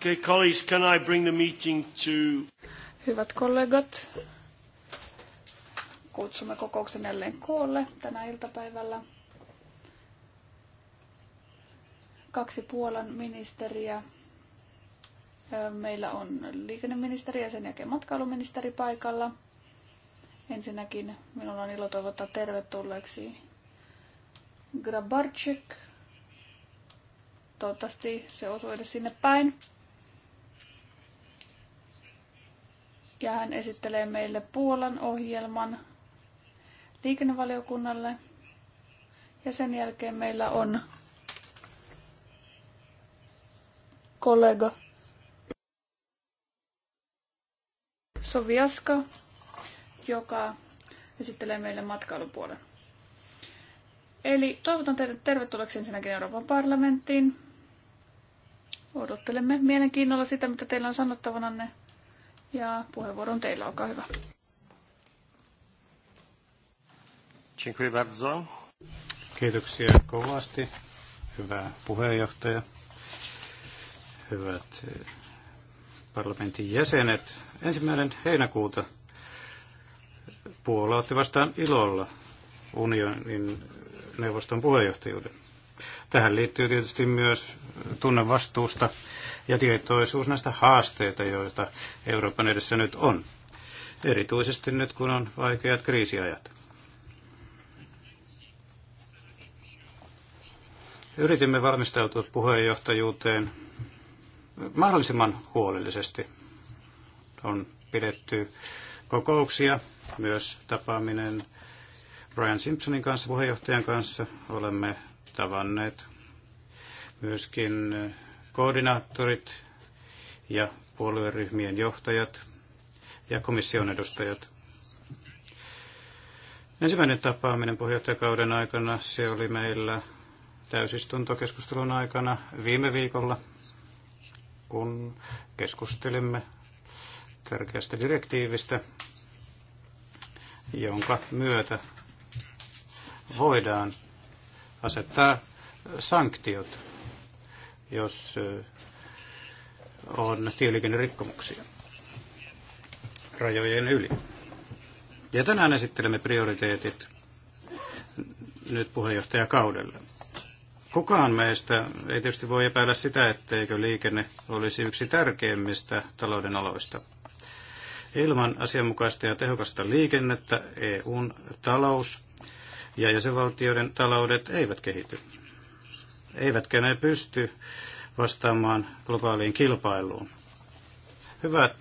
Okay, colleagues, can I bring the meeting to... Hyvät kollegat, kutsumme kokouksen jälleen koolle tänä iltapäivällä. Kaksi Puolan ministeriä. Meillä on liikenneministeri ja sen jälkeen matkailuministeri paikalla. Ensinnäkin minulla on ilo toivottaa tervetulleeksi Grabarczyk. Toivottavasti se osuu edes sinne päin. ja hän esittelee meille Puolan ohjelman liikennevaliokunnalle. Ja sen jälkeen meillä on kollega Soviaska, joka esittelee meille matkailupuolen. Eli toivotan teidät tervetulleeksi ensinnäkin Euroopan parlamenttiin. Odottelemme mielenkiinnolla sitä, mitä teillä on sanottavananne. Ja puheenvuoron teillä, olkaa hyvä. Dziękuję bardzo. Kiitoksia kovasti. Hyvä puheenjohtaja. Hyvät eh, parlamentin jäsenet. Ensimmäinen heinäkuuta Puola otti vastaan ilolla unionin neuvoston puheenjohtajuuden. Tähän liittyy tietysti myös tunne vastuusta ja tietoisuus näistä haasteita, joita Euroopan edessä nyt on. Erityisesti nyt, kun on vaikeat kriisiajat. Yritimme valmistautua puheenjohtajuuteen mahdollisimman huolellisesti. On pidetty kokouksia, myös tapaaminen Brian Simpsonin kanssa, puheenjohtajan kanssa. Olemme tavanneet myöskin koordinaattorit ja puolueryhmien johtajat ja komission edustajat. Ensimmäinen tapaaminen puheenjohtajakauden aikana, se oli meillä täysistuntokeskustelun aikana viime viikolla, kun keskustelimme tärkeästä direktiivistä, jonka myötä voidaan asettaa sanktiot jos on tieliikennerikkomuksia rajojen yli. Ja tänään esittelemme prioriteetit nyt puheenjohtajakaudelle. Kukaan meistä ei tietysti voi epäillä sitä, etteikö liikenne olisi yksi tärkeimmistä talouden aloista. Ilman asianmukaista ja tehokasta liikennettä EUn talous ja jäsenvaltioiden taloudet eivät kehity eivätkä ne pysty vastaamaan globaaliin kilpailuun. Hyvät,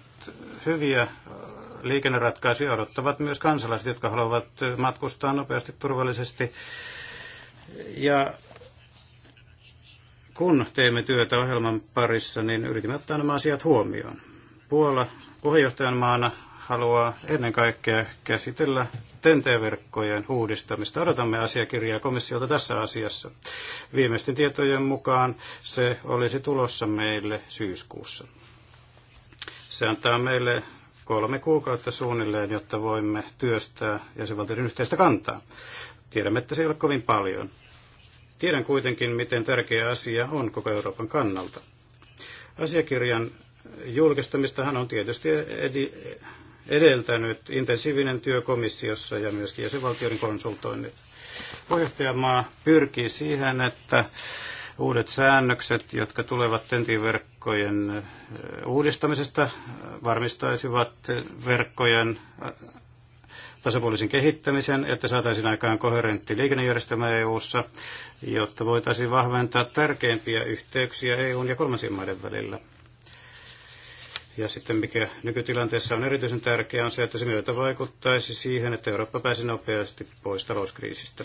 hyviä äh, liikenneratkaisuja odottavat myös kansalaiset, jotka haluavat matkustaa nopeasti, turvallisesti. Ja kun teemme työtä ohjelman parissa, niin yritimme ottaa nämä asiat huomioon. Puola puheenjohtajan maana haluaa ennen kaikkea käsitellä TNT-verkkojen uudistamista. Odotamme asiakirjaa komissiolta tässä asiassa. Viimeisten tietojen mukaan se olisi tulossa meille syyskuussa. Se antaa meille kolme kuukautta suunnilleen, jotta voimme työstää jäsenvaltioiden yhteistä kantaa. Tiedämme, että se ei ole kovin paljon. Tiedän kuitenkin, miten tärkeä asia on koko Euroopan kannalta. Asiakirjan julkistamistahan on tietysti edeltänyt intensiivinen työ komissiossa ja myöskin jäsenvaltioiden konsultoinnit. Puheenjohtajamaa pyrkii siihen, että uudet säännökset, jotka tulevat tentiverkkojen eh, uudistamisesta, varmistaisivat verkkojen eh, tasapuolisen kehittämisen, että saataisiin aikaan koherentti liikennejärjestelmä EU-ssa, jotta voitaisiin vahventaa tärkeimpiä yhteyksiä EUn ja kolmansien maiden välillä. Ja sitten mikä nykytilanteessa on erityisen tärkeää on se, että se myötä vaikuttaisi siihen, että Eurooppa pääsi nopeasti pois talouskriisistä.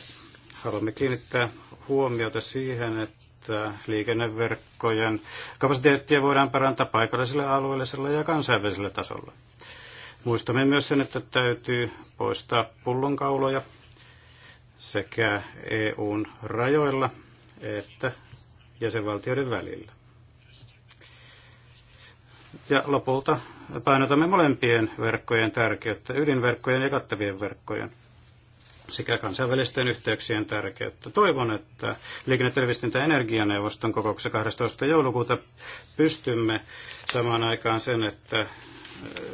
Haluamme kiinnittää huomiota siihen, että liikenneverkkojen kapasiteettia voidaan parantaa paikallisella, alueellisella ja kansainvälisellä tasolla. Muistamme myös sen, että täytyy poistaa pullonkauloja sekä EUn rajoilla että jäsenvaltioiden välillä. Ja lopulta painotamme molempien verkkojen tärkeyttä, ydinverkkojen ja kattavien verkkojen sekä kansainvälisten yhteyksien tärkeyttä. Toivon, että liikennetelevistintä- ja energianeuvoston kokouksessa 12. joulukuuta pystymme samaan aikaan sen, että eh,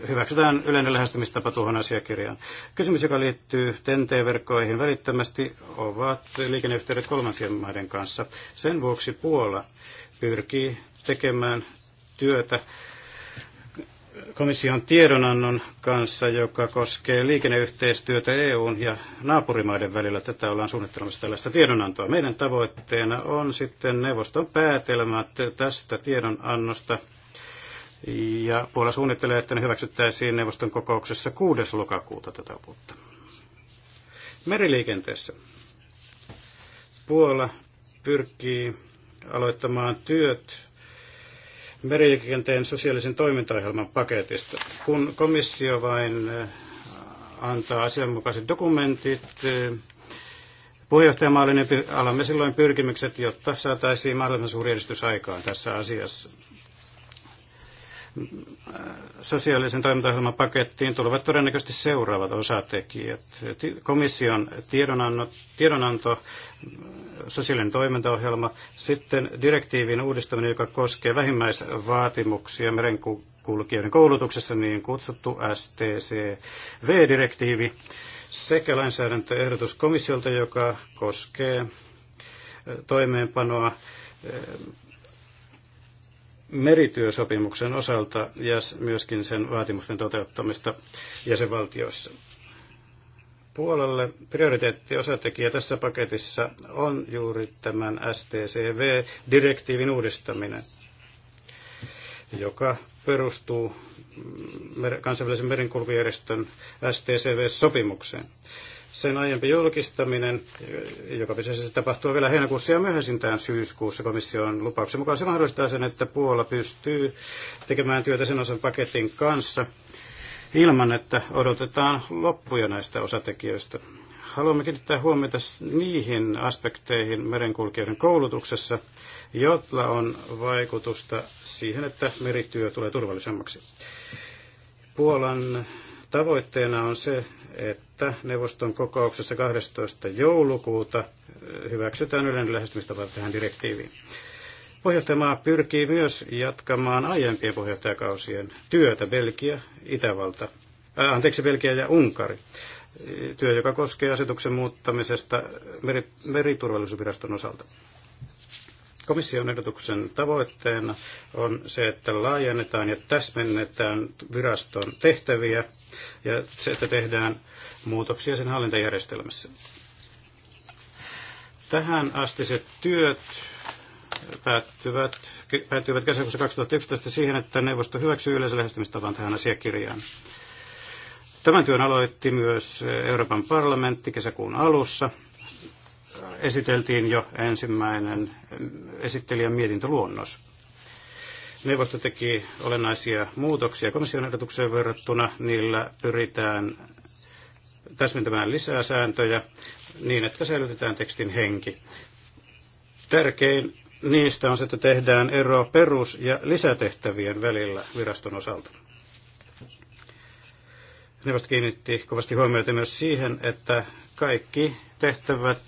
hyväksytään yleinen lähestymistapa tuohon asiakirjaan. Kysymys, joka liittyy TNT-verkkoihin välittömästi, ovat liikenneyhteydet kolmansien maiden kanssa. Sen vuoksi Puola pyrkii tekemään työtä komission tiedonannon kanssa, joka koskee liikenneyhteistyötä EUn ja naapurimaiden välillä. Tätä ollaan suunnittelemassa tällaista tiedonantoa. Meidän tavoitteena on sitten neuvoston päätelmät tästä tiedonannosta. Ja Puola suunnittelee, että ne hyväksyttäisiin neuvoston kokouksessa 6. lokakuuta tätä vuotta. Meriliikenteessä Puola pyrkii aloittamaan työt meriliikenteen sosiaalisen toimintaohjelman paketista. Kun komissio vain äh, antaa asianmukaiset dokumentit, äh, puheenjohtajamaalle, niin alamme silloin pyrkimykset, jotta saataisiin mahdollisimman suuri edistys aikaan tässä asiassa sosiaalisen toimintaohjelman pakettiin tulevat todennäköisesti seuraavat osatekijät. Komission tiedonanto, tiedonanto sosiaalinen toimintaohjelma, sitten direktiivin uudistaminen, joka koskee vähimmäisvaatimuksia merenkulkijoiden koulutuksessa, niin kutsuttu STCV-direktiivi, sekä lainsäädäntöehdotus komissiolta, joka koskee toimeenpanoa merityösopimuksen osalta ja myöskin sen vaatimusten toteuttamista jäsenvaltioissa. Puolelle prioriteetti osatekijä tässä paketissa on juuri tämän STCV-direktiivin uudistaminen, joka perustuu kansainvälisen merenkulkujärjestön STCV-sopimukseen. Sen aiempi julkistaminen, joka pitäisi tapahtua vielä heinäkuussa ja myöhäisintään syyskuussa komission lupauksen mukaan, se mahdollistaa sen, että Puola pystyy tekemään työtä sen osan paketin kanssa ilman, että odotetaan loppuja näistä osatekijöistä. Haluamme kiinnittää huomiota niihin aspekteihin merenkulkijoiden koulutuksessa, jotla on vaikutusta siihen, että merityö tulee turvallisemmaksi. Puolan tavoitteena on se, että neuvoston kokouksessa 12. joulukuuta eh, hyväksytään yleinen lähestymistapa tähän direktiiviin. Pohjoitamaa pyrkii myös jatkamaan aiempien pohjoittajakausien työtä Belgia, Itävalta, äh, anteeksi Belgia ja Unkari. Eh, työ, joka koskee asetuksen muuttamisesta meri, meriturvallisuusviraston osalta. Komission ehdotuksen tavoitteena on se, että laajennetaan ja täsmennetään viraston tehtäviä ja se, että tehdään muutoksia sen hallintajärjestelmässä. Tähän asti se työt päättyvät, päättyvät kesäkuussa 2011 siihen, että neuvosto hyväksyy yleisen lähestymistavan tähän asiakirjaan. Tämän työn aloitti myös Euroopan parlamentti kesäkuun alussa esiteltiin jo ensimmäinen esittelijän mietintöluonnos. Neuvosto teki olennaisia muutoksia komission ehdotukseen verrattuna. Niillä pyritään täsmentämään lisää sääntöjä niin, että säilytetään tekstin henki. Tärkein niistä on se, että tehdään ero perus- ja lisätehtävien välillä viraston osalta. Neuvosto kiinnitti kovasti huomiota myös siihen, että kaikki tehtävät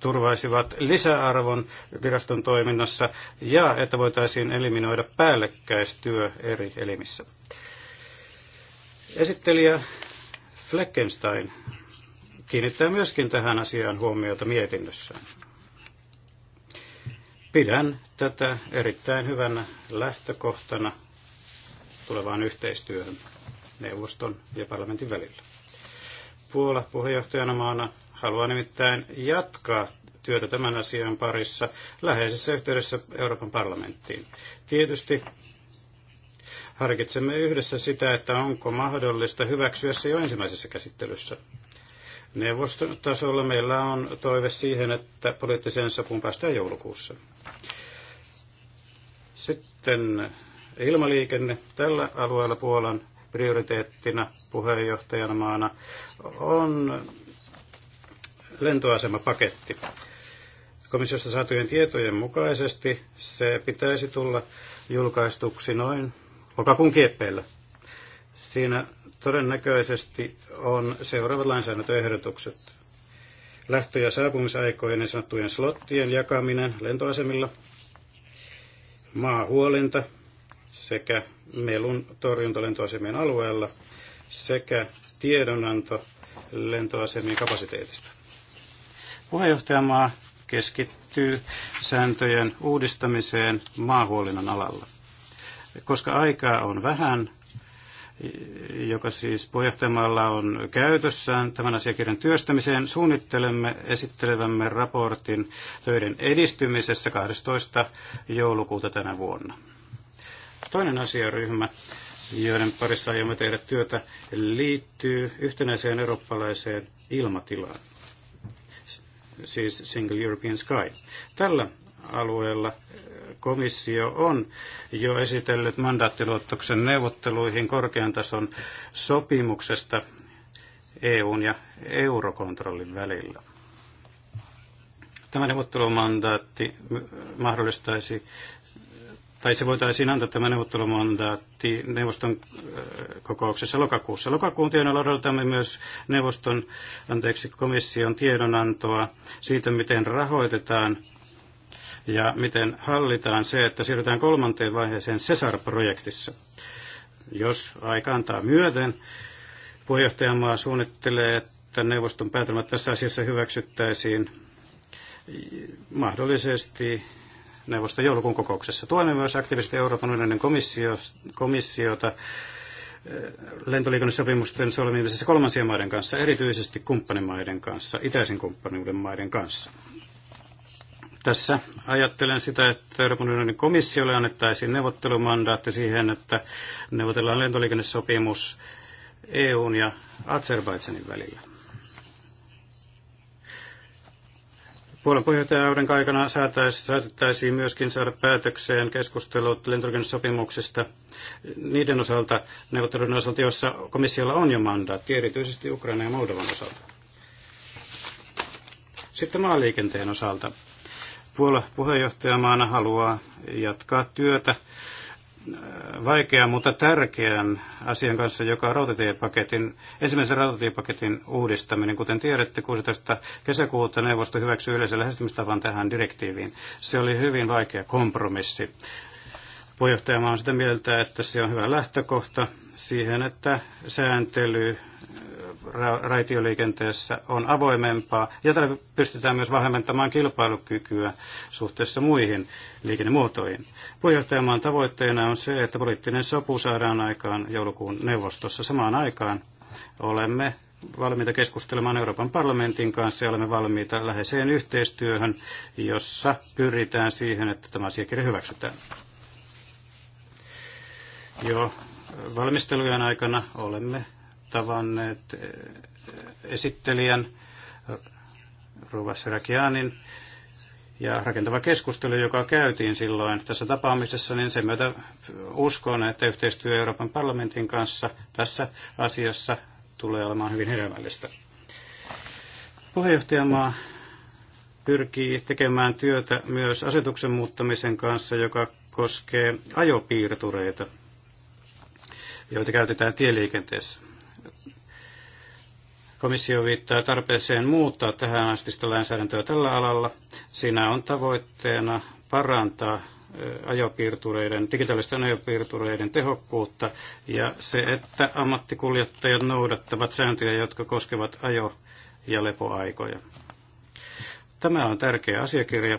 turvaisivat lisäarvon viraston toiminnassa ja että voitaisiin eliminoida päällekkäistyö eri elimissä. Esittelijä Fleckenstein kiinnittää myöskin tähän asiaan huomiota mietinnössään. Pidän tätä erittäin hyvänä lähtökohtana tulevaan yhteistyöhön neuvoston ja parlamentin välillä. Puola puheenjohtajana maana haluaa nimittäin jatkaa työtä tämän asian parissa läheisessä yhteydessä Euroopan parlamenttiin. Tietysti harkitsemme yhdessä sitä, että onko mahdollista hyväksyä se jo ensimmäisessä käsittelyssä. Neuvoston tasolla meillä on toive siihen, että poliittiseen sopuun päästään joulukuussa. Sitten ilmaliikenne tällä alueella Puolan prioriteettina puheenjohtajan maana on lentoasemapaketti. Komissiosta saatujen tietojen mukaisesti se pitäisi tulla julkaistuksi noin lokakuun kieppeillä. Siinä todennäköisesti on seuraavat lainsäädäntöehdotukset. Lähtö- ja saapumisaikojen niin sanottujen slottien jakaminen lentoasemilla, maahuolinta, sekä melun torjuntalentoasemien alueella sekä tiedonanto lentoasemien kapasiteetista. Puheenjohtajamaa keskittyy sääntöjen uudistamiseen maahuolinnan alalla. Koska aikaa on vähän, joka siis puheenjohtajamaalla on käytössään tämän asiakirjan työstämiseen, suunnittelemme esittelevämme raportin töiden edistymisessä 12. joulukuuta tänä vuonna. Toinen asiaryhmä, joiden parissa aiomme tehdä työtä, liittyy yhtenäiseen eurooppalaiseen ilmatilaan, siis Single European Sky. Tällä alueella komissio on jo esitellyt mandaattiluottoksen neuvotteluihin korkean tason sopimuksesta EUn ja eurokontrollin välillä. Tämä neuvottelumandaatti mahdollistaisi tai se voitaisiin antaa tämä neuvottelumandaatti neuvoston äh, kokouksessa lokakuussa. Lokakuun tienoilla odotamme myös neuvoston, anteeksi, komission tiedonantoa siitä, miten rahoitetaan ja miten hallitaan se, että siirrytään kolmanteen vaiheeseen CESAR-projektissa. Jos aika antaa myöten, puheenjohtajamaa suunnittelee, että neuvoston päätelmät tässä asiassa hyväksyttäisiin mahdollisesti neuvoston joulukuun kokouksessa. Tuemme myös aktiivisesti Euroopan unionin komissio, komissiota eh, lentoliikennesopimusten solmimisessa kolmansien maiden kanssa, erityisesti kumppanimaiden kanssa, itäisen kumppanuuden maiden kanssa. Tässä ajattelen sitä, että Euroopan unionin komissiolle annettaisiin neuvottelumandaatti siihen, että neuvotellaan lentoliikennesopimus EUn ja Azerbaidsanin välillä. Puolen Auden aikana saatettaisiin myöskin saada päätökseen keskustelut lentoliikennesopimuksista niiden osalta, neuvottelujen osalta, joissa komissiolla on jo mandaatti, erityisesti Ukraina ja Moldovan osalta. Sitten maaliikenteen osalta. Puola puheenjohtajamaana haluaa jatkaa työtä vaikean, mutta tärkeän asian kanssa, joka on rautatiepaketin, ensimmäisen rautatiepaketin uudistaminen. Kuten tiedätte, 16. kesäkuuta neuvosto hyväksyi yleisen lähestymistavan tähän direktiiviin. Se oli hyvin vaikea kompromissi. Puheenjohtajamaa on sitä mieltä, että se on hyvä lähtökohta siihen, että sääntely raitioliikenteessä on avoimempaa ja tällä pystytään myös vahvemmentamaan kilpailukykyä suhteessa muihin liikennemuotoihin. Puheenjohtajamaan tavoitteena on se, että poliittinen sopu saadaan aikaan joulukuun neuvostossa samaan aikaan. Olemme valmiita keskustelemaan Euroopan parlamentin kanssa ja olemme valmiita läheiseen yhteistyöhön, jossa pyritään siihen, että tämä asiakirja hyväksytään. Jo valmistelujen aikana olemme tavanneet eh, esittelijän Ruva Serakianin ja rakentava keskustelu, joka käytiin silloin tässä tapaamisessa, niin sen myötä uskon, että yhteistyö Euroopan parlamentin kanssa tässä asiassa tulee olemaan hyvin hedelmällistä. Puheenjohtajamaa pyrkii tekemään työtä myös asetuksen muuttamisen kanssa, joka koskee ajopiirtureita, joita käytetään tieliikenteessä. Komissio viittaa tarpeeseen muuttaa tähän astista lainsäädäntöä tällä alalla. Siinä on tavoitteena parantaa ajopiirtureiden, digitaalisten ajopiirtureiden tehokkuutta ja se, että ammattikuljettajat noudattavat sääntöjä, jotka koskevat ajo- ja lepoaikoja. Tämä on tärkeä asiakirja,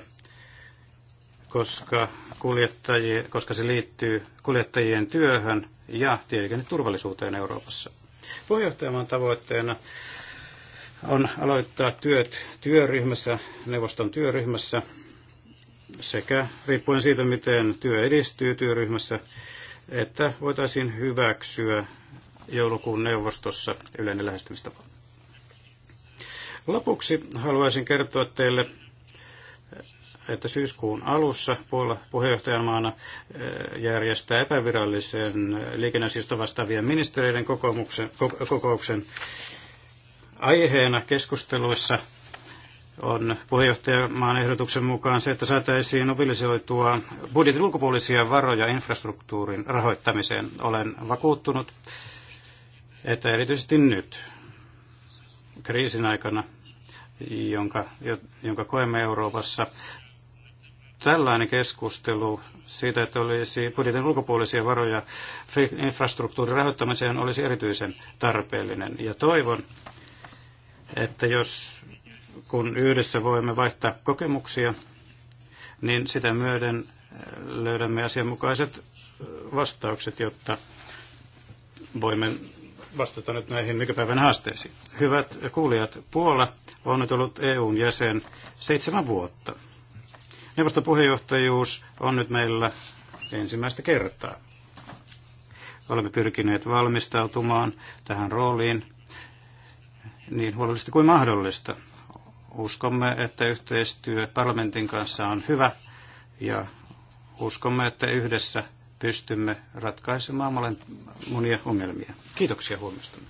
koska, koska se liittyy kuljettajien työhön ja turvallisuuteen Euroopassa. Puheenjohtajamaan tavoitteena on aloittaa työt työryhmässä, neuvoston työryhmässä sekä riippuen siitä, miten työ edistyy työryhmässä, että voitaisiin hyväksyä joulukuun neuvostossa yleinen lähestymistapa. Lopuksi haluaisin kertoa teille että syyskuun alussa Puola puheenjohtajamaana eh, järjestää epävirallisen eh, liikenneasioista vastaavien ministeriöiden kokouksen, kokouksen aiheena keskusteluissa on puheenjohtajamaan ehdotuksen mukaan se, että saataisiin mobilisoitua budjetin ulkopuolisia varoja infrastruktuurin rahoittamiseen. Olen vakuuttunut, että erityisesti nyt kriisin aikana jonka, jonka koemme Euroopassa, tällainen keskustelu siitä, että olisi budjetin ulkopuolisia varoja infrastruktuurin rahoittamiseen, olisi erityisen tarpeellinen. Ja toivon, että jos kun yhdessä voimme vaihtaa kokemuksia, niin sitä myöden löydämme asianmukaiset vastaukset, jotta voimme vastata nyt näihin nykypäivän haasteisiin. Hyvät kuulijat, Puola on nyt ollut EUn jäsen seitsemän vuotta. Neuvoston puheenjohtajuus on nyt meillä ensimmäistä kertaa. Olemme pyrkineet valmistautumaan tähän rooliin niin huolellisesti kuin mahdollista. Uskomme, että yhteistyö parlamentin kanssa on hyvä ja uskomme, että yhdessä pystymme ratkaisemaan monia ongelmia. Kiitoksia huomistamme.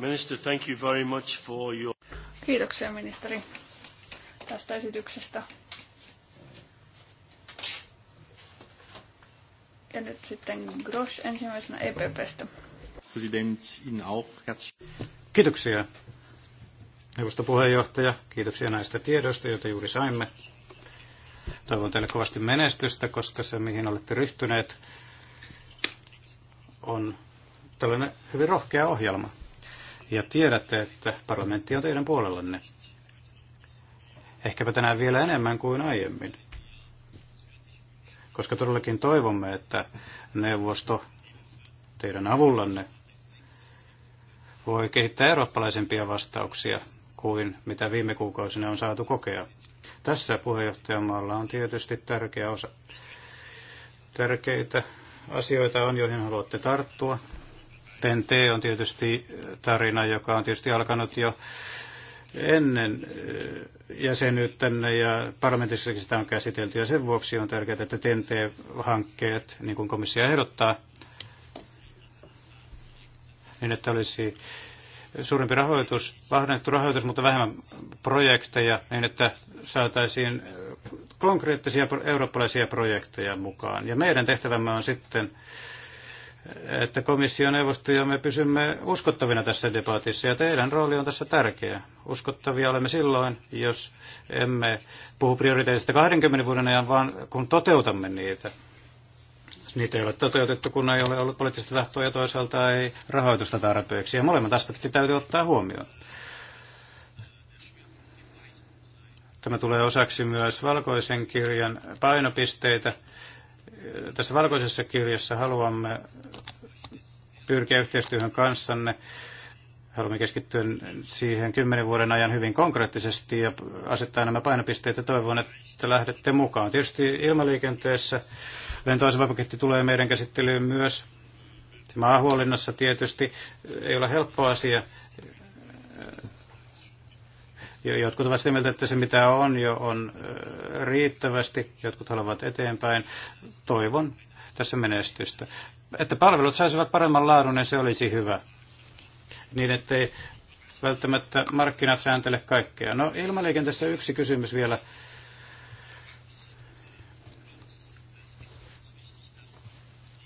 Minister, thank you very much for your... Kiitoksia ministeri tästä esityksestä. Ja nyt sitten Grosch ensimmäisenä EPPstä. President, Kiitoksia neuvoston puheenjohtaja. Kiitoksia näistä tiedoista, joita juuri saimme. Toivon teille kovasti menestystä, koska se, mihin olette ryhtyneet, on tällainen hyvin rohkea ohjelma. Ja tiedätte, että parlamentti on teidän puolellanne. Ehkäpä tänään vielä enemmän kuin aiemmin. Koska todellakin toivomme, että neuvosto teidän avullanne voi kehittää eurooppalaisempia vastauksia kuin mitä viime kuukausina on saatu kokea. Tässä puheenjohtajamaalla on tietysti tärkeä osa. Tärkeitä asioita on, joihin haluatte tarttua. TNT on tietysti äh, tarina, joka on tietysti alkanut jo ennen äh, jäsenyyttänne ja parlamentissakin sitä on käsitelty ja sen vuoksi on tärkeää, että TNT-hankkeet, niin kuin komissio ehdottaa, niin että olisi suurempi rahoitus, vahvennettu rahoitus, mutta vähemmän projekteja, niin että saataisiin äh, konkreettisia eurooppalaisia projekteja mukaan. Ja meidän tehtävämme on sitten että komissioneuvosto ja me pysymme uskottavina tässä debatissa ja teidän rooli on tässä tärkeä. Uskottavia olemme silloin, jos emme puhu prioriteetista 20 vuoden ajan, vaan kun toteutamme niitä. Niitä ei ole toteutettu, kun ei ole ollut poliittista tahtoa ja toisaalta ei rahoitusta tarpeeksi. Ja molemmat aspektit täytyy ottaa huomioon. Tämä tulee osaksi myös valkoisen kirjan painopisteitä tässä valkoisessa kirjassa haluamme pyrkiä yhteistyöhön kanssanne. Haluamme keskittyä siihen kymmenen vuoden ajan hyvin konkreettisesti ja asettaa nämä painopisteet ja toivon, että lähdette mukaan. Tietysti ilmaliikenteessä lentoasemapaketti tulee meidän käsittelyyn myös. Maahuolinnassa tietysti ei ole helppo asia Jotkut ovat sitä mieltä, että se mitä on jo on riittävästi, jotkut haluavat eteenpäin. Toivon tässä menestystä. Että palvelut saisivat paremman laadun, niin se olisi hyvä. Niin, ettei välttämättä markkinat sääntele kaikkea. No ilmaliikenteessä yksi kysymys vielä.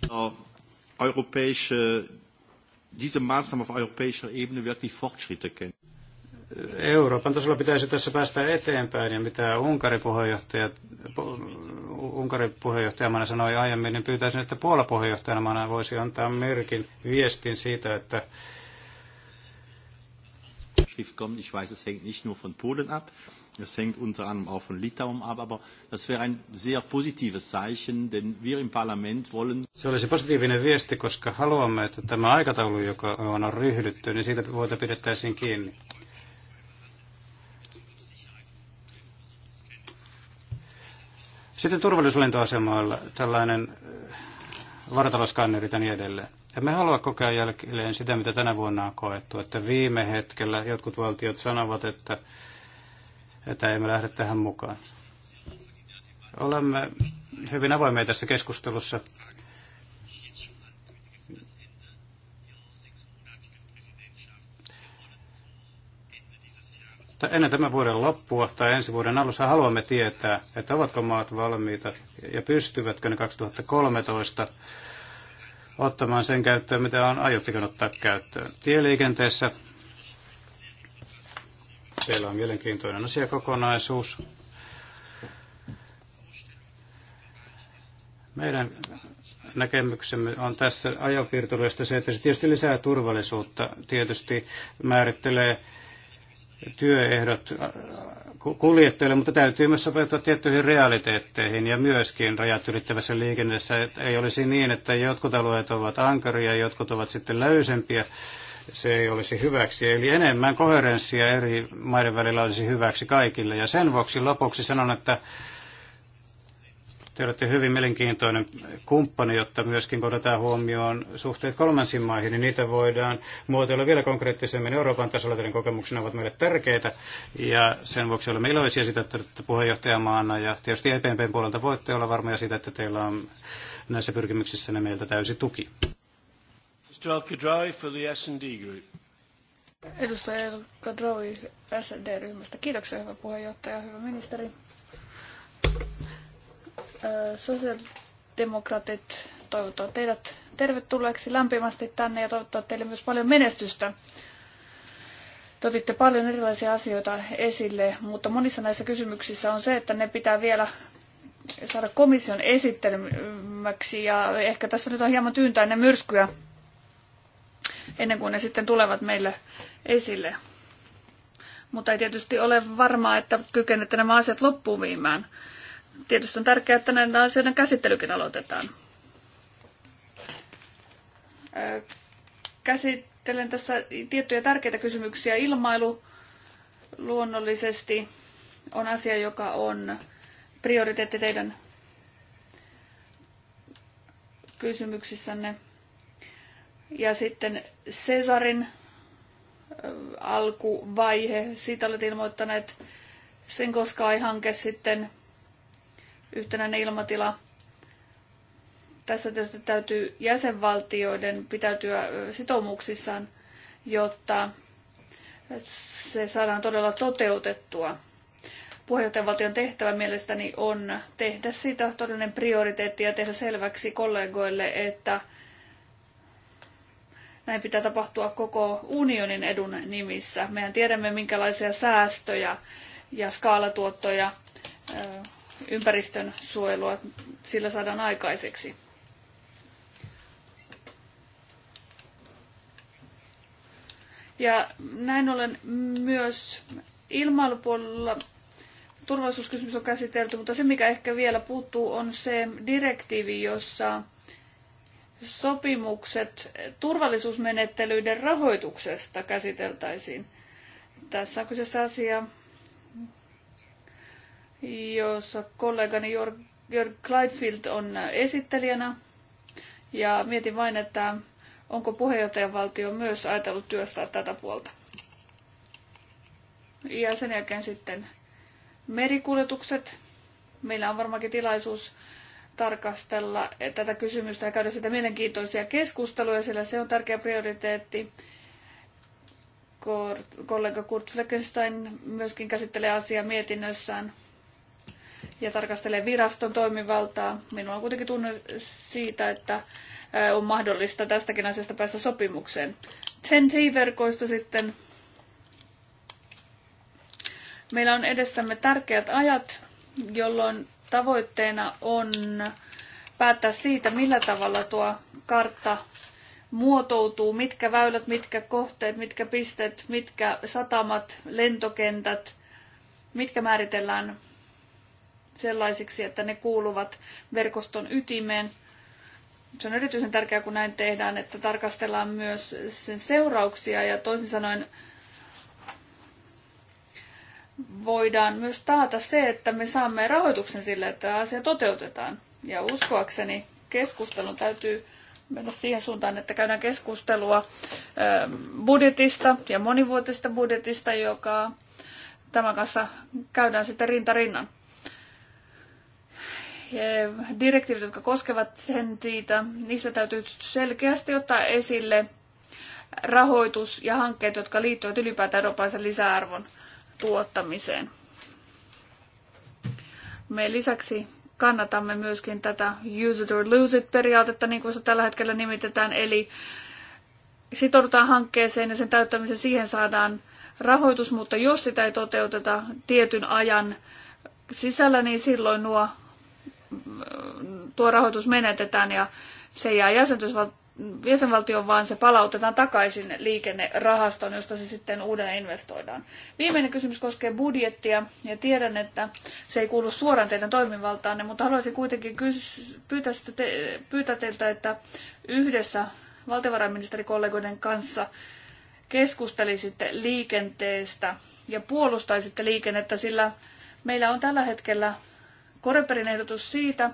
No, europäische, diese Maßnahmen auf europäischer Ebene wirklich Fortschritte kennen. Euroopan tasolla pitäisi tässä päästä eteenpäin ja mitä Unkarin puheenjohtaja, Unkarin puheenjohtajamana sanoi aiemmin, niin pyytäisin, että Puola puheenjohtajamana voisi antaa merkin viestin siitä, että Schrift kommt. Ich weiß, es hängt nicht nur von Polen ab, es hängt unter anderem auch von Litauen ab, aber das wäre ein sehr positives Zeichen, denn wir im Parlament wollen... Se olisi positiivinen viesti, koska haluamme, että tämä aikataulu, joka on ryhdytty, niin siitä voita pidettäisiin kiinni. Sitten turvallisuuslentoasemoilla tällainen äh, vartaloskanneri ja niin edelleen. Emme halua kokea jälkeen sitä, mitä tänä vuonna on koettu, että viime hetkellä jotkut valtiot sanovat, että, että emme lähde tähän mukaan. Olemme hyvin avoimia tässä keskustelussa ennen tämän vuoden loppua tai ensi vuoden alussa haluamme tietää, että ovatko maat valmiita ja pystyvätkö ne 2013 ottamaan sen käyttöön, mitä on aiottikin ottaa käyttöön. Tieliikenteessä siellä on mielenkiintoinen asiakokonaisuus. Meidän näkemyksemme on tässä ajopiirtureista se, että se tietysti lisää turvallisuutta, tietysti määrittelee työehdot kuljettajille, mutta täytyy myös sopeutua tiettyihin realiteetteihin ja myöskin rajat ylittävässä liikenteessä. Ei olisi niin, että jotkut alueet ovat ankaria, jotkut ovat sitten löysempiä. Se ei olisi hyväksi. Eli enemmän koherenssia eri maiden välillä olisi hyväksi kaikille. Ja sen vuoksi lopuksi sanon, että te olette hyvin mielenkiintoinen kumppani, jotta myöskin kun otetaan huomioon suhteet kolmansiin maihin, niin niitä voidaan muotoilla vielä konkreettisemmin. Euroopan tasolla teidän kokemuksena ovat meille tärkeitä ja sen vuoksi olemme iloisia siitä, että olette puheenjohtajamaana ja tietysti eteenpäin puolelta voitte olla varmoja siitä, että teillä on näissä pyrkimyksissä meiltä täysi tuki. Mr. Al-Kadrawi for the S&D Group. Edustaja El Kadrawi SND-ryhmästä. Kiitoksia, hyvä puheenjohtaja, hyvä ministeri sosiaalidemokraatit toivottavat teidät tervetulleeksi lämpimästi tänne ja toivottavat teille myös paljon menestystä. Totitte paljon erilaisia asioita esille, mutta monissa näissä kysymyksissä on se, että ne pitää vielä saada komission esittelemäksi ja ehkä tässä nyt on hieman tyyntää ne myrskyjä ennen kuin ne sitten tulevat meille esille. Mutta ei tietysti ole varmaa, että kykenette nämä asiat loppuun viimään tietysti on tärkeää, että näiden asioiden käsittelykin aloitetaan. Käsittelen tässä tiettyjä tärkeitä kysymyksiä. Ilmailu luonnollisesti on asia, joka on prioriteetti teidän kysymyksissänne. Ja sitten Cesarin alkuvaihe, siitä olet ilmoittaneet sen koska ei hanke sitten yhtenäinen ilmatila. Tässä tietysti täytyy jäsenvaltioiden pitäytyä sitoumuksissaan, jotta se saadaan todella toteutettua. Puheenjohtajavaltion tehtävä mielestäni on tehdä siitä todellinen prioriteetti ja tehdä selväksi kollegoille, että näin pitää tapahtua koko unionin edun nimissä. Mehän tiedämme, minkälaisia säästöjä ja skaalatuottoja ympäristön suojelua sillä saadaan aikaiseksi. Ja näin ollen myös ilmailupuolella turvallisuuskysymys on käsitelty, mutta se mikä ehkä vielä puuttuu on se direktiivi, jossa sopimukset turvallisuusmenettelyiden rahoituksesta käsiteltäisiin. Tässä on kyseessä asia, jossa kollegani Jörg, Jörg Kleidfield on esittelijänä. Ja mietin vain, että onko puheenjohtajavaltio myös ajatellut työstää tätä puolta. Ja sen jälkeen sitten merikuljetukset. Meillä on varmaankin tilaisuus tarkastella tätä kysymystä ja käydä sitä mielenkiintoisia keskusteluja, sillä se on tärkeä prioriteetti. Kollega Kurt Fleckenstein myöskin käsittelee asiaa mietinnössään ja tarkastelee viraston toimivaltaa. Minulla on kuitenkin tunne siitä, että on mahdollista tästäkin asiasta päästä sopimukseen. ten verkoista sitten. Meillä on edessämme tärkeät ajat, jolloin tavoitteena on päättää siitä, millä tavalla tuo kartta muotoutuu, mitkä väylät, mitkä kohteet, mitkä pisteet, mitkä satamat, lentokentät, mitkä määritellään sellaisiksi, että ne kuuluvat verkoston ytimeen. Se on erityisen tärkeää, kun näin tehdään, että tarkastellaan myös sen seurauksia ja toisin sanoen voidaan myös taata se, että me saamme rahoituksen sille, että asia toteutetaan. Ja uskoakseni keskustelun täytyy mennä siihen suuntaan, että käydään keskustelua ähm, budjetista ja monivuotisesta budjetista, joka tämän kanssa käydään sitten rinta rinnan. Eh, direktiivit, jotka koskevat sen siitä, niissä täytyy selkeästi ottaa esille rahoitus ja hankkeet, jotka liittyvät ylipäätään eurooppalaisen lisäarvon tuottamiseen. Me lisäksi kannatamme myöskin tätä use it or lose it periaatetta, niin kuin se tällä hetkellä nimitetään, eli sitoudutaan hankkeeseen ja sen täyttämiseen siihen saadaan rahoitus, mutta jos sitä ei toteuteta tietyn ajan sisällä, niin silloin nuo tuo rahoitus menetetään ja se ei jää jäsenvaltioon, vaan se palautetaan takaisin liikennerahastoon, josta se sitten uudelleen investoidaan. Viimeinen kysymys koskee budjettia, ja tiedän, että se ei kuulu suoraan teidän toimivaltaanne, mutta haluaisin kuitenkin kys- pyytää, te- pyytää teiltä, että yhdessä valtiovarainministerikollegoiden kanssa keskustelisitte liikenteestä ja puolustaisitte liikennettä, sillä meillä on tällä hetkellä Koreperin ehdotus siitä,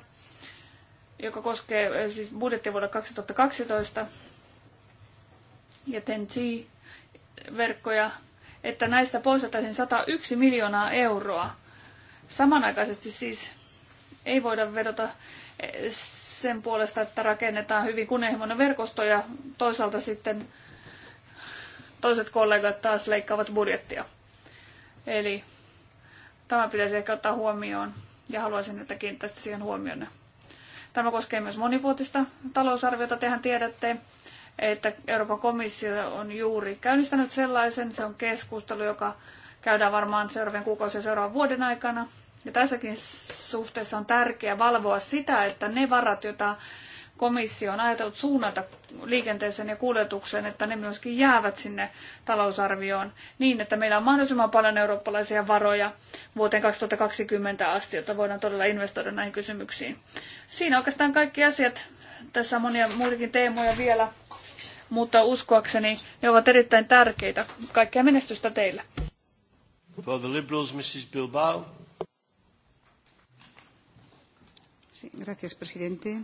joka koskee eh, siis vuonna 2012 ja TEN-T-verkkoja, että näistä poistettaisiin 101 miljoonaa euroa. Samanaikaisesti siis ei voida vedota eh, sen puolesta, että rakennetaan hyvin kunnianhimoinen verkosto ja toisaalta sitten toiset kollegat taas leikkaavat budjettia. Eli tämä pitäisi ehkä ottaa huomioon ja haluaisin, että kiinnittäisitte siihen huomioon. Tämä koskee myös monivuotista talousarviota. Tehän tiedätte, että Euroopan komissio on juuri käynnistänyt sellaisen. Se on keskustelu, joka käydään varmaan seuraavien kuukausien ja seuraavan vuoden aikana. Ja tässäkin suhteessa on tärkeää valvoa sitä, että ne varat, joita komissio on ajatellut suunnata liikenteeseen ja kuljetukseen, että ne myöskin jäävät sinne talousarvioon niin, että meillä on mahdollisimman paljon eurooppalaisia varoja vuoteen 2020 asti, jotta voidaan todella investoida näihin kysymyksiin. Siinä oikeastaan kaikki asiat. Tässä on monia muitakin teemoja vielä, mutta uskoakseni ne ovat erittäin tärkeitä. Kaikkea menestystä teille. For the Liberals, Mrs. Bilbao. Sí, gracias, presidente.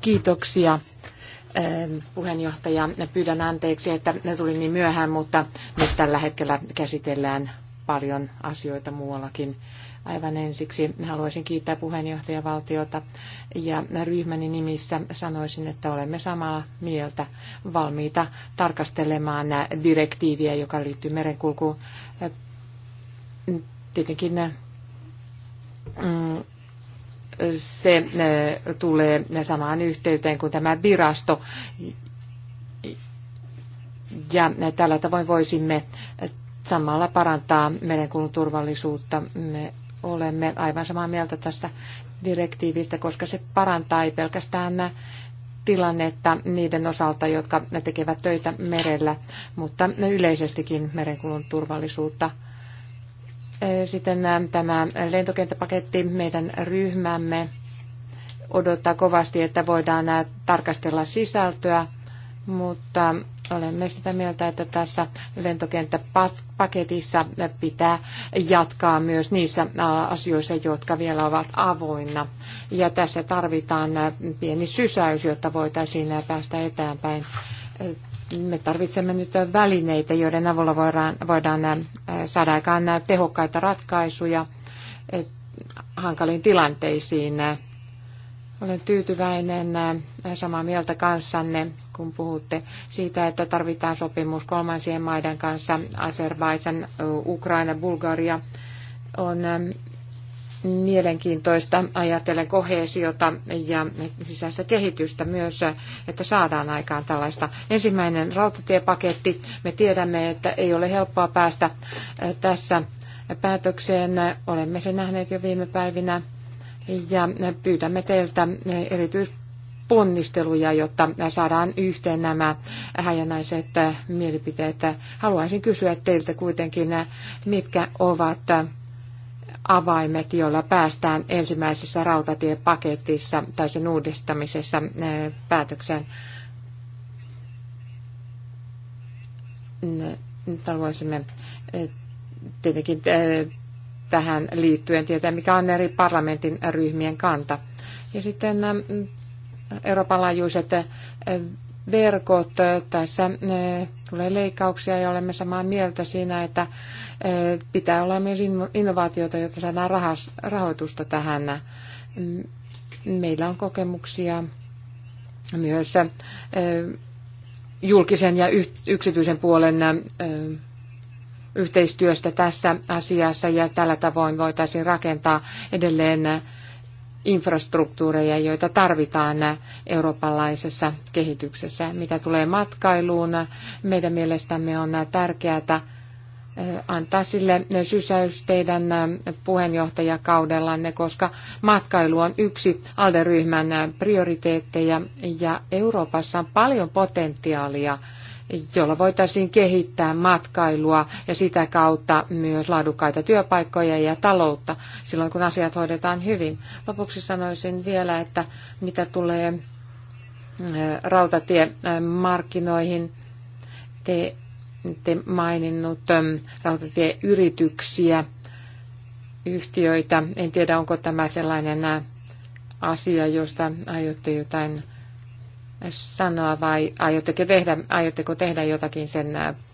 Kiitoksia eh, puheenjohtaja. Pyydän anteeksi, että ne tuli niin myöhään, mutta nyt tällä hetkellä käsitellään paljon asioita muuallakin. Aivan ensiksi haluaisin kiittää puheenjohtajavaltiota ja ryhmäni nimissä sanoisin, että olemme samaa mieltä valmiita tarkastelemaan direktiiviä, joka liittyy merenkulkuun. Eh, tietenkin mm, se tulee samaan yhteyteen kuin tämä virasto. Ja tällä tavoin voisimme samalla parantaa merenkulun turvallisuutta. Me olemme aivan samaa mieltä tästä direktiivistä, koska se parantaa ei pelkästään tilannetta niiden osalta, jotka tekevät töitä merellä, mutta yleisestikin merenkulun turvallisuutta – sitten tämä lentokenttäpaketti, meidän ryhmämme odottaa kovasti, että voidaan tarkastella sisältöä, mutta olemme sitä mieltä, että tässä lentokenttäpaketissa pitää jatkaa myös niissä asioissa, jotka vielä ovat avoinna. Ja tässä tarvitaan pieni sysäys, jotta voitaisiin päästä eteenpäin me tarvitsemme nyt välineitä, joiden avulla voidaan, voidaan saada aikaan tehokkaita ratkaisuja hankaliin tilanteisiin. Olen tyytyväinen samaa mieltä kanssanne, kun puhutte siitä, että tarvitaan sopimus kolmansien maiden kanssa, Azerbaidžan, Ukraina, Bulgaria on mielenkiintoista ajatellen kohesiota ja sisäistä kehitystä myös, että saadaan aikaan tällaista. Ensimmäinen rautatiepaketti. Me tiedämme, että ei ole helppoa päästä tässä päätökseen. Olemme sen nähneet jo viime päivinä ja pyydämme teiltä erityisponnisteluja, jotta saadaan yhteen nämä häjänäiset mielipiteet. Haluaisin kysyä teiltä kuitenkin, mitkä ovat avaimet, joilla päästään ensimmäisessä rautatiepaketissa tai sen uudistamisessa eh, päätökseen. Nyt haluaisimme eh, tietenkin eh, tähän liittyen tietää, mikä on eri parlamentin ryhmien kanta. Ja sitten Euroopan laajuiset verkot. Tässä eh, tulee leikkauksia ja olemme samaa mieltä siinä, että eh, pitää olla myös innovaatioita, jotta saadaan rahoitusta tähän. Mm, meillä on kokemuksia myös eh, julkisen ja yksityisen puolen yhteistyöstä tässä asiassa ja tällä tavoin voitaisiin rakentaa edelleen infrastruktuureja, joita tarvitaan eurooppalaisessa kehityksessä. Mitä tulee matkailuun, meidän mielestämme on tärkeää äh, antaa sille sysäys teidän äh, puheenjohtajakaudellanne, koska matkailu on yksi ALDE-ryhmän äh, prioriteetteja ja Euroopassa on paljon potentiaalia jolla voitaisiin kehittää matkailua ja sitä kautta myös laadukkaita työpaikkoja ja taloutta silloin, kun asiat hoidetaan hyvin. Lopuksi sanoisin vielä, että mitä tulee eh, rautatiemarkkinoihin, te, te maininnut eh, rautatieyrityksiä, yhtiöitä. En tiedä, onko tämä sellainen eh, asia, josta aiotte jotain sanoa vai aiotteko tehdä, aiotteko tehdä jotakin sen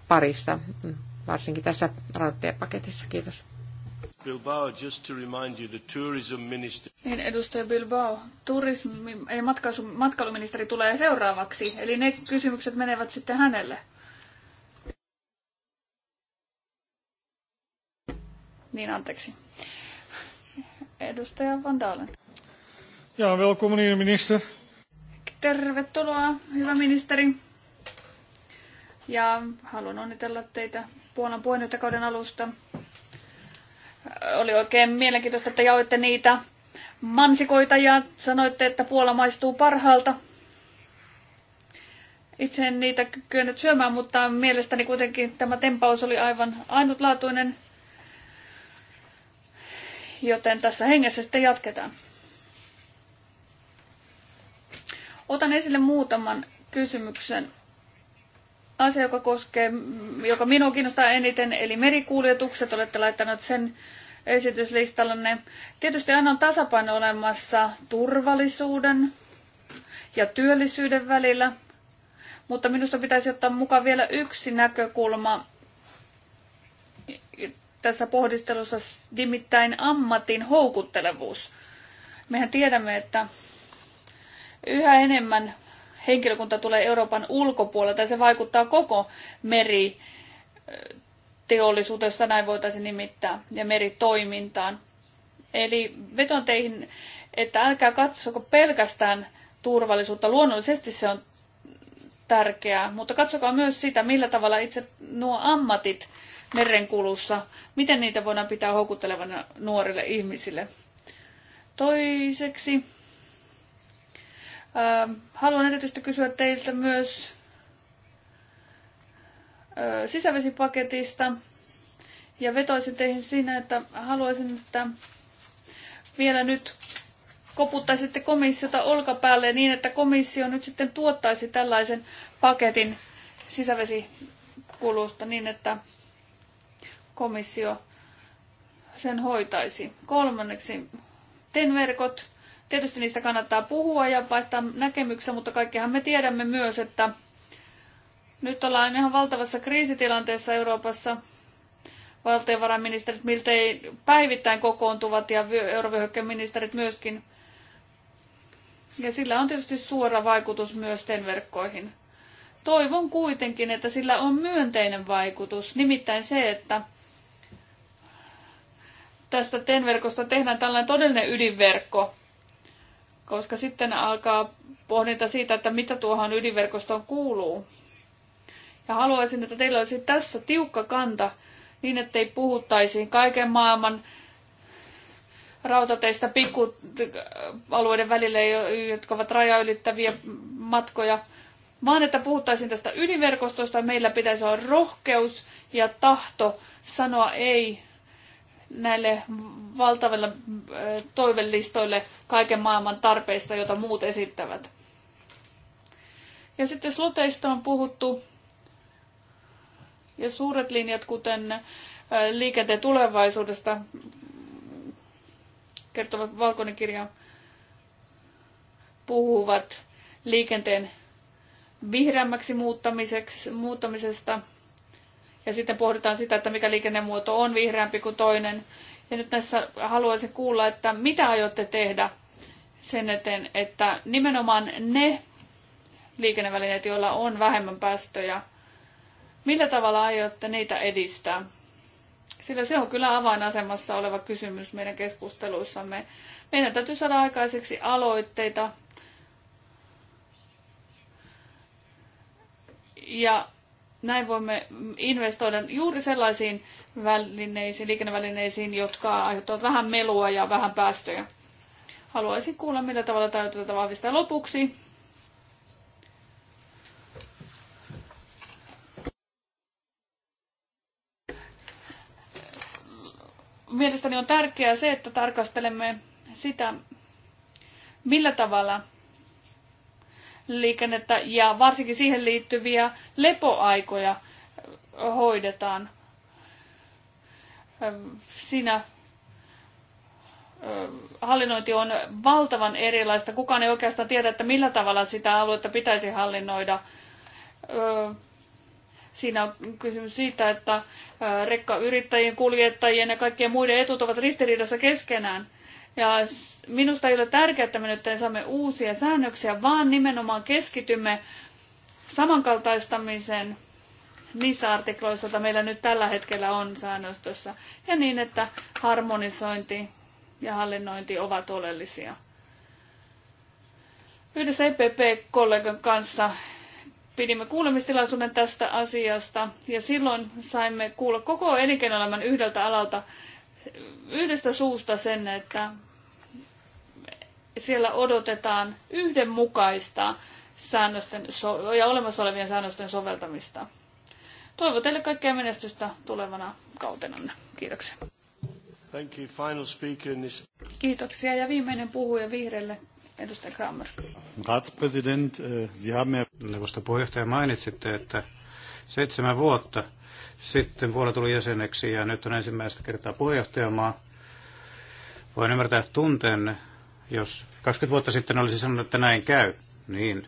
parissa, varsinkin tässä rautatiepaketissa? Kiitos. Bilbao, just to remind you, the tourism minister... Niin, edustaja Bilbao, turismi, ei, matkaisu, matkailuministeri tulee seuraavaksi, eli ne kysymykset menevät sitten hänelle. Niin, anteeksi. Edustaja Van Dalen. Ja, welkom meneer minister. Tervetuloa, hyvä ministeri. Ja haluan onnitella teitä Puolan puheenjohtajakauden alusta. Oli oikein mielenkiintoista, että jaoitte niitä mansikoita ja sanoitte, että Puola maistuu parhaalta. Itse en niitä kyennyt syömään, mutta mielestäni kuitenkin tämä tempaus oli aivan ainutlaatuinen. Joten tässä hengessä sitten jatketaan. Otan esille muutaman kysymyksen. Asia, joka koskee, joka minua kiinnostaa eniten, eli merikuljetukset. Olette laittaneet sen esityslistallanne. Tietysti aina on tasapaino olemassa turvallisuuden ja työllisyyden välillä, mutta minusta pitäisi ottaa mukaan vielä yksi näkökulma tässä pohdistelussa, nimittäin ammatin houkuttelevuus. Mehän tiedämme, että yhä enemmän henkilökunta tulee Euroopan ulkopuolelta ja se vaikuttaa koko meri teollisuudesta, näin voitaisiin nimittää, ja meritoimintaan. Eli veton teihin, että älkää katsoko pelkästään turvallisuutta. Luonnollisesti se on tärkeää, mutta katsokaa myös sitä, millä tavalla itse nuo ammatit merenkulussa, miten niitä voidaan pitää houkuttelevana nuorille ihmisille. Toiseksi Ähm, haluan erityisesti kysyä teiltä myös sisävesipaketista ja vetoisin teihin siinä, että haluaisin, että vielä nyt koputtaisitte komissiota olkapäälle niin, että komissio nyt sitten tuottaisi tällaisen paketin sisävesikulusta niin, että komissio sen hoitaisi. Kolmanneksi TEN-verkot. Tietysti niistä kannattaa puhua ja vaihtaa näkemyksiä, mutta kaikkihan me tiedämme myös, että nyt ollaan ihan valtavassa kriisitilanteessa Euroopassa. Valtiovarainministerit miltei päivittäin kokoontuvat ja eurovyöhykkeen ministerit myöskin. Ja sillä on tietysti suora vaikutus myös TEN-verkkoihin. Toivon kuitenkin, että sillä on myönteinen vaikutus, nimittäin se, että tästä TEN-verkosta tehdään tällainen todellinen ydinverkko, koska sitten alkaa pohdinta siitä, että mitä tuohon ydinverkostoon kuuluu. Ja haluaisin, että teillä olisi tässä tiukka kanta niin, ettei puhuttaisiin kaiken maailman rautateista pikkualueiden äh, välillä, jotka ovat rajaylittäviä matkoja, vaan että puhuttaisiin tästä ydinverkostosta. Meillä pitäisi olla rohkeus ja tahto sanoa ei näille valtaville äh, toivelistoille kaiken maailman tarpeista, joita muut esittävät. Ja sitten sloteista on puhuttu. Ja suuret linjat, kuten äh, liikenteen tulevaisuudesta kertova valkoinen kirja, puhuvat liikenteen vihreämmäksi muuttamisesta – ja sitten pohditaan sitä, että mikä liikennemuoto on vihreämpi kuin toinen. Ja nyt tässä haluaisin kuulla, että mitä aiotte tehdä sen eteen, että nimenomaan ne liikennevälineet, joilla on vähemmän päästöjä, millä tavalla aiotte niitä edistää? Sillä se on kyllä avainasemassa oleva kysymys meidän keskusteluissamme. Meidän täytyy saada aikaiseksi aloitteita. Ja näin voimme investoida juuri sellaisiin välineisiin, liikennevälineisiin, jotka aiheuttavat vähän melua ja vähän päästöjä. Haluaisin kuulla, millä tavalla täytyy vahvistaa lopuksi. Mielestäni on tärkeää se, että tarkastelemme sitä, millä tavalla liikennettä ja varsinkin siihen liittyviä lepoaikoja hoidetaan. Siinä hallinnointi on valtavan erilaista. Kukaan ei oikeastaan tiedä, että millä tavalla sitä aluetta pitäisi hallinnoida. Siinä on kysymys siitä, että rekkayrittäjien, kuljettajien ja kaikkien muiden etut ovat ristiriidassa keskenään – ja minusta ei ole tärkeää, että me nyt saamme uusia säännöksiä, vaan nimenomaan keskitymme samankaltaistamiseen niissä artikloissa, joita meillä nyt tällä hetkellä on säännöstössä, ja niin, että harmonisointi ja hallinnointi ovat oleellisia. Yhdessä EPP-kollegan kanssa pidimme kuulemistilaisuuden tästä asiasta ja silloin saimme kuulla koko elinkeinoelämän yhdeltä alalta yhdestä suusta sen, että siellä odotetaan yhdenmukaista säännösten so- ja olemassa olevien säännösten soveltamista. Toivon teille kaikkea menestystä tulevana kautenanne. Kiitoksia. Thank you. Final speaker in this... Kiitoksia. Ja viimeinen puhuja vihreille, edustaja Kramer. Ratspräsident, eh, Sie haben ja... Neuvoston puheenjohtaja mainitsitte, että seitsemän vuotta sitten vuonna tuli jäseneksi ja nyt on ensimmäistä kertaa puheenjohtajamaa. Voin ymmärtää tunteen, jos 20 vuotta sitten olisi sanonut, että näin käy, niin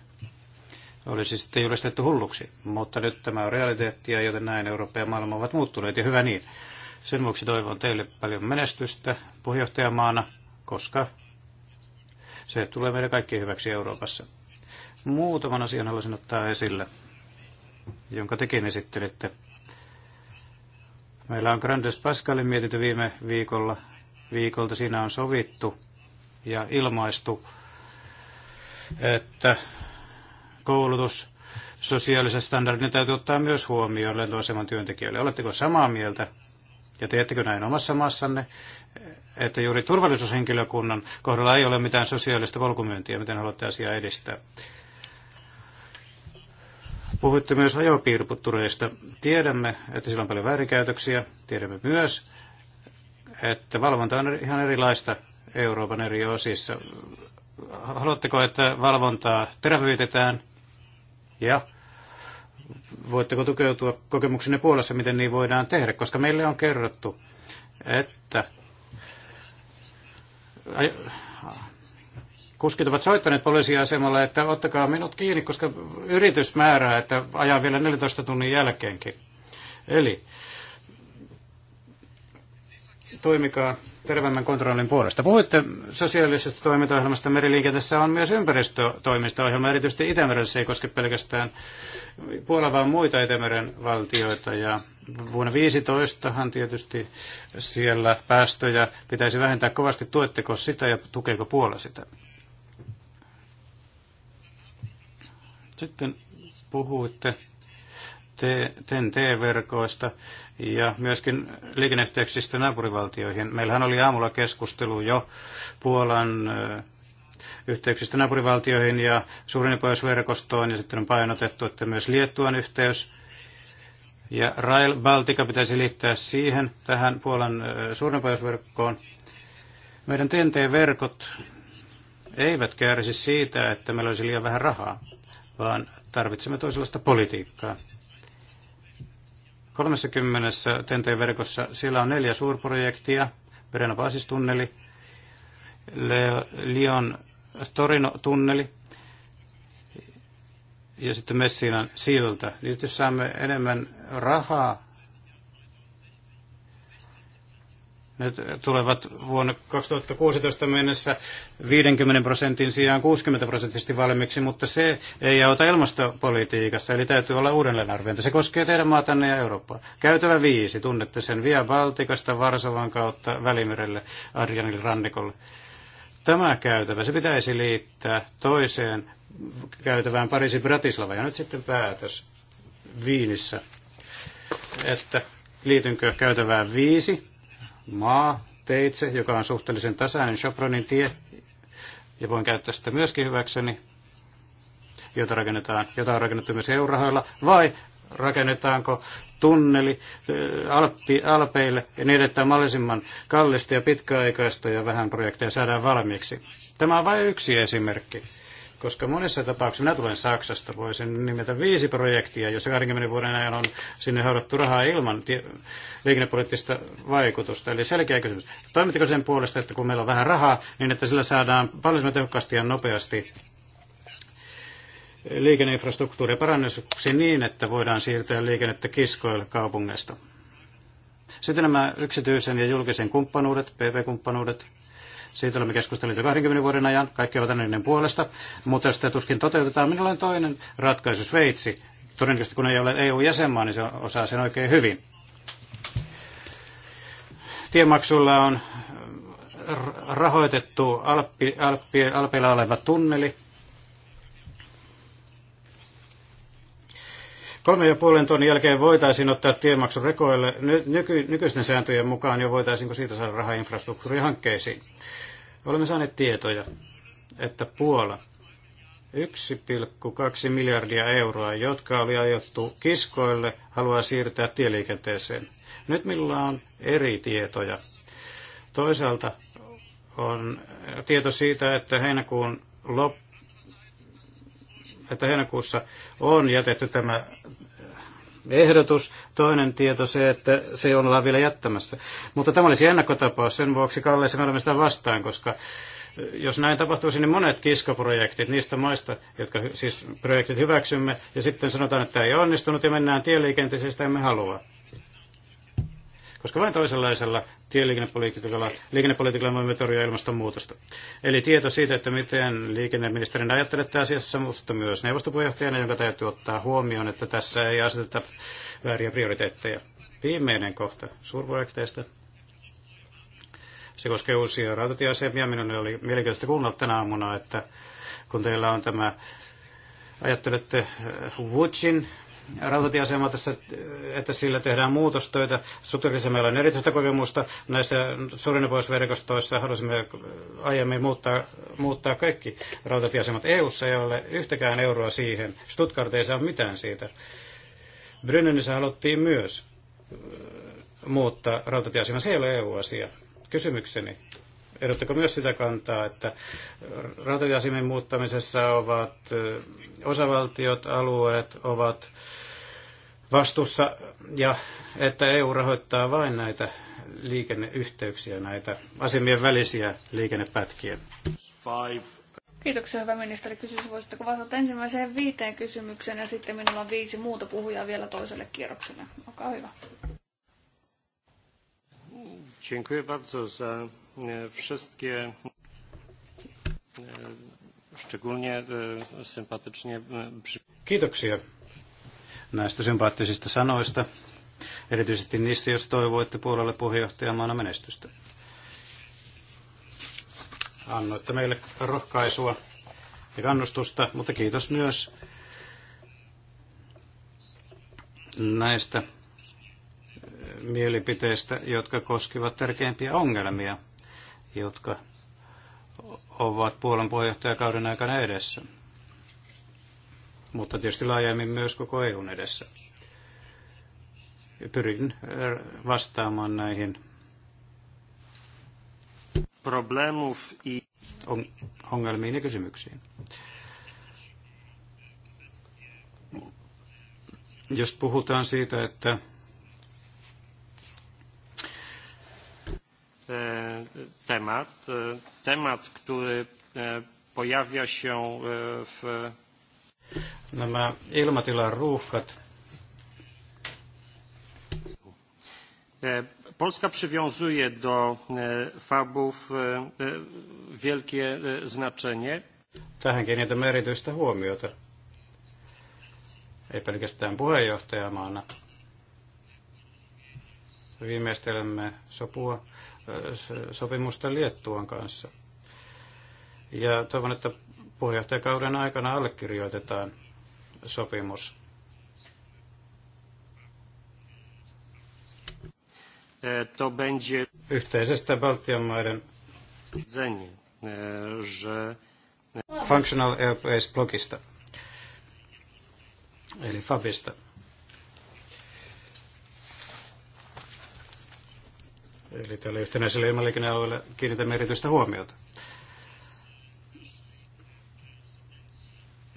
olisi sitten julistettu hulluksi. Mutta nyt tämä on realiteettia, joten näin Eurooppa ja maailma ovat muuttuneet ja hyvä niin. Sen vuoksi toivon teille paljon menestystä puheenjohtajamaana, koska se tulee meidän kaikkien hyväksi Euroopassa. Muutaman asian haluaisin ottaa esille, jonka tekin esittelitte. Meillä on Grandes Pascalin mietintö viime viikolla, viikolta. Siinä on sovittu ja ilmaistu, että koulutus sosiaaliset standardit täytyy ottaa myös huomioon lentoaseman työntekijöille. Oletteko samaa mieltä ja teettekö näin omassa maassanne, että juuri turvallisuushenkilökunnan kohdalla ei ole mitään sosiaalista polkumyyntiä, miten haluatte asiaa edistää? Puhuitte myös ajopiirputtureista. Tiedämme, että sillä on paljon väärinkäytöksiä. Tiedämme myös, että valvonta on ihan erilaista Euroopan eri osissa. Haluatteko, että valvontaa terävyytetään ja voitteko tukeutua kokemuksenne puolessa, miten niin voidaan tehdä, koska meille on kerrottu, että kuskit ovat soittaneet poliisiasemalle, että ottakaa minut kiinni, koska yritys määrää, että ajan vielä 14 tunnin jälkeenkin. Eli toimikaa terveemmän kontrollin puolesta. Puhuitte sosiaalisesta toimintaohjelmasta meriliikenteessä on myös ympäristötoimistoohjelma, erityisesti Itämerellä se ei koske pelkästään Puola, vaan muita Itämeren valtioita. Ja vuonna 15han tietysti siellä päästöjä pitäisi vähentää kovasti. Tuetteko sitä ja tukeeko Puola sitä? Sitten puhuitte TEN-T-verkoista ja myöskin liikenneyhteyksistä naapurivaltioihin. Meillähän oli aamulla keskustelu jo Puolan yhteyksistä naapurivaltioihin ja suurin pohjoisverkostoon ja sitten on painotettu, että myös Liettuan yhteys ja Rail Baltica pitäisi liittää siihen tähän Puolan suurinopeusverkkoon. Meidän TNT-verkot eivät kärsi siitä, että meillä olisi liian vähän rahaa vaan tarvitsemme toisenlaista politiikkaa. 30 TNT-verkossa siellä on neljä suurprojektia, Perenapasistunneli, Lyon Torino-tunneli ja sitten Messinan silta. Nyt jos saamme enemmän rahaa ne tulevat vuonna 2016 mennessä 50 prosentin sijaan 60 prosenttisesti valmiiksi, mutta se ei auta ilmastopolitiikassa, eli täytyy olla uudelleenarviointi. Se koskee teidän maatanne ja Eurooppaa. Käytävä viisi, tunnette sen Via Baltikasta, Varsovan kautta Välimerelle, Arjanille, rannikolle. Tämä käytävä, se pitäisi liittää toiseen käytävään Pariisi Bratislava ja nyt sitten päätös Viinissä, että liitynkö käytävään viisi maa teitse, joka on suhteellisen tasainen Chopronin tie, ja voin käyttää sitä myöskin hyväkseni, jota, rakennetaan, jota on rakennettu myös eurorahoilla, vai rakennetaanko tunneli äh, Alppi, Alpeille ja niin, että mahdollisimman kallista ja pitkäaikaista ja vähän projekteja saadaan valmiiksi. Tämä on vain yksi esimerkki koska monessa tapauksessa, minä tulen Saksasta, voisin nimetä viisi projektia, jossa 20 vuoden ajan on sinne haudattu rahaa ilman liikennepoliittista vaikutusta. Eli selkeä kysymys. Toimitteko sen puolesta, että kun meillä on vähän rahaa, niin että sillä saadaan paljon tehokkaasti ja nopeasti liikenneinfrastruktuuria parannuksi niin, että voidaan siirtää liikennettä kiskoille kaupungeista. Sitten nämä yksityisen ja julkisen kumppanuudet, PV-kumppanuudet, siitä olemme keskustelleet jo 20 vuoden ajan. Kaikki ovat ennen puolesta, mutta sitä tuskin toteutetaan. Minulla on toinen ratkaisu, Sveitsi. Todennäköisesti kun ei ole EU-jäsenmaa, niin se osaa sen oikein hyvin. Tiemaksulla on rahoitettu Alppi, Alppi, Alpeilla oleva tunneli, Kolme ja puolen tonnin jälkeen voitaisiin ottaa tiemaksu rekoille nyky, nykyisten sääntöjen mukaan jo voitaisiinko siitä saada rahaa infrastruktuurihankkeisiin. Olemme saaneet tietoja, että Puola 1,2 miljardia euroa, jotka oli aiottu kiskoille, haluaa siirtää tieliikenteeseen. Nyt minulla on eri tietoja. Toisaalta on tieto siitä, että heinäkuun lop, että heinäkuussa on jätetty tämä ehdotus. Toinen tieto se, että se ollaan vielä jättämässä. Mutta tämä olisi ennakkotapaus, sen vuoksi Kalleessa me olemme sitä vastaan, koska eh, jos näin tapahtuisi, niin monet kiskaprojektit niistä maista, jotka siis projektit hyväksymme, ja sitten sanotaan, että tämä ei onnistunut ja mennään tieliikenteeseen, sitä emme halua koska vain toisenlaisella tieliikennepolitiikalla liikennepolitiikalla voimme torjua ilmastonmuutosta. Eli tieto siitä, että miten liikenneministerin ajattelette asiassa, mutta myös neuvostopuheenjohtajana, jonka täytyy ottaa huomioon, että tässä ei aseteta vääriä prioriteetteja. Viimeinen kohta suurprojekteista. Se koskee uusia rautatieasemia. Minulle oli mielenkiintoista kuunnella tänä aamuna, että kun teillä on tämä ajattelette eh, Woodsin rautatieasema tässä, että sillä tehdään muutostöitä. Sotilissa meillä on erityistä kokemusta näissä suurinopeusverkostoissa. Halusimme aiemmin muuttaa, muuttaa kaikki rautatieasemat EU-ssa, ei ole yhtäkään euroa siihen. Stuttgart ei saa mitään siitä. Brynnenissä haluttiin myös muuttaa rautatieasema. Se ei ole EU-asia. Kysymykseni Edutteko myös sitä kantaa, että rautatieasemien muuttamisessa ovat osavaltiot, alueet ovat vastuussa ja että EU rahoittaa vain näitä liikenneyhteyksiä, näitä asemien välisiä liikennepätkiä? Five. Kiitoksia, hyvä ministeri. Kysyisin, voisitteko vastata ensimmäiseen viiteen kysymykseen ja sitten minulla on viisi muuta puhujaa vielä toiselle kierrokselle. Olkaa hyvä. Dziękuję bardzo za E, wszystkie e, szczególnie e, sympatycznie... Kiitoksia näistä sympaattisista sanoista, erityisesti niissä, jos toivoitte puolelle puheenjohtajamaana menestystä. Annoitte meille rohkaisua ja kannustusta, mutta kiitos myös näistä mielipiteistä, jotka koskivat tärkeimpiä ongelmia – jotka ovat Puolan puheenjohtajakauden aikana edessä, mutta tietysti laajemmin myös koko EUn edessä. Pyrin äh, vastaamaan näihin ongelmiin ja kysymyksiin. Jos puhutaan siitä, että E, temat. E, temat, który e, pojawia się w... Nämä ilmatilan ruuhkat. Polska przywiązuje do fabów wielkie znaczenie. Tähän kiinnitämme erityistä huomiota. Ei pelkästään puheenjohtajamaana. Viimeistelemme sopua sopimusta Liettuan kanssa. Ja toivon, että puheenjohtajakauden aikana allekirjoitetaan sopimus. E, to będzie yhteisestä Baltian maiden e, że e, Functional Airways Blogista, eli Fabista. Eli tälle yhtenäiselle ilmaliikennealueelle kiinnitämme erityistä huomiota.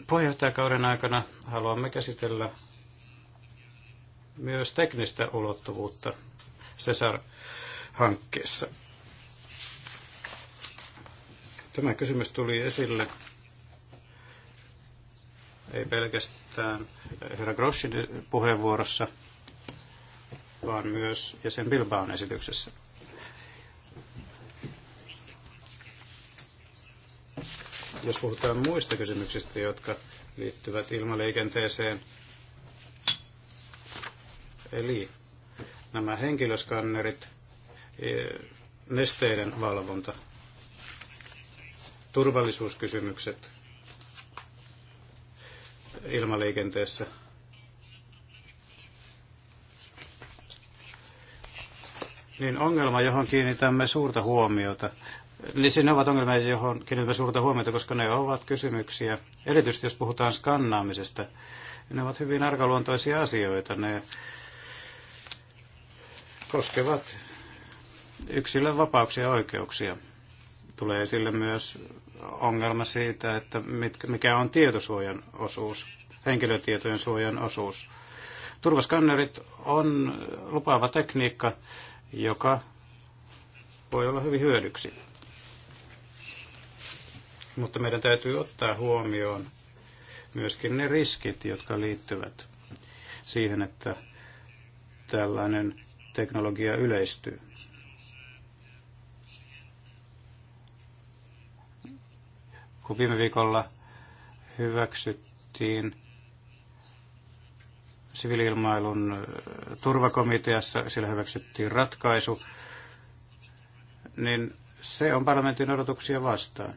Puheenjohtajakauden aikana haluamme käsitellä myös teknistä ulottuvuutta CESAR-hankkeessa. Tämä kysymys tuli esille ei pelkästään herra Groschin puheenvuorossa, vaan myös jäsen Bilbaon esityksessä. Jos puhutaan muista kysymyksistä, jotka liittyvät ilmaliikenteeseen, eli nämä henkilöskannerit, e, nesteiden valvonta, turvallisuuskysymykset ilmaliikenteessä. Niin ongelma, johon kiinnitämme suurta huomiota, Eli ne ovat ongelmia, johon kiinnitämme suurta huomiota, koska ne ovat kysymyksiä. Erityisesti jos puhutaan skannaamisesta, ne ovat hyvin arkaluontoisia asioita. Ne koskevat yksilön vapauksia ja oikeuksia. Tulee esille myös ongelma siitä, että mikä on tietosuojan osuus, henkilötietojen suojan osuus. Turvaskannerit on lupaava tekniikka, joka voi olla hyvin hyödyksi mutta meidän täytyy ottaa huomioon myöskin ne riskit, jotka liittyvät siihen, että tällainen teknologia yleistyy. Kun viime viikolla hyväksyttiin siviiliilmailun äh, turvakomiteassa, sillä hyväksyttiin ratkaisu, niin se on parlamentin odotuksia vastaan.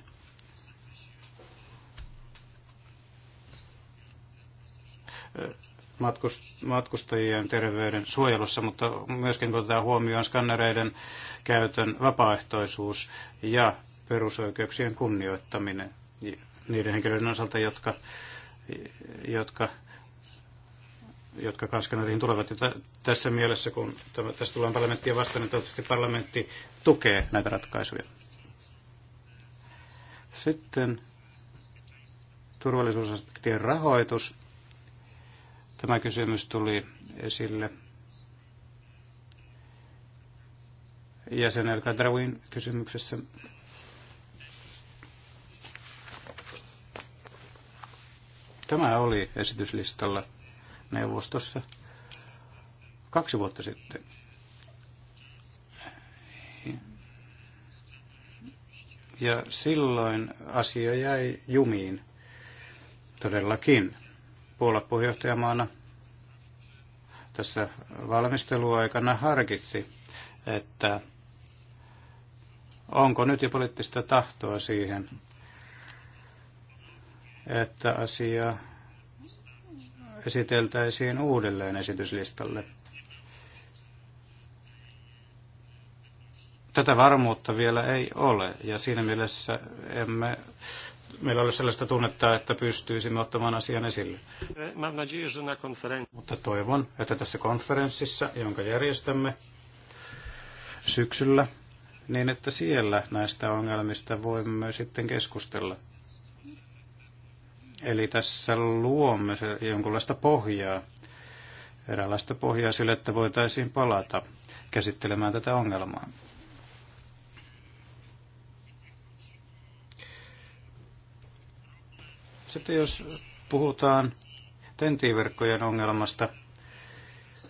matkustajien terveyden suojelussa, mutta myöskin kun otetaan huomioon skannereiden käytön vapaaehtoisuus ja perusoikeuksien kunnioittaminen niiden henkilöiden osalta, jotka, jotka, jotka kanskaneriin tulevat. Ja tässä mielessä, kun tässä tullaan parlamenttia vastaan, niin toivottavasti parlamentti tukee näitä ratkaisuja. Sitten turvallisuusaspektien rahoitus. Tämä kysymys tuli esille jäsen El Kadrawin kysymyksessä. Tämä oli esityslistalla neuvostossa kaksi vuotta sitten. Ja silloin asia jäi jumiin todellakin. Puola puheenjohtajamaana tässä valmisteluaikana harkitsi, että onko nyt jo poliittista tahtoa siihen, että asia esiteltäisiin uudelleen esityslistalle. Tätä varmuutta vielä ei ole, ja siinä mielessä emme meillä olisi sellaista tunnetta, että pystyisimme ottamaan asian esille. Mutta toivon, että tässä konferenssissa, jonka järjestämme syksyllä, niin että siellä näistä ongelmista voimme sitten keskustella. Eli tässä luomme jonkunlaista pohjaa, eräänlaista pohjaa sille, että voitaisiin palata käsittelemään tätä ongelmaa. Sitten jos puhutaan tentiverkkojen ongelmasta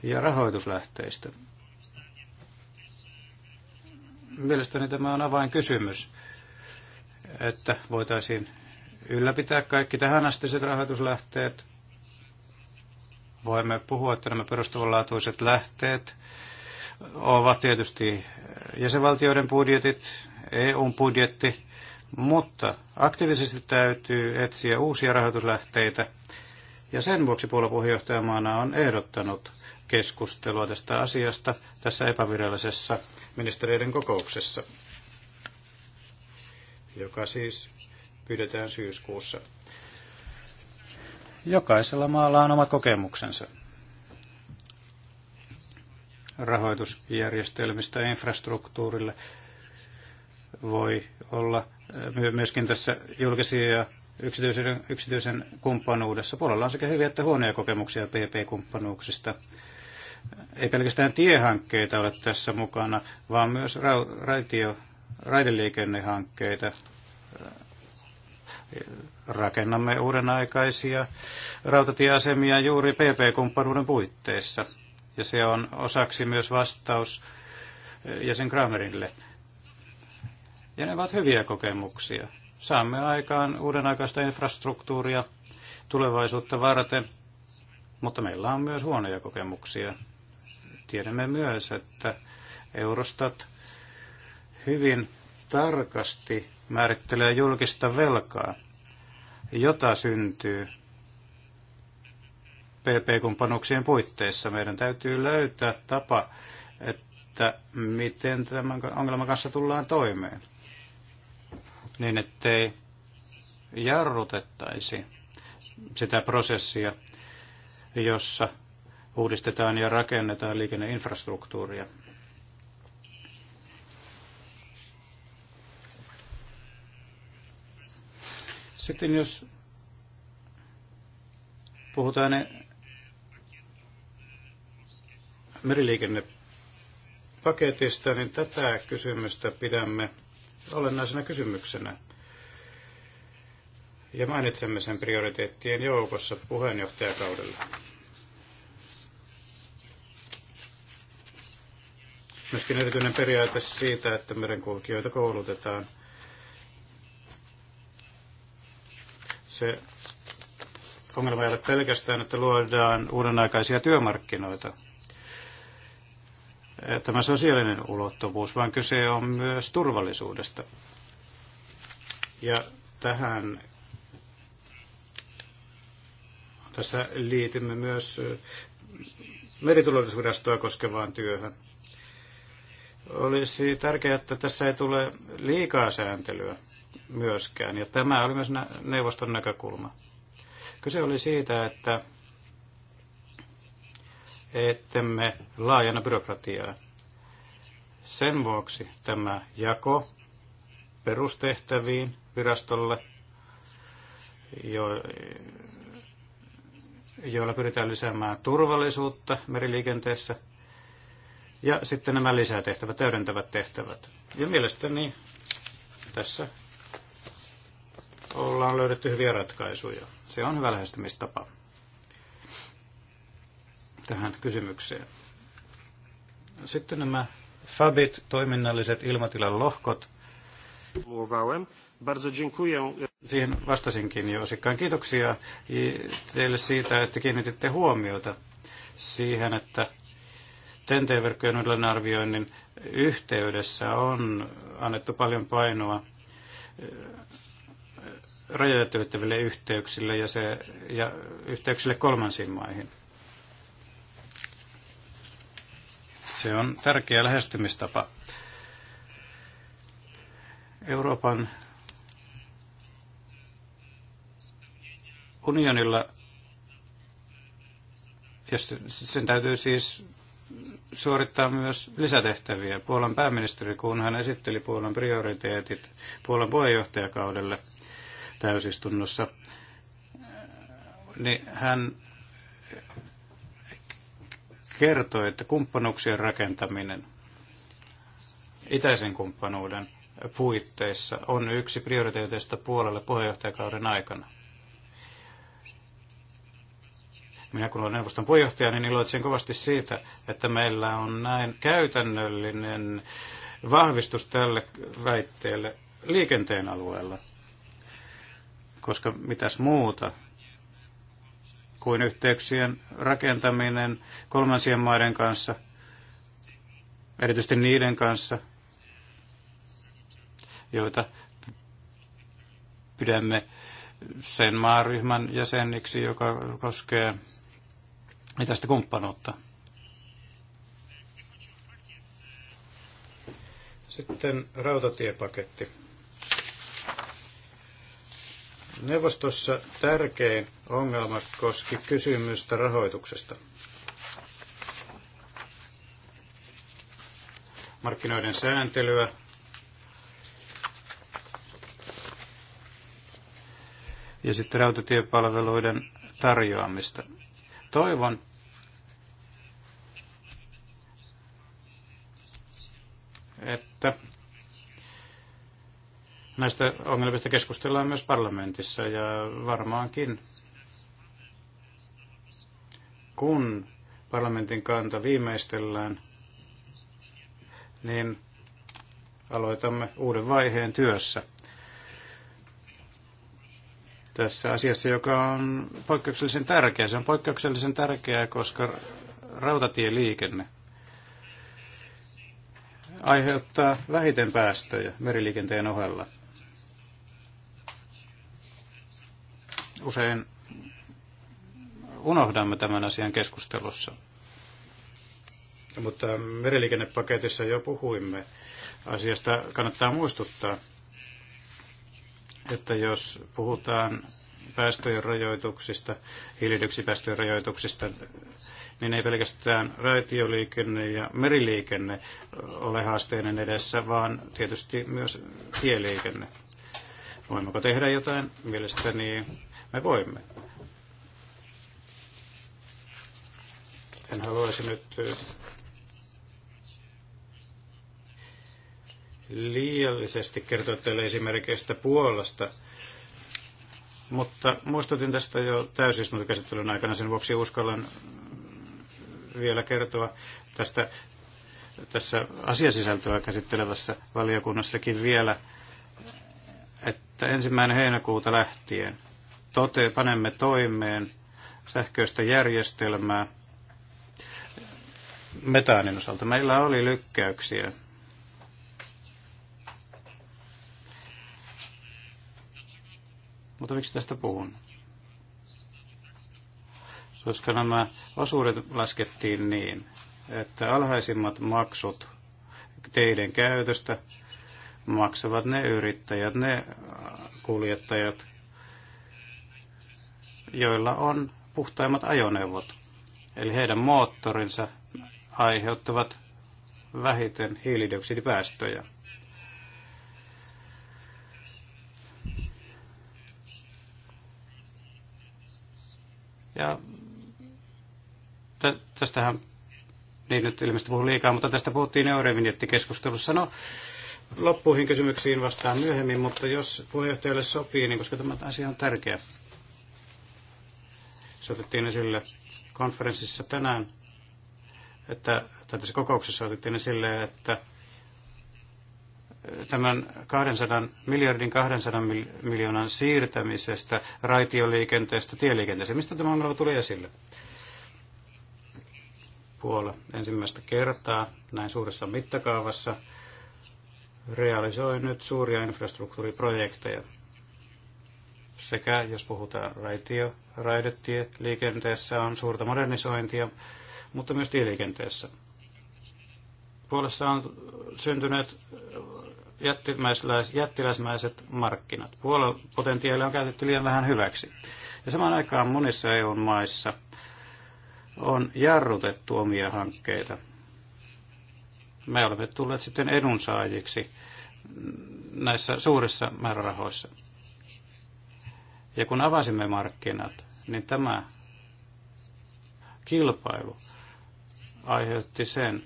ja rahoituslähteistä. Mielestäni tämä on avainkysymys, että voitaisiin ylläpitää kaikki tähänastiset rahoituslähteet. Voimme puhua, että nämä perustavanlaatuiset lähteet ovat tietysti jäsenvaltioiden budjetit, EUn budjetti, mutta aktiivisesti täytyy etsiä uusia rahoituslähteitä, ja sen vuoksi puoluepuheenjohtajamaana on ehdottanut keskustelua tästä asiasta tässä epävirallisessa ministeriöiden kokouksessa, joka siis pyydetään syyskuussa. Jokaisella maalla on omat kokemuksensa rahoitusjärjestelmistä infrastruktuurille voi olla eh, myöskin tässä julkisia ja yksityisen, yksityisen kumppanuudessa. Puolella on sekä hyviä että huonoja kokemuksia PP-kumppanuuksista. Ei pelkästään tiehankkeita ole tässä mukana, vaan myös ra- raitio, raideliikennehankkeita. Rakennamme uuden aikaisia rautatieasemia juuri PP-kumppanuuden puitteissa. Ja se on osaksi myös vastaus eh, jäsen Kramerille – ja ne ovat hyviä kokemuksia. Saamme aikaan uuden aikaista infrastruktuuria tulevaisuutta varten, mutta meillä on myös huonoja kokemuksia. Tiedämme myös, että Eurostat hyvin tarkasti määrittelee julkista velkaa, jota syntyy PP-kumppanuuksien puitteissa. Meidän täytyy löytää tapa, että miten tämän ongelman kanssa tullaan toimeen niin ettei jarrutettaisi sitä prosessia, jossa uudistetaan ja rakennetaan liikenneinfrastruktuuria. Sitten jos puhutaan meriliikennepaketista, niin tätä kysymystä pidämme olennaisena kysymyksenä. Ja mainitsemme sen prioriteettien joukossa puheenjohtajakaudella. Myöskin erityinen periaate siitä, että merenkulkijoita koulutetaan. Se ongelma ei ole pelkästään, että luodaan uudenaikaisia työmarkkinoita – tämä sosiaalinen ulottuvuus, vaan kyse on myös turvallisuudesta. Ja tähän tässä liitimme myös meriturvallisuusvirastoa koskevaan työhön. Olisi tärkeää, että tässä ei tule liikaa sääntelyä myöskään, ja tämä oli myös neuvoston näkökulma. Kyse oli siitä, että ettemme laajana byrokratiaa. Sen vuoksi tämä jako perustehtäviin virastolle, jo, joilla pyritään lisäämään turvallisuutta meriliikenteessä, ja sitten nämä lisätehtävät, täydentävät tehtävät. Ja mielestäni tässä ollaan löydetty hyviä ratkaisuja. Se on hyvä lähestymistapa tähän kysymykseen. Sitten nämä FABit, toiminnalliset ilmatilan lohkot. Siihen vastasinkin jo osikkaan. Kiitoksia teille siitä, että kiinnititte huomiota siihen, että TNT-verkkojen uudelleenarvioinnin yhteydessä on annettu paljon painoa eh, rajat yhteyksille ja, se, ja yhteyksille kolmansiin maihin. Se on tärkeä lähestymistapa. Euroopan unionilla, jos sen täytyy siis suorittaa myös lisätehtäviä. Puolan pääministeri, kun hän esitteli Puolan prioriteetit Puolan puheenjohtajakaudelle täysistunnossa, niin hän kertoi, että kumppanuuksien rakentaminen itäisen kumppanuuden puitteissa on yksi prioriteeteista puolelle puheenjohtajakauden aikana. Minä kun olen neuvoston puheenjohtaja, niin iloitsen kovasti siitä, että meillä on näin käytännöllinen vahvistus tälle väitteelle liikenteen alueella. Koska mitäs muuta kuin yhteyksien rakentaminen kolmansien maiden kanssa, erityisesti niiden kanssa, joita pidämme sen maaryhmän jäseniksi, joka koskee tästä kumppanuutta. Sitten rautatiepaketti. Neuvostossa tärkein ongelma koski kysymystä rahoituksesta. Markkinoiden sääntelyä, ja sitten rautatiepalveluiden tarjoamista. Toivon, Näistä ongelmista keskustellaan myös parlamentissa ja varmaankin, kun parlamentin kanta viimeistellään, niin aloitamme uuden vaiheen työssä tässä asiassa, joka on poikkeuksellisen tärkeä. Se on poikkeuksellisen tärkeää, koska rautatieliikenne aiheuttaa vähiten päästöjä meriliikenteen ohella – usein unohdamme tämän asian keskustelussa. Mutta meriliikennepaketissa jo puhuimme. Asiasta kannattaa muistuttaa, että jos puhutaan päästöjen rajoituksista, hiilidioksidipäästöjen rajoituksista, niin ei pelkästään raitioliikenne ja meriliikenne ole haasteinen edessä, vaan tietysti myös tieliikenne. Voimmeko tehdä jotain? Mielestäni me voimme. En haluaisi nyt liiallisesti kertoa teille esimerkkeistä Puolasta, mutta muistutin tästä jo täysistuntokäsittelyn aikana, sen vuoksi uskallan vielä kertoa tästä tässä asiasisältöä käsittelevässä valiokunnassakin vielä, että ensimmäinen heinäkuuta lähtien tote, panemme toimeen sähköistä järjestelmää metaanin osalta. Meillä oli lykkäyksiä. Mutta miksi tästä puhun? Koska nämä osuudet laskettiin niin, että alhaisimmat maksut teiden käytöstä maksavat ne yrittäjät, ne kuljettajat, joilla on puhtaimmat ajoneuvot. Eli heidän moottorinsa aiheuttavat vähiten hiilidioksidipäästöjä. Ja tästähän, niin nyt ilmeisesti puhun liikaa, mutta tästä puhuttiin Eurovinjettikeskustelussa. No, loppuihin kysymyksiin vastaan myöhemmin, mutta jos puheenjohtajalle sopii, niin koska tämä asia on tärkeä. Se otettiin esille konferenssissa tänään, että, tai tässä kokouksessa otettiin esille, että tämän 200, miljardin 200 miljoonan siirtämisestä raitioliikenteestä tieliikenteeseen. Mistä tämä ongelma tuli esille? Puola ensimmäistä kertaa näin suuressa mittakaavassa realisoi nyt suuria infrastruktuuriprojekteja sekä jos puhutaan raitio, raidetie, liikenteessä on suurta modernisointia, mutta myös tieliikenteessä. Puolessa on syntyneet jättiläismäiset markkinat. Puolen potentiaalia on käytetty liian vähän hyväksi. Ja samaan aikaan monissa eu maissa on jarrutettu omia hankkeita. Me olemme tulleet sitten edunsaajiksi näissä suurissa määrärahoissa. Ja kun avasimme markkinat, niin tämä kilpailu aiheutti sen,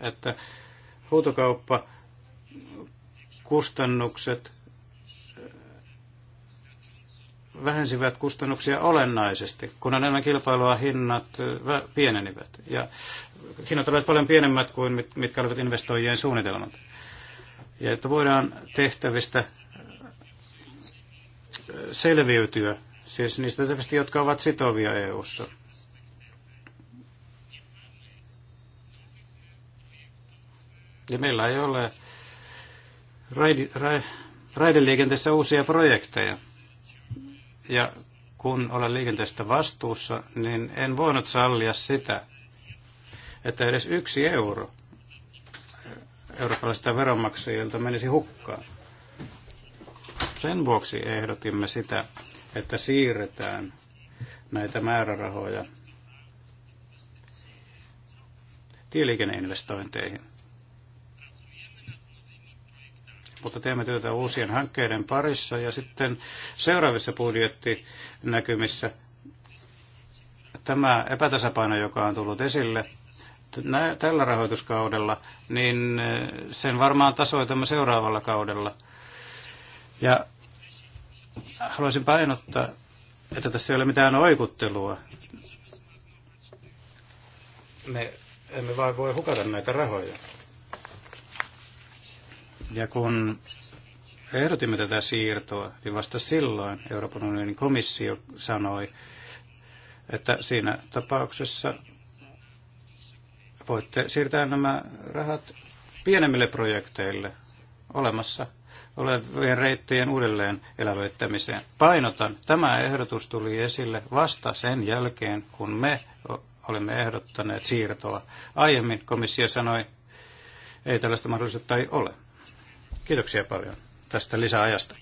että huutokauppa kustannukset äh, vähensivät kustannuksia olennaisesti. Kun on enemmän kilpailua, hinnat äh, pienenivät. Ja hinnat olivat paljon pienemmät kuin mitkä olivat investoijien suunnitelmat. Ja että voidaan tehtävistä selviytyä, siis niistä tietysti, jotka ovat sitovia EU-ssa. Ja meillä ei ole raidi, ra, raideliikenteessä uusia projekteja. Ja kun olen liikenteestä vastuussa, niin en voinut sallia sitä, että edes yksi euro eurooppalaisista veronmaksajilta menisi hukkaan. Sen vuoksi ehdotimme sitä, että siirretään näitä määrärahoja tieliikenneinvestointeihin. Mutta teemme työtä uusien hankkeiden parissa ja sitten seuraavissa budjettinäkymissä tämä epätasapaino, joka on tullut esille tällä rahoituskaudella, niin sen varmaan tasoitamme seuraavalla kaudella. Ja haluaisin painottaa, että tässä ei ole mitään oikuttelua. Me emme vaan voi hukata näitä rahoja. Ja kun ehdotimme tätä siirtoa, niin vasta silloin Euroopan unionin komissio sanoi, että siinä tapauksessa voitte siirtää nämä rahat pienemmille projekteille olemassa olevien reittien uudelleen elävöittämiseen. Painotan, tämä ehdotus tuli esille vasta sen jälkeen, kun me olemme ehdottaneet siirtoa. Aiemmin komissio sanoi, ei tällaista mahdollisuutta ei ole. Kiitoksia paljon tästä lisäajasta.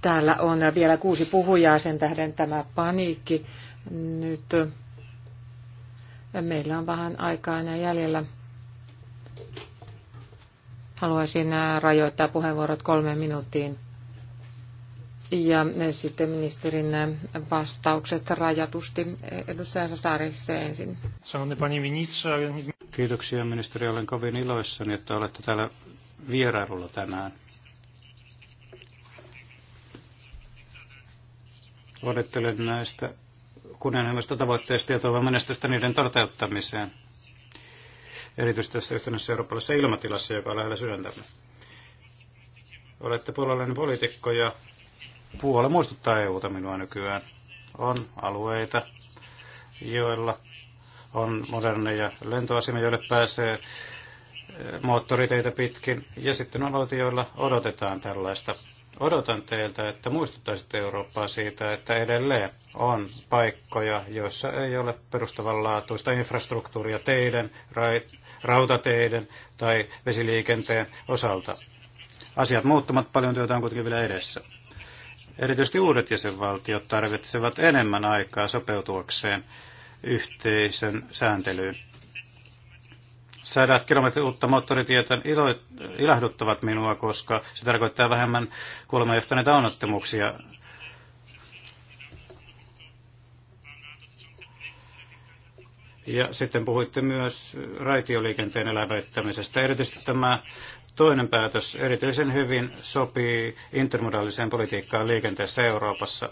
Täällä on vielä kuusi puhujaa, sen tähden tämä paniikki. Nyt meillä on vähän aikaa enää jäljellä. Haluaisin äh, rajoittaa puheenvuorot kolmeen minuuttiin. Ja äh, sitten ministerin äh, vastaukset rajatusti. Edustaja Saaris ensin. Kiitoksia ministeri, olen kovin iloissani, että olette täällä vierailulla tänään. Odottelen näistä kunnianhimoista tavoitteista ja toivon menestystä niiden toteuttamiseen erityisesti tässä yhtenässä eurooppalaisessa ilmatilassa, joka on lähellä sydäntämme. Olette puolalainen poliitikko ja Puola muistuttaa EUta minua nykyään. On alueita, joilla on moderneja lentoasemia, joille pääsee eh, moottoriteitä pitkin. Ja sitten on alueita, joilla odotetaan tällaista. Odotan teiltä, että muistuttaisitte Eurooppaa siitä, että edelleen on paikkoja, joissa ei ole perustavanlaatuista infrastruktuuria teiden, rait, rautateiden tai vesiliikenteen osalta. Asiat muuttumat, paljon työtä on kuitenkin vielä edessä. Erityisesti uudet jäsenvaltiot tarvitsevat enemmän aikaa sopeutuakseen yhteisen sääntelyyn. Sadat kilometrit uutta moottoritietä ilahduttavat minua, koska se tarkoittaa vähemmän kuolemanjohtaneita onnettomuuksia Ja sitten puhuitte myös raitioliikenteen elävöittämisestä. Erityisesti tämä toinen päätös erityisen hyvin sopii intermodaaliseen politiikkaan liikenteessä Euroopassa.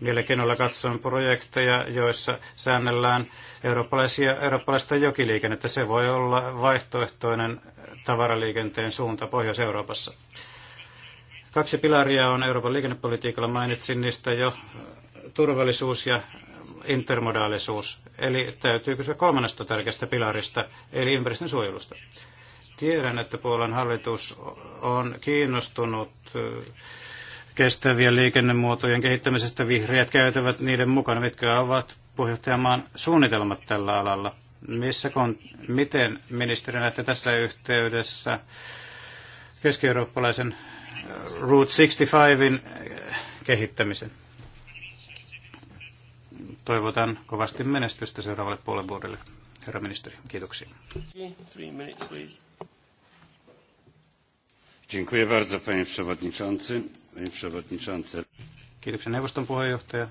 Mielenkiinnolla katson projekteja, joissa säännellään eurooppalaisia, eurooppalaista jokiliikennettä. Se voi olla vaihtoehtoinen tavaraliikenteen suunta Pohjois-Euroopassa. Kaksi pilaria on Euroopan liikennepolitiikalla, mainitsin niistä jo turvallisuus ja intermodaalisuus, eli täytyy kysyä kolmannesta tärkeästä pilarista, eli ympäristön suojelusta. Tiedän, että Puolan hallitus on kiinnostunut eh, kestävien liikennemuotojen kehittämisestä. Vihreät käytävät niiden mukana, mitkä ovat puheenjohtajamaan suunnitelmat tällä alalla. Missä, kun, miten ministeri näette tässä yhteydessä keski-eurooppalaisen eh, Route 65in eh, kehittämisen? toivotan kovasti menestystä seuraavalle puolen vuodelle. Herra ministeri, kiitoksia. Dziękuję bardzo, panie przewodniczący. Panie przewodniczący. Kiitoksia neuvoston puheenjohtaja.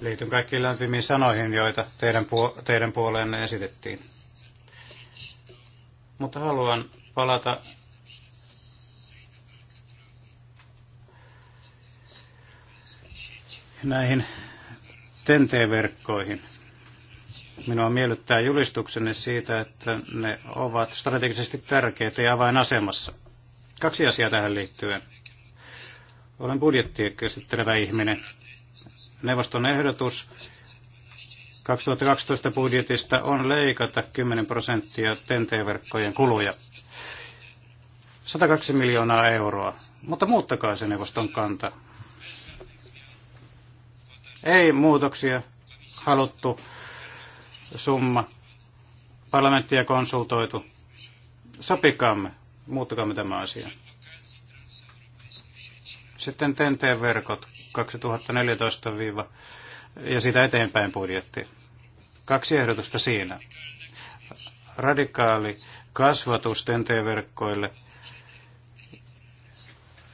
Liityn kaikkiin lämpimiin sanoihin, joita teidän, puo- teidän puoleenne esitettiin. Mutta haluan palata näihin TNT-verkkoihin. Minua miellyttää julistuksenne siitä, että ne ovat strategisesti tärkeitä ja avainasemassa. Kaksi asiaa tähän liittyen. Olen budjettia käsittelevä ihminen. Neuvoston ehdotus 2012 budjetista on leikata 10 prosenttia TNT-verkkojen kuluja. 102 miljoonaa euroa. Mutta muuttakaa se neuvoston kanta. Ei muutoksia haluttu summa. Parlamenttia konsultoitu. Sopikaamme, muuttakaamme tämä asia. Sitten TNT-verkot 2014 ja sitä eteenpäin budjetti. Kaksi ehdotusta siinä. Radikaali kasvatus TNT-verkkoille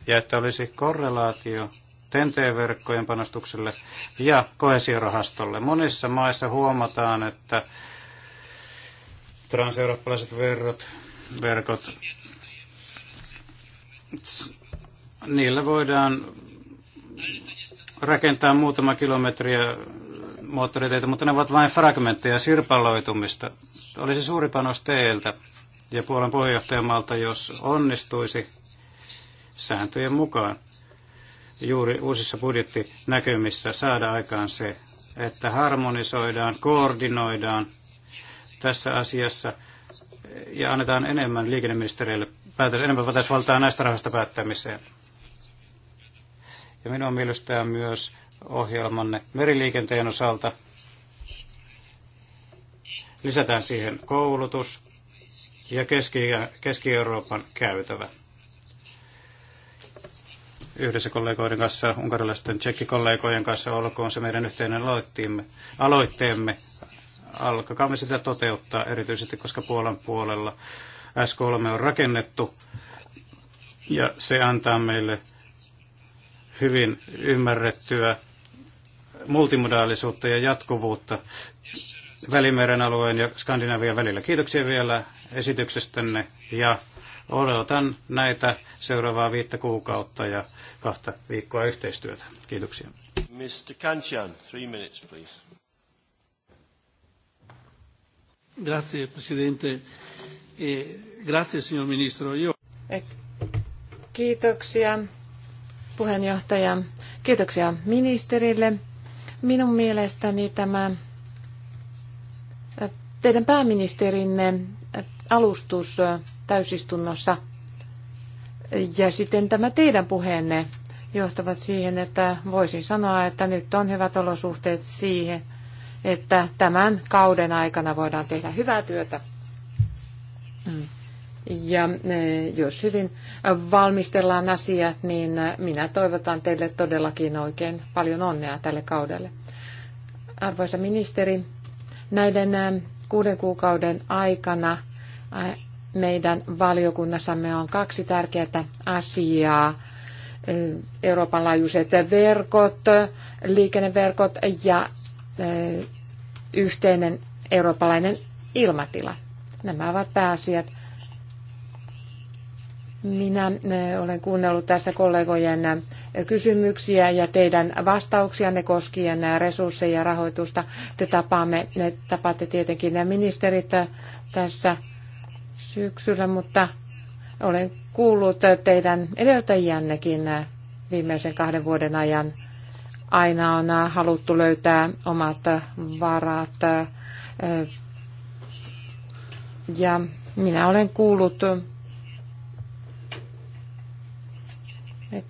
ja että olisi korrelaatio TNT-verkkojen panostukselle ja kohesiorahastolle. Monissa maissa huomataan, että transeurooppalaiset verkot, verkot niillä voidaan rakentaa muutama kilometriä moottoriteitä, mutta ne ovat vain fragmentteja sirpaloitumista. Olisi suuri panos teiltä ja Puolan puheenjohtajamalta, jos onnistuisi sääntöjen mukaan juuri uusissa budjettinäkymissä saada aikaan se, että harmonisoidaan, koordinoidaan tässä asiassa ja annetaan enemmän liikenneministeriölle päätös, enemmän valtaa näistä rahoista päättämiseen. Ja minun mielestään myös ohjelmanne meriliikenteen osalta lisätään siihen koulutus ja Keski- ja Keski-Euroopan käytävä yhdessä kollegoiden kanssa, unkarilaisten tsekkikollegojen kanssa, olkoon se meidän yhteinen aloitteemme. aloitteemme. Alkakaamme sitä toteuttaa erityisesti, koska Puolan puolella S3 on rakennettu ja se antaa meille hyvin ymmärrettyä multimodaalisuutta ja jatkuvuutta Välimeren alueen ja Skandinavian välillä. Kiitoksia vielä esityksestänne ja Odotan näitä seuraavaa viittä kuukautta ja kahta viikkoa yhteistyötä. Kiitoksia. Mr. Kanchan, three minutes, please. Grazie, Presidente. E grazie, signor Ministro. Io... E kiitoksia, puheenjohtaja. Kiitoksia ministerille. Minun mielestäni tämä teidän pääministerinne alustus täysistunnossa. Ja sitten tämä teidän puheenne johtavat siihen, että voisin sanoa, että nyt on hyvät olosuhteet siihen, että tämän kauden aikana voidaan tehdä hyvää työtä. Ja e, jos hyvin valmistellaan asiat, niin minä toivotan teille todellakin oikein paljon onnea tälle kaudelle. Arvoisa ministeri, näiden e, kuuden kuukauden aikana e, meidän valiokunnassamme on kaksi tärkeää asiaa. Euroopan laajuiset verkot, liikenneverkot ja yhteinen eurooppalainen ilmatila. Nämä ovat pääasiat. Minä olen kuunnellut tässä kollegojen kysymyksiä ja teidän vastauksianne koskien resursseja ja rahoitusta. Te tapaamme, tapaatte tietenkin nämä ministerit tässä syksyllä, mutta olen kuullut teidän edeltäjiännekin viimeisen kahden vuoden ajan. Aina on haluttu löytää omat varat. Ja minä olen kuullut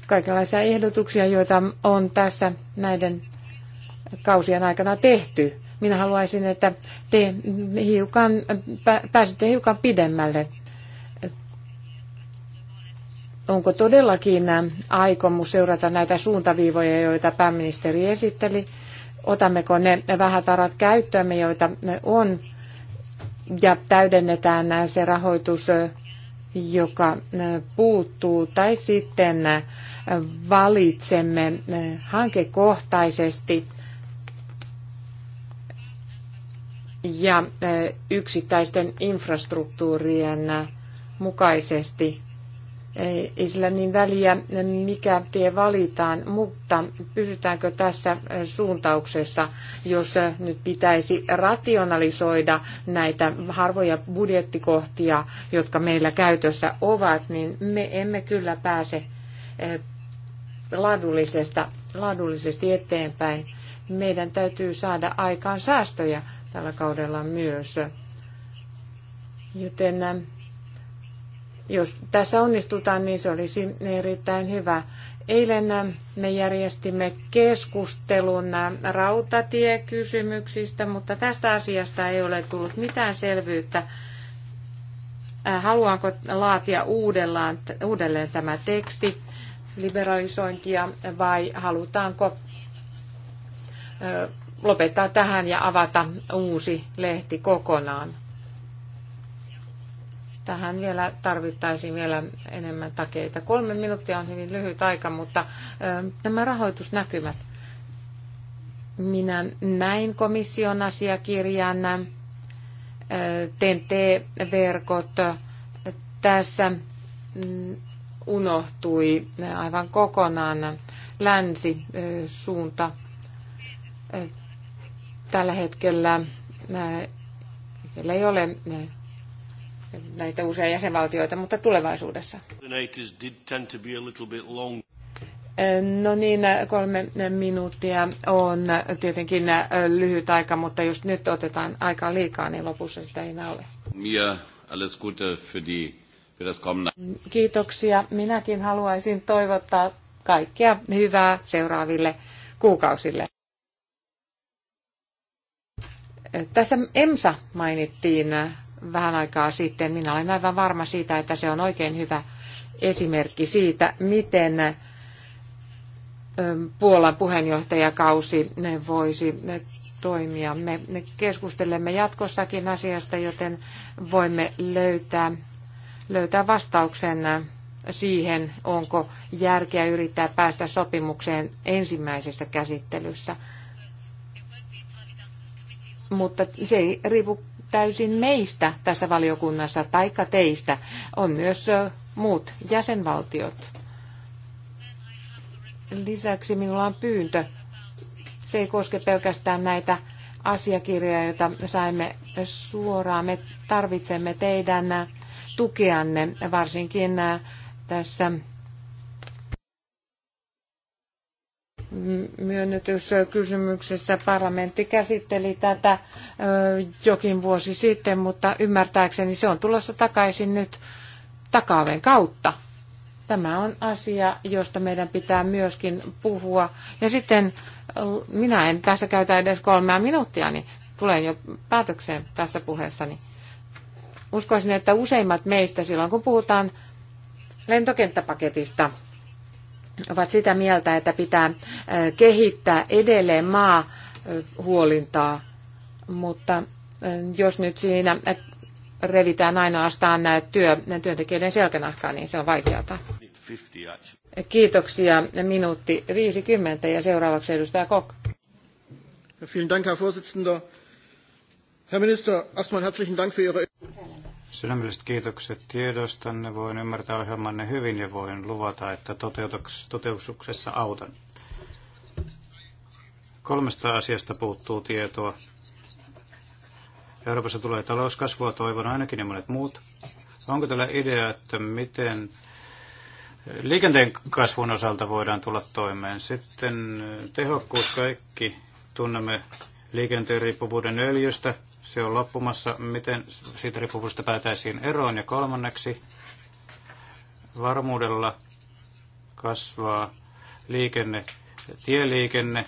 kaikenlaisia ehdotuksia, joita on tässä näiden kausien aikana tehty. Minä haluaisin, että te hiukan, pääsette hiukan pidemmälle. Onko todellakin aikomus seurata näitä suuntaviivoja, joita pääministeri esitteli? Otammeko ne vähätarat käyttöömme, joita ne on, ja täydennetään se rahoitus joka puuttuu, tai sitten valitsemme hankekohtaisesti ja eh, yksittäisten infrastruktuurien mukaisesti. Eh, ei sillä niin väliä, mikä tie valitaan, mutta pysytäänkö tässä eh, suuntauksessa, jos nyt pitäisi rationalisoida näitä harvoja budjettikohtia, jotka meillä käytössä ovat, niin me emme kyllä pääse laadullisesta, laadullisesti eteenpäin meidän täytyy saada aikaan säästöjä tällä kaudella myös. Joten ähm, jos tässä onnistutaan, niin se olisi erittäin hyvä. Eilen ähm, me järjestimme keskustelun äh, rautatiekysymyksistä, mutta tästä asiasta ei ole tullut mitään selvyyttä. Äh, haluanko laatia uudelleen tämä teksti liberalisointia vai halutaanko lopettaa tähän ja avata uusi lehti kokonaan. Tähän vielä tarvittaisiin vielä enemmän takeita. Kolme minuuttia on hyvin lyhyt aika, mutta nämä rahoitusnäkymät. Minä näin komission asiakirjan, TNT-verkot. Tässä mm, unohtui aivan kokonaan länsisuunta tällä hetkellä siellä ei ole näitä uusia jäsenvaltioita, mutta tulevaisuudessa. No niin, kolme minuuttia on tietenkin lyhyt aika, mutta jos nyt otetaan aikaa liikaa, niin lopussa sitä ei enää ole. Kiitoksia. Minäkin haluaisin toivottaa kaikkea hyvää seuraaville kuukausille. Tässä EMSA mainittiin vähän aikaa sitten. Minä olen aivan varma siitä, että se on oikein hyvä esimerkki siitä, miten Puolan puheenjohtajakausi voisi toimia. Me keskustelemme jatkossakin asiasta, joten voimme löytää, löytää vastauksen siihen, onko järkeä yrittää päästä sopimukseen ensimmäisessä käsittelyssä mutta se ei riipu täysin meistä tässä valiokunnassa taikka teistä. On myös muut jäsenvaltiot. Lisäksi minulla on pyyntö. Se ei koske pelkästään näitä asiakirjoja, joita saimme suoraan. Me tarvitsemme teidän tukeanne, varsinkin tässä myönnytyskysymyksessä parlamentti käsitteli tätä jokin vuosi sitten, mutta ymmärtääkseni se on tulossa takaisin nyt takaaven kautta. Tämä on asia, josta meidän pitää myöskin puhua. Ja sitten minä en tässä käytä edes kolmea minuuttia, niin tulen jo päätökseen tässä puheessani. Uskoisin, että useimmat meistä silloin, kun puhutaan lentokenttäpaketista, ovat sitä mieltä, että pitää kehittää edelleen maahuolintaa, mutta jos nyt siinä revitään ainoastaan työ, työntekijöiden selkänahkaa, niin se on vaikeata. Kiitoksia. Minuutti 50 ja seuraavaksi edustaja Kok. Vielen Dank, Herr Vorsitzender. Herr Minister, erstmal herzlichen Dank für Ihre... Sydämelliset kiitokset tiedostanne. Voin ymmärtää ohjelmanne hyvin ja voin luvata, että toteutuksessa autan. Kolmesta asiasta puuttuu tietoa. Euroopassa tulee talouskasvua, toivon ainakin ja monet muut. Onko tällä idea, että miten liikenteen kasvun osalta voidaan tulla toimeen? Sitten tehokkuus, kaikki tunnemme liikenteen riippuvuuden öljystä, se on loppumassa, miten siitä riippuvuudesta päätäisiin eroon. Ja kolmanneksi, varmuudella kasvaa liikenne, tieliikenne.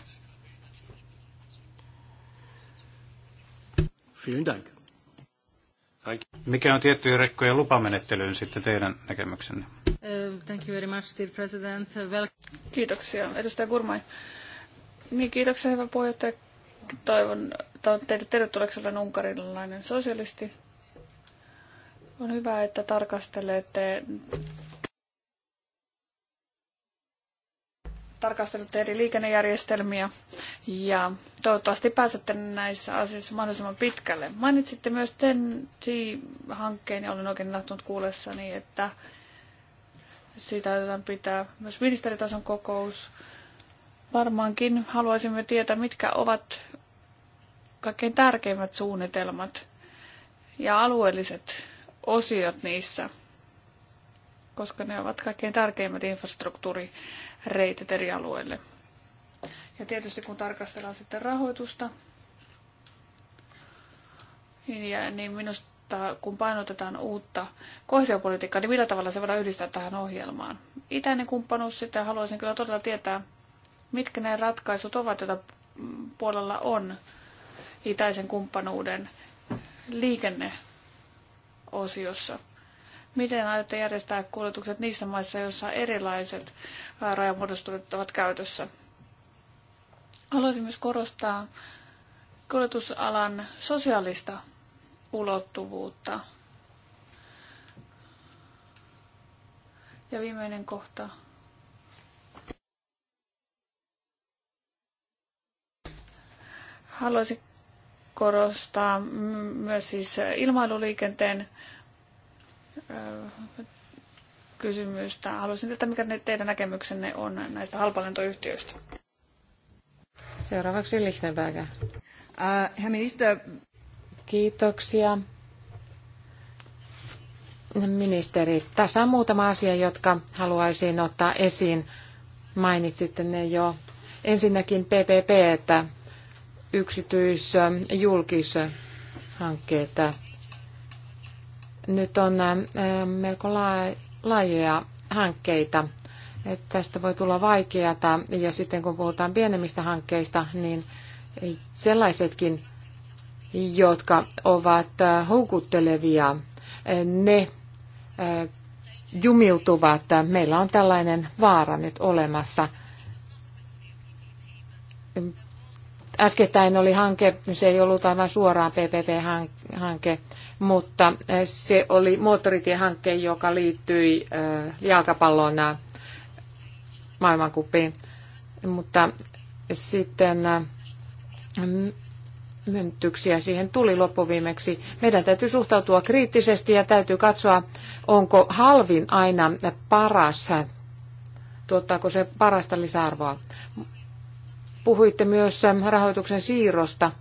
Mikä on tiettyjen rekkojen lupamenettelyyn sitten teidän näkemyksenne? Uh, thank you very much, dear President. Well... Kiitoksia, edustaja Gurmai. Niin, kiitoksia, hyvä puheenjohtaja toivon teille tervetulleeksi olen unkarilainen sosialisti. On hyvä, että tarkastelette tarkastelette eri liikennejärjestelmiä ja toivottavasti pääsette näissä asioissa mahdollisimman pitkälle. Mainitsitte myös ten hankkeen ja olen oikein lähtenyt kuulessani, että siitä aiotaan pitää myös ministeritason kokous. Varmaankin haluaisimme tietää, mitkä ovat kaikkein tärkeimmät suunnitelmat ja alueelliset osiot niissä, koska ne ovat kaikkein tärkeimmät infrastruktuurireitit eri alueille. Ja tietysti kun tarkastellaan sitten rahoitusta, niin, niin minusta kun painotetaan uutta kohesiopolitiikkaa, niin millä tavalla se voidaan yhdistää tähän ohjelmaan? Itäinen kumppanuus, sitten haluaisin kyllä todella tietää, mitkä ne ratkaisut ovat, joita puolella on itäisen kumppanuuden liikenneosiossa. Miten aiotte järjestää kuljetukset niissä maissa, joissa erilaiset rajamuodostuvat ovat käytössä? Haluaisin myös korostaa kuljetusalan sosiaalista ulottuvuutta. Ja viimeinen kohta. Haluaisin korostaa myös siis ilmailuliikenteen kysymystä. Haluaisin tietää, mikä teidän näkemyksenne on näistä halpalentoyhtiöistä. Seuraavaksi Lichtenberger. Äh, Herr Minister. Kiitoksia. Ministeri, tässä on muutama asia, jotka haluaisin ottaa esiin. Mainitsitte ne jo. Ensinnäkin PPP, että yksityis-julkishankkeita. Nyt on äh, melko laajoja hankkeita. että Tästä voi tulla vaikeata ja sitten kun puhutaan pienemmistä hankkeista, niin sellaisetkin, jotka ovat äh, houkuttelevia, äh, ne jumiutuvat. Meillä on tällainen vaara nyt olemassa Äskettäin oli hanke, se ei ollut aivan suoraan PPP-hanke, mutta se oli moottoritiehanke, joka liittyi äh, jalkapallona maailmankuppiin, Mutta sitten äh, myönnytyksiä siihen tuli loppuviimeksi. Meidän täytyy suhtautua kriittisesti ja täytyy katsoa, onko halvin aina paras, tuottaako se parasta lisäarvoa. Puhuitte myös ähm, rahoituksen siirrosta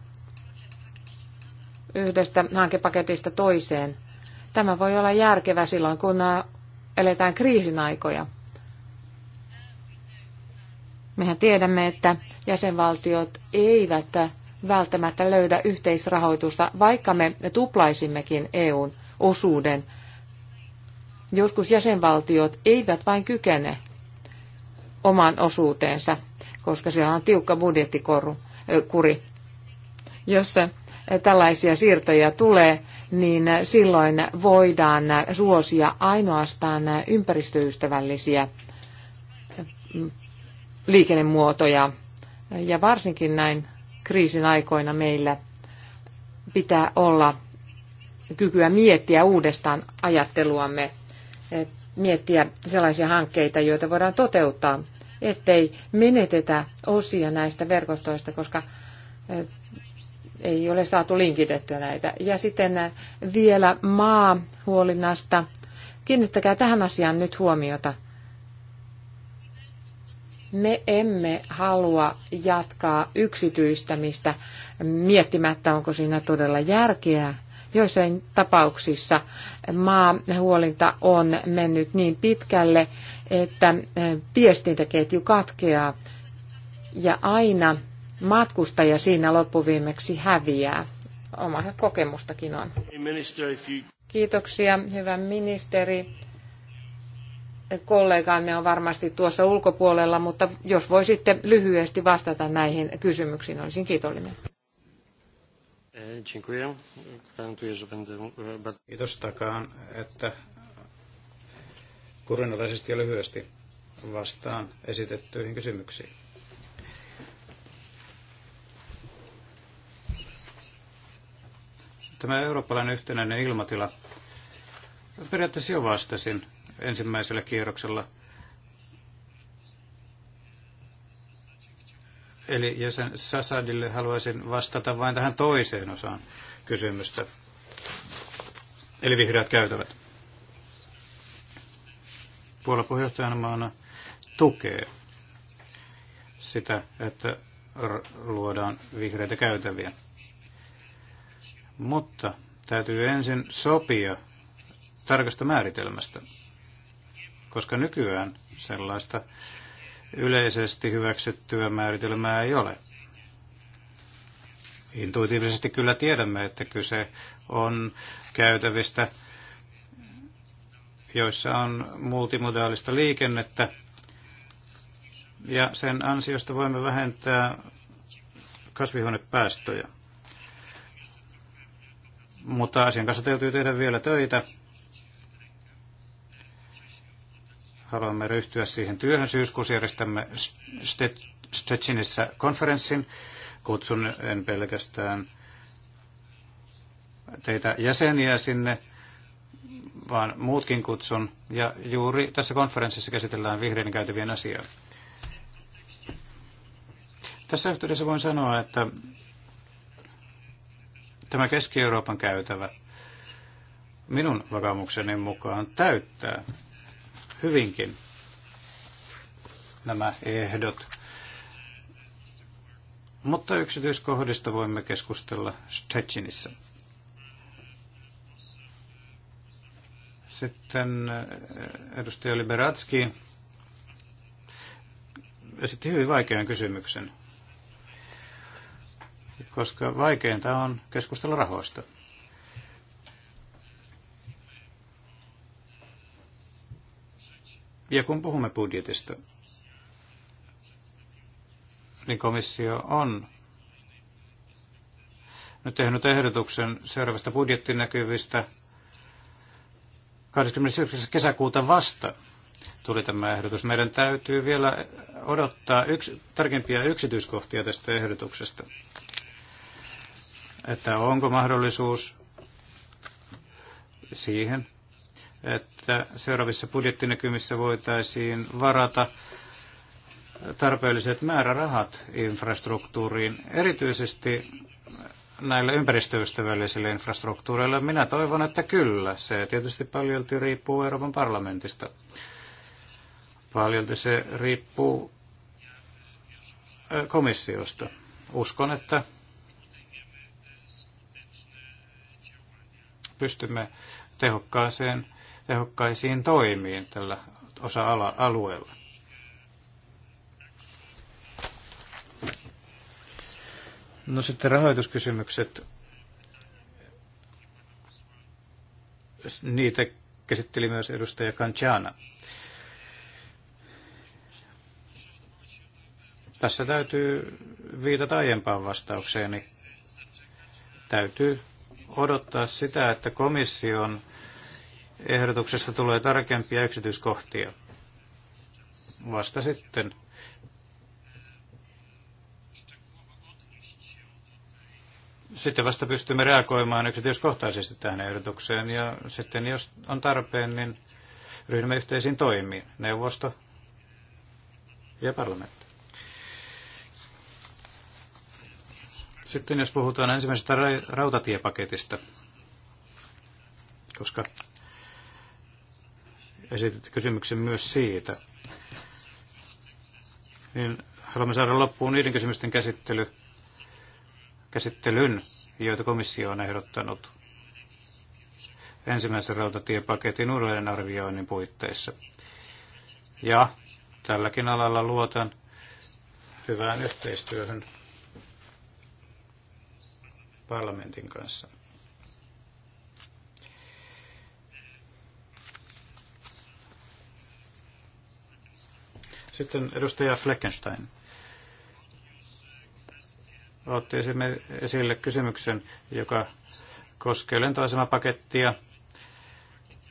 yhdestä hankepaketista toiseen. Tämä voi olla järkevä silloin, kun äh, eletään kriisin aikoja. Mehän tiedämme, että jäsenvaltiot eivät äh, välttämättä löydä yhteisrahoitusta, vaikka me tuplaisimmekin EUn osuuden. Joskus jäsenvaltiot eivät vain kykene omaan osuuteensa koska siellä on tiukka budjettikuri. Eh, Jos eh, tällaisia siirtoja tulee, niin silloin voidaan suosia ainoastaan ympäristöystävällisiä mm, liikennemuotoja. Ja varsinkin näin kriisin aikoina meillä pitää olla kykyä miettiä uudestaan ajatteluamme, eh, miettiä sellaisia hankkeita, joita voidaan toteuttaa ettei menetetä osia näistä verkostoista, koska eh, ei ole saatu linkitettyä näitä. Ja sitten eh, vielä maahuolinnasta. Kiinnittäkää tähän asiaan nyt huomiota. Me emme halua jatkaa yksityistämistä miettimättä, onko siinä todella järkeä Joissain tapauksissa maahuolinta on mennyt niin pitkälle, että eh, viestintäketju katkeaa ja aina matkustaja siinä loppuviimeksi häviää. Oma kokemustakin on. Kiitoksia, hyvä ministeri. Kolleganne on varmasti tuossa ulkopuolella, mutta jos voisitte lyhyesti vastata näihin kysymyksiin, olisin kiitollinen. E, Kiitos takaan, että kurinalaisesti ja lyhyesti vastaan esitettyihin kysymyksiin. Tämä eurooppalainen yhtenäinen ilmatila, periaatteessa jo vastasin ensimmäisellä kierroksella Eli jäsen Sasadille haluaisin vastata vain tähän toiseen osaan kysymystä. Eli vihreät käytävät. Puolan puheenjohtajana maana tukee sitä, että luodaan vihreitä käytäviä. Mutta täytyy ensin sopia tarkasta määritelmästä, koska nykyään sellaista yleisesti hyväksyttyä määritelmää ei ole. Intuitiivisesti kyllä tiedämme, että kyse on käytävistä, joissa on multimodaalista liikennettä, ja sen ansiosta voimme vähentää kasvihuonepäästöjä. Mutta asian kanssa täytyy tehdä vielä töitä Haluamme ryhtyä siihen työhön. Syyskuussa järjestämme Stettinissä konferenssin. Kutsun en pelkästään teitä jäseniä sinne, vaan muutkin kutsun. Ja juuri tässä konferenssissa käsitellään vihreän käytävien asiaa. Tässä yhteydessä voin sanoa, että tämä Keski-Euroopan käytävä minun vakaumukseni mukaan täyttää hyvinkin nämä ehdot. Mutta yksityiskohdista voimme keskustella Stetsinissä. Sitten eh, edustaja Liberatski esitti hyvin vaikean kysymyksen, koska vaikeinta on keskustella rahoista. Ja kun puhumme budjetista, niin komissio on nyt tehnyt ehdotuksen seuraavasta budjettinäkyvistä 29. kesäkuuta vasta tuli tämä ehdotus. Meidän täytyy vielä odottaa yks, tarkempia yksityiskohtia tästä ehdotuksesta, että onko mahdollisuus siihen, että seuraavissa budjettinäkymissä voitaisiin varata tarpeelliset määrärahat infrastruktuuriin, erityisesti näille ympäristöystävällisille infrastruktuureille? Minä toivon, että kyllä. Se tietysti paljolti riippuu Euroopan parlamentista. Paljolti se riippuu komissiosta. Uskon, että pystymme tehokkaaseen tehokkaisiin toimiin tällä osa-alueella. No sitten rahoituskysymykset. Niitä käsitteli myös edustaja Kanchana. Tässä täytyy viitata aiempaan vastaukseeni. Täytyy odottaa sitä, että komission ehdotuksesta tulee tarkempia yksityiskohtia vasta sitten. Sitten vasta pystymme reagoimaan yksityiskohtaisesti tähän ehdotukseen ja sitten jos on tarpeen, niin ryhdymme yhteisiin toimiin, neuvosto ja parlamentti. Sitten jos puhutaan ensimmäisestä rautatiepaketista, koska esitit kysymyksen myös siitä. Niin haluamme saada loppuun niiden kysymysten käsittely, käsittelyn, joita komissio on ehdottanut ensimmäisen rautatiepaketin arvioinnin puitteissa. Ja tälläkin alalla luotan hyvään yhteistyöhön parlamentin kanssa. Sitten edustaja Fleckenstein otti esille kysymyksen, joka koskee lentoasemapakettia.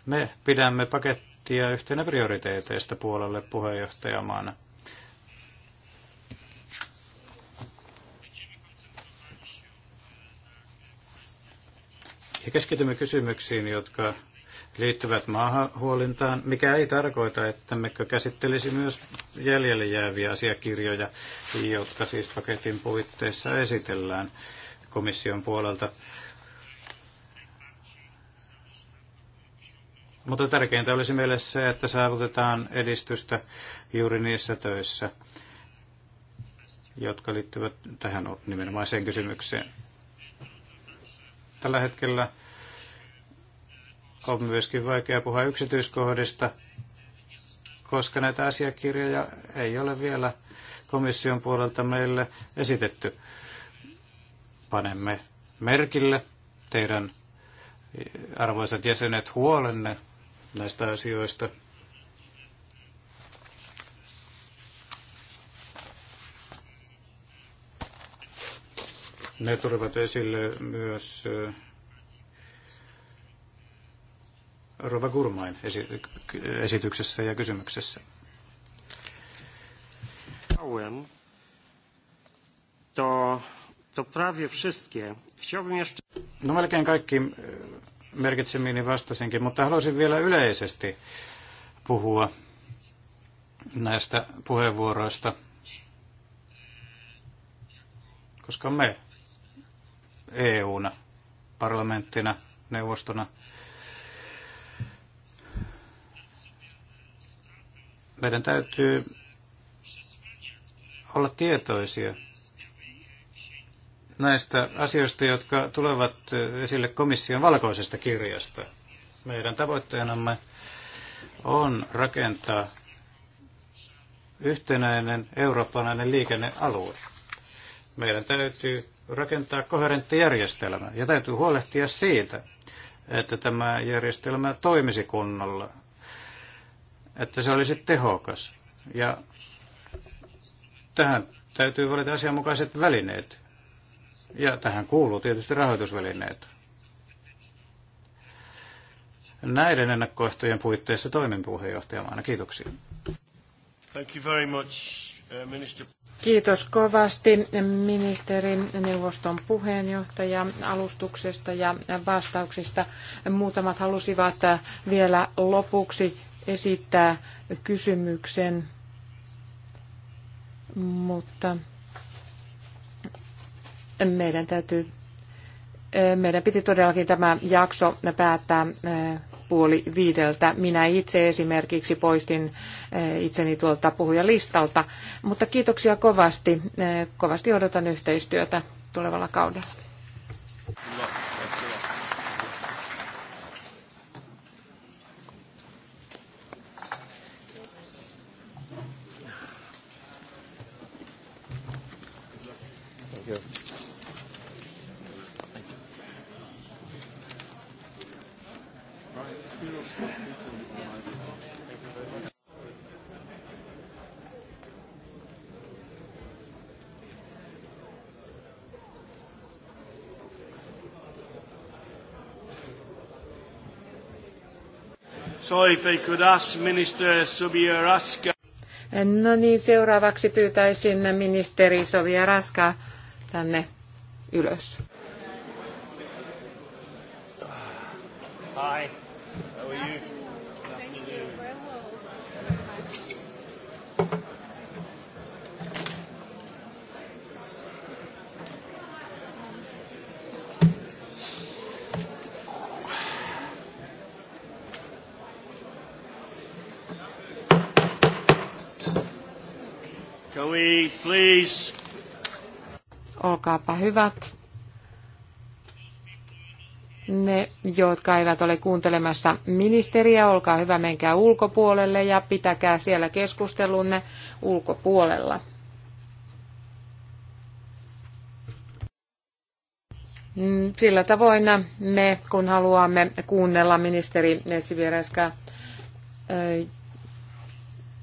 Me pidämme pakettia yhtenä prioriteeteista puolelle puheenjohtajamaana. Ja keskitymme kysymyksiin, jotka liittyvät maahuolintaan, mikä ei tarkoita, että me käsittelisi myös jäljelle jääviä asiakirjoja, jotka siis paketin puitteissa esitellään komission puolelta. Mutta tärkeintä olisi meille se, että saavutetaan edistystä juuri niissä töissä, jotka liittyvät tähän nimenomaiseen kysymykseen. Tällä hetkellä on myöskin vaikea puhua yksityiskohdista, koska näitä asiakirjoja ei ole vielä komission puolelta meille esitetty. Panemme merkille teidän arvoisat jäsenet huolenne näistä asioista. Ne tulevat esille myös Rova Gurmain esi- esityksessä ja kysymyksessä. kysymyksessä.Ałem, to, to prawie wszystkie. Chciałbym jeszcze... No melkein kaikki e, merkitsemiini niin vastasinkin, mutta haluaisin vielä yleisesti puhua näistä puheenvuoroista, koska me EUna, parlamenttina, neuvostona, Meidän täytyy olla tietoisia näistä asioista, jotka tulevat esille komission valkoisesta kirjasta. Meidän tavoitteenamme on rakentaa yhtenäinen eurooppalainen liikennealue. Meidän täytyy rakentaa koherentti järjestelmä ja täytyy huolehtia siitä, että tämä järjestelmä toimisi kunnolla että se olisi tehokas. Ja tähän täytyy valita asianmukaiset välineet. Ja tähän kuuluu tietysti rahoitusvälineet. Näiden ennakkoehtojen puitteissa toimin puheenjohtajamaana. Kiitoksia. Thank you very much, uh, minister. Kiitos kovasti ministerin neuvoston puheenjohtaja alustuksesta ja vastauksista. Muutamat halusivat uh, vielä lopuksi esittää kysymyksen, mutta meidän täytyy, meidän piti todellakin tämä jakso päättää eh, puoli viideltä. Minä itse esimerkiksi poistin eh, itseni tuolta puhujalistalta, mutta kiitoksia kovasti. Eh, kovasti odotan yhteistyötä tulevalla kaudella. So if I could ask Minister Subieraska. No niin, seuraavaksi pyytäisin ministeri Sovia Raska tänne ylös. please. Olkaapa hyvät. Ne, jotka eivät ole kuuntelemassa ministeriä, olkaa hyvä, menkää ulkopuolelle ja pitäkää siellä keskustelunne ulkopuolella. Mm, sillä tavoin me, kun haluamme kuunnella ministeri Nessi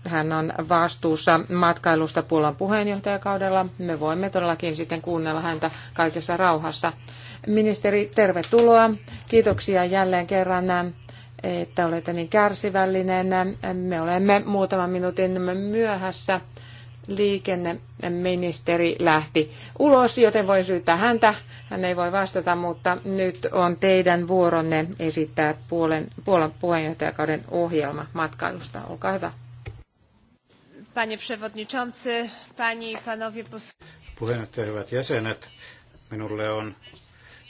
hän on vastuussa matkailusta Puolan puheenjohtajakaudella. Me voimme todellakin sitten kuunnella häntä kaikessa rauhassa. Ministeri, tervetuloa. Kiitoksia jälleen kerran, että olette niin kärsivällinen. Me olemme muutaman minuutin myöhässä. Liikenneministeri lähti ulos, joten voi syyttää häntä. Hän ei voi vastata, mutta nyt on teidän vuoronne esittää Puolen, Puolan puheenjohtajakauden ohjelma matkailusta. Olkaa hyvä. Panie przewodniczący, pani i panowie posłowie. Puheenjohtaja, hyvät jäsenet, minulle on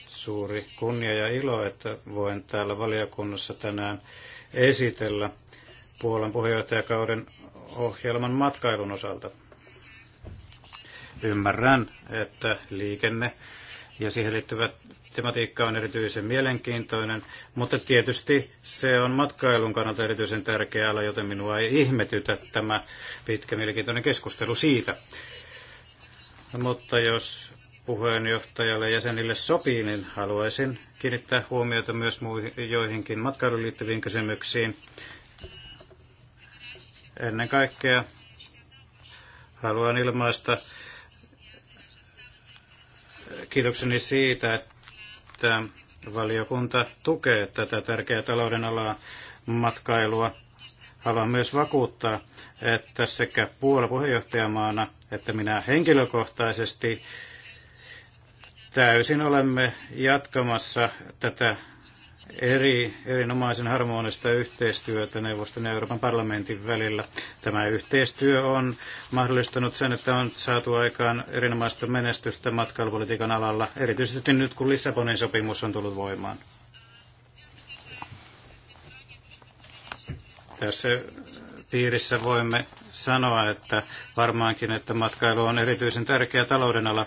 suuri kunnia ja ilo, että voin täällä valiokunnassa tänään esitellä Puolan puheenjohtajakauden ohjelman matkailun osalta. Ymmärrän, että liikenne ja siihen liittyvä tematiikka on erityisen mielenkiintoinen, mutta tietysti se on matkailun kannalta erityisen tärkeä ala, joten minua ei ihmetytä tämä pitkä mielenkiintoinen keskustelu siitä. Mutta jos puheenjohtajalle ja jäsenille sopii, niin haluaisin kiinnittää huomiota myös joihinkin matkailuun liittyviin kysymyksiin. Ennen kaikkea haluan ilmaista kiitokseni siitä, että valiokunta tukee tätä tärkeää talouden alaa matkailua. Haluan myös vakuuttaa, että sekä Puola puheenjohtajamaana että minä henkilökohtaisesti täysin olemme jatkamassa tätä eri, erinomaisen harmonista yhteistyötä neuvoston ja Euroopan parlamentin välillä. Tämä yhteistyö on mahdollistanut sen, että on saatu aikaan erinomaista menestystä matkailupolitiikan alalla, erityisesti nyt kun Lissabonin sopimus on tullut voimaan. Tässä piirissä voimme sanoa, että varmaankin, että matkailu on erityisen tärkeä talouden ala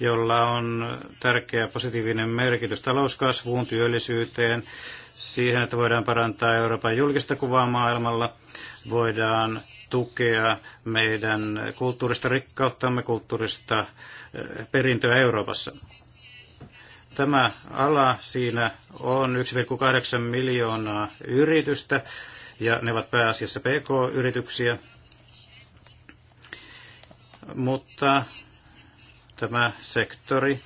jolla on tärkeä positiivinen merkitys talouskasvuun, työllisyyteen, siihen, että voidaan parantaa Euroopan julkista kuvaa maailmalla, voidaan tukea meidän kulttuurista rikkauttamme, kulttuurista eh, perintöä Euroopassa. Tämä ala siinä on 1,8 miljoonaa yritystä ja ne ovat pääasiassa PK-yrityksiä. Mutta Tämä sektori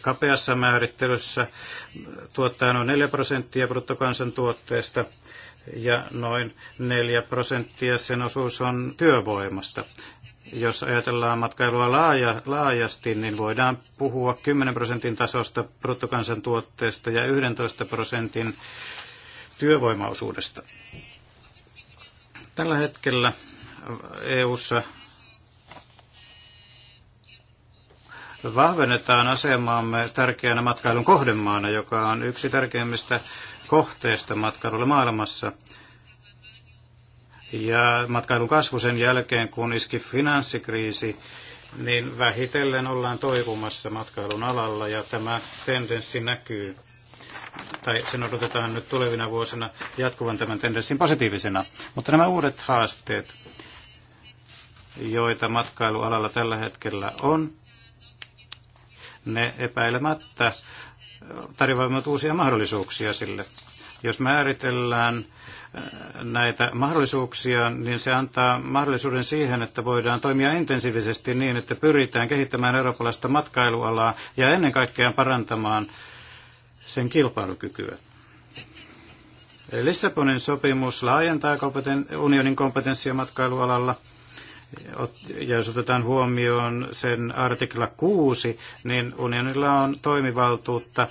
kapeassa määrittelyssä tuottaa noin 4 prosenttia bruttokansantuotteesta ja noin 4 prosenttia sen osuus on työvoimasta. Jos ajatellaan matkailua laaja, laajasti, niin voidaan puhua 10 prosentin tasosta bruttokansantuotteesta ja 11 prosentin työvoimaosuudesta. Tällä hetkellä EU:ssa vahvennetaan asemaamme tärkeänä matkailun kohdemaana, joka on yksi tärkeimmistä kohteista matkailulle maailmassa. Ja matkailun kasvu sen jälkeen, kun iski finanssikriisi, niin vähitellen ollaan toipumassa matkailun alalla ja tämä tendenssi näkyy tai sen odotetaan nyt tulevina vuosina jatkuvan tämän tendenssin positiivisena. Mutta nämä uudet haasteet, joita matkailualalla tällä hetkellä on, ne epäilemättä tarjoavat uusia mahdollisuuksia sille. Jos määritellään äh, näitä mahdollisuuksia, niin se antaa mahdollisuuden siihen, että voidaan toimia intensiivisesti niin, että pyritään kehittämään eurooppalaista matkailualaa ja ennen kaikkea parantamaan sen kilpailukykyä. Lissabonin sopimus laajentaa unionin kompetenssia matkailualalla – ja jos otetaan huomioon sen artikla 6, niin unionilla on toimivaltuutta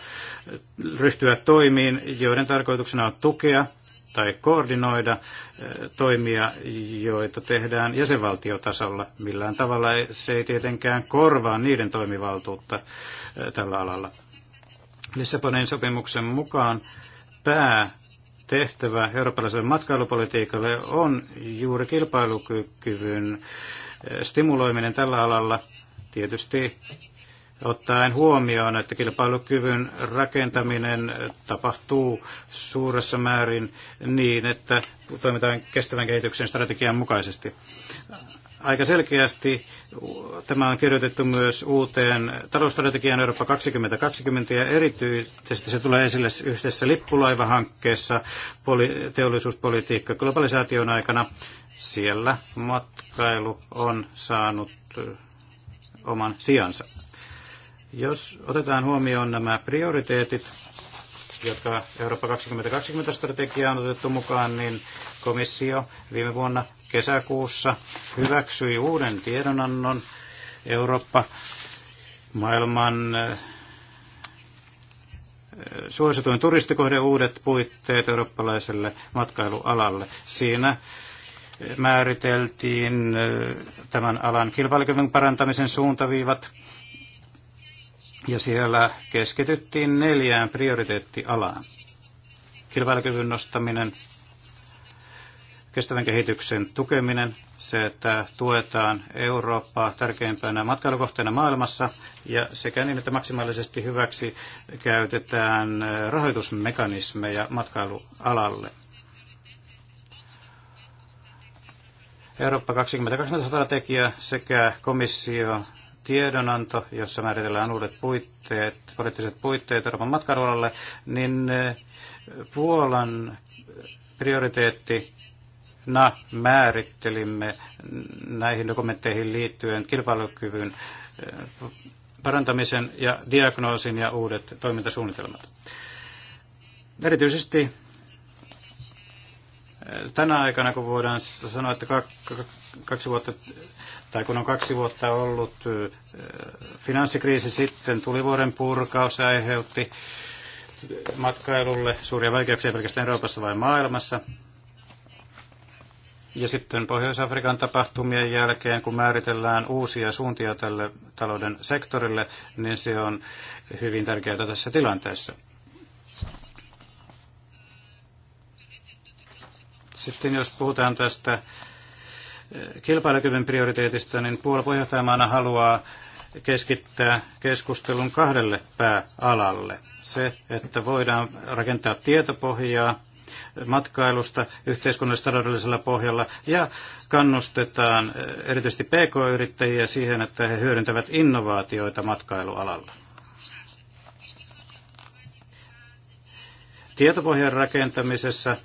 ryhtyä toimiin, joiden tarkoituksena on tukea tai koordinoida eh, toimia, joita tehdään jäsenvaltiotasolla. Millään tavalla se ei tietenkään korvaa niiden toimivaltuutta eh, tällä alalla. Lissabonin sopimuksen mukaan pää tehtävä eurooppalaiselle matkailupolitiikalle on juuri kilpailukyvyn eh, stimuloiminen tällä alalla. Tietysti ottaen huomioon, että kilpailukyvyn rakentaminen tapahtuu suuressa määrin niin, että toimitaan kestävän kehityksen strategian mukaisesti. Aika selkeästi tämä on kirjoitettu myös uuteen talousstrategiaan Eurooppa 2020 ja erityisesti se tulee esille yhdessä lippulaivahankkeessa poli- teollisuuspolitiikka globalisaation aikana. Siellä matkailu on saanut oman sijansa. Jos otetaan huomioon nämä prioriteetit, joka Eurooppa 2020 strategia on otettu mukaan, niin komissio viime vuonna kesäkuussa hyväksyi uuden tiedonannon Eurooppa maailman eh, suosituin turistikohde uudet puitteet eurooppalaiselle matkailualalle. Siinä eh, määriteltiin eh, tämän alan kilpailukyvyn parantamisen suuntaviivat ja siellä keskityttiin neljään prioriteettialaan. Kilpailukyvyn nostaminen, kestävän kehityksen tukeminen, se, että tuetaan Eurooppaa tärkeimpänä matkailukohteena maailmassa ja sekä niin, että maksimaalisesti hyväksi käytetään rahoitusmekanismeja matkailualalle. Eurooppa 2020 strategia sekä komissio tiedonanto, jossa määritellään uudet puitteet, poliittiset puitteet Euroopan matkailualalle, niin eh, Puolan prioriteetti na määrittelimme näihin dokumentteihin liittyen kilpailukyvyn eh, parantamisen ja diagnoosin ja uudet toimintasuunnitelmat. Erityisesti eh, tänä aikana, kun voidaan sanoa, että kaksi vuotta tai kun on kaksi vuotta ollut finanssikriisi sitten, tulivuoren purkaus aiheutti matkailulle suuria vaikeuksia pelkästään Euroopassa vai maailmassa. Ja sitten Pohjois-Afrikan tapahtumien jälkeen, kun määritellään uusia suuntia tälle talouden sektorille, niin se on hyvin tärkeää tässä tilanteessa. Sitten jos puhutaan tästä kilpailukyvyn prioriteetista, niin Puola puheenjohtajamaana haluaa keskittää keskustelun kahdelle pääalalle. Se, että voidaan rakentaa tietopohjaa matkailusta yhteiskunnallisella taloudellisella pohjalla ja kannustetaan erityisesti PK-yrittäjiä siihen, että he hyödyntävät innovaatioita matkailualalla. Tietopohjan rakentamisessa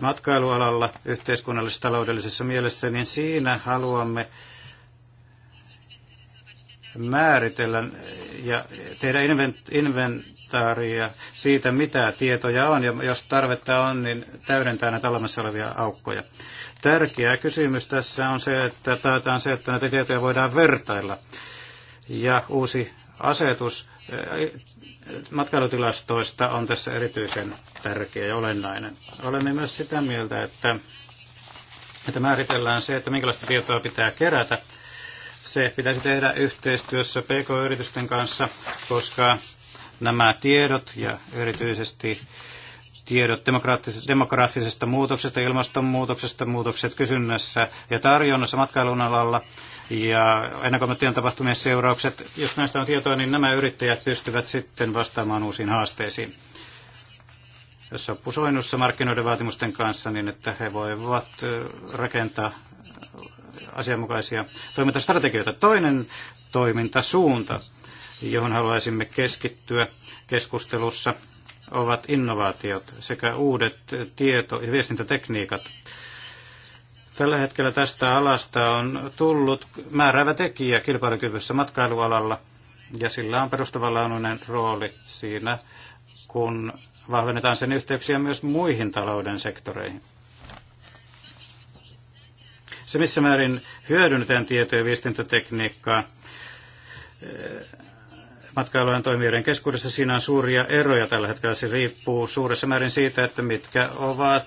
matkailualalla yhteiskunnallisessa taloudellisessa mielessä, niin siinä haluamme määritellä ja tehdä inventaaria siitä, mitä tietoja on, ja jos tarvetta on, niin täydentää näitä olemassa olevia aukkoja. Tärkeä kysymys tässä on se, että taataan se, että näitä tietoja voidaan vertailla. Ja uusi asetus matkailutilastoista on tässä erityisen tärkeä ja olennainen. Olemme myös sitä mieltä, että, että määritellään se, että minkälaista tietoa pitää kerätä. Se pitäisi tehdä yhteistyössä PK-yritysten kanssa, koska nämä tiedot ja erityisesti tiedot demokraattisesta, muutoksesta, ilmastonmuutoksesta, muutokset kysynnässä ja tarjonnassa matkailun alalla ja ennakoimattujen tapahtumien seuraukset. Jos näistä on tietoa, niin nämä yrittäjät pystyvät sitten vastaamaan uusiin haasteisiin. Jos on pusoinnussa markkinoiden vaatimusten kanssa, niin että he voivat rakentaa asianmukaisia toimintastrategioita. Toinen toimintasuunta, johon haluaisimme keskittyä keskustelussa, ovat innovaatiot sekä uudet tieto- ja viestintätekniikat. Tällä hetkellä tästä alasta on tullut määräävä tekijä kilpailukyvyssä matkailualalla, ja sillä on perustavanlaatuinen rooli siinä, kun vahvennetaan sen yhteyksiä myös muihin talouden sektoreihin. Se, missä määrin hyödynnetään tieto- ja viestintätekniikkaa, matkailujen toimijoiden keskuudessa. Siinä on suuria eroja tällä hetkellä. Se riippuu suuressa määrin siitä, että mitkä ovat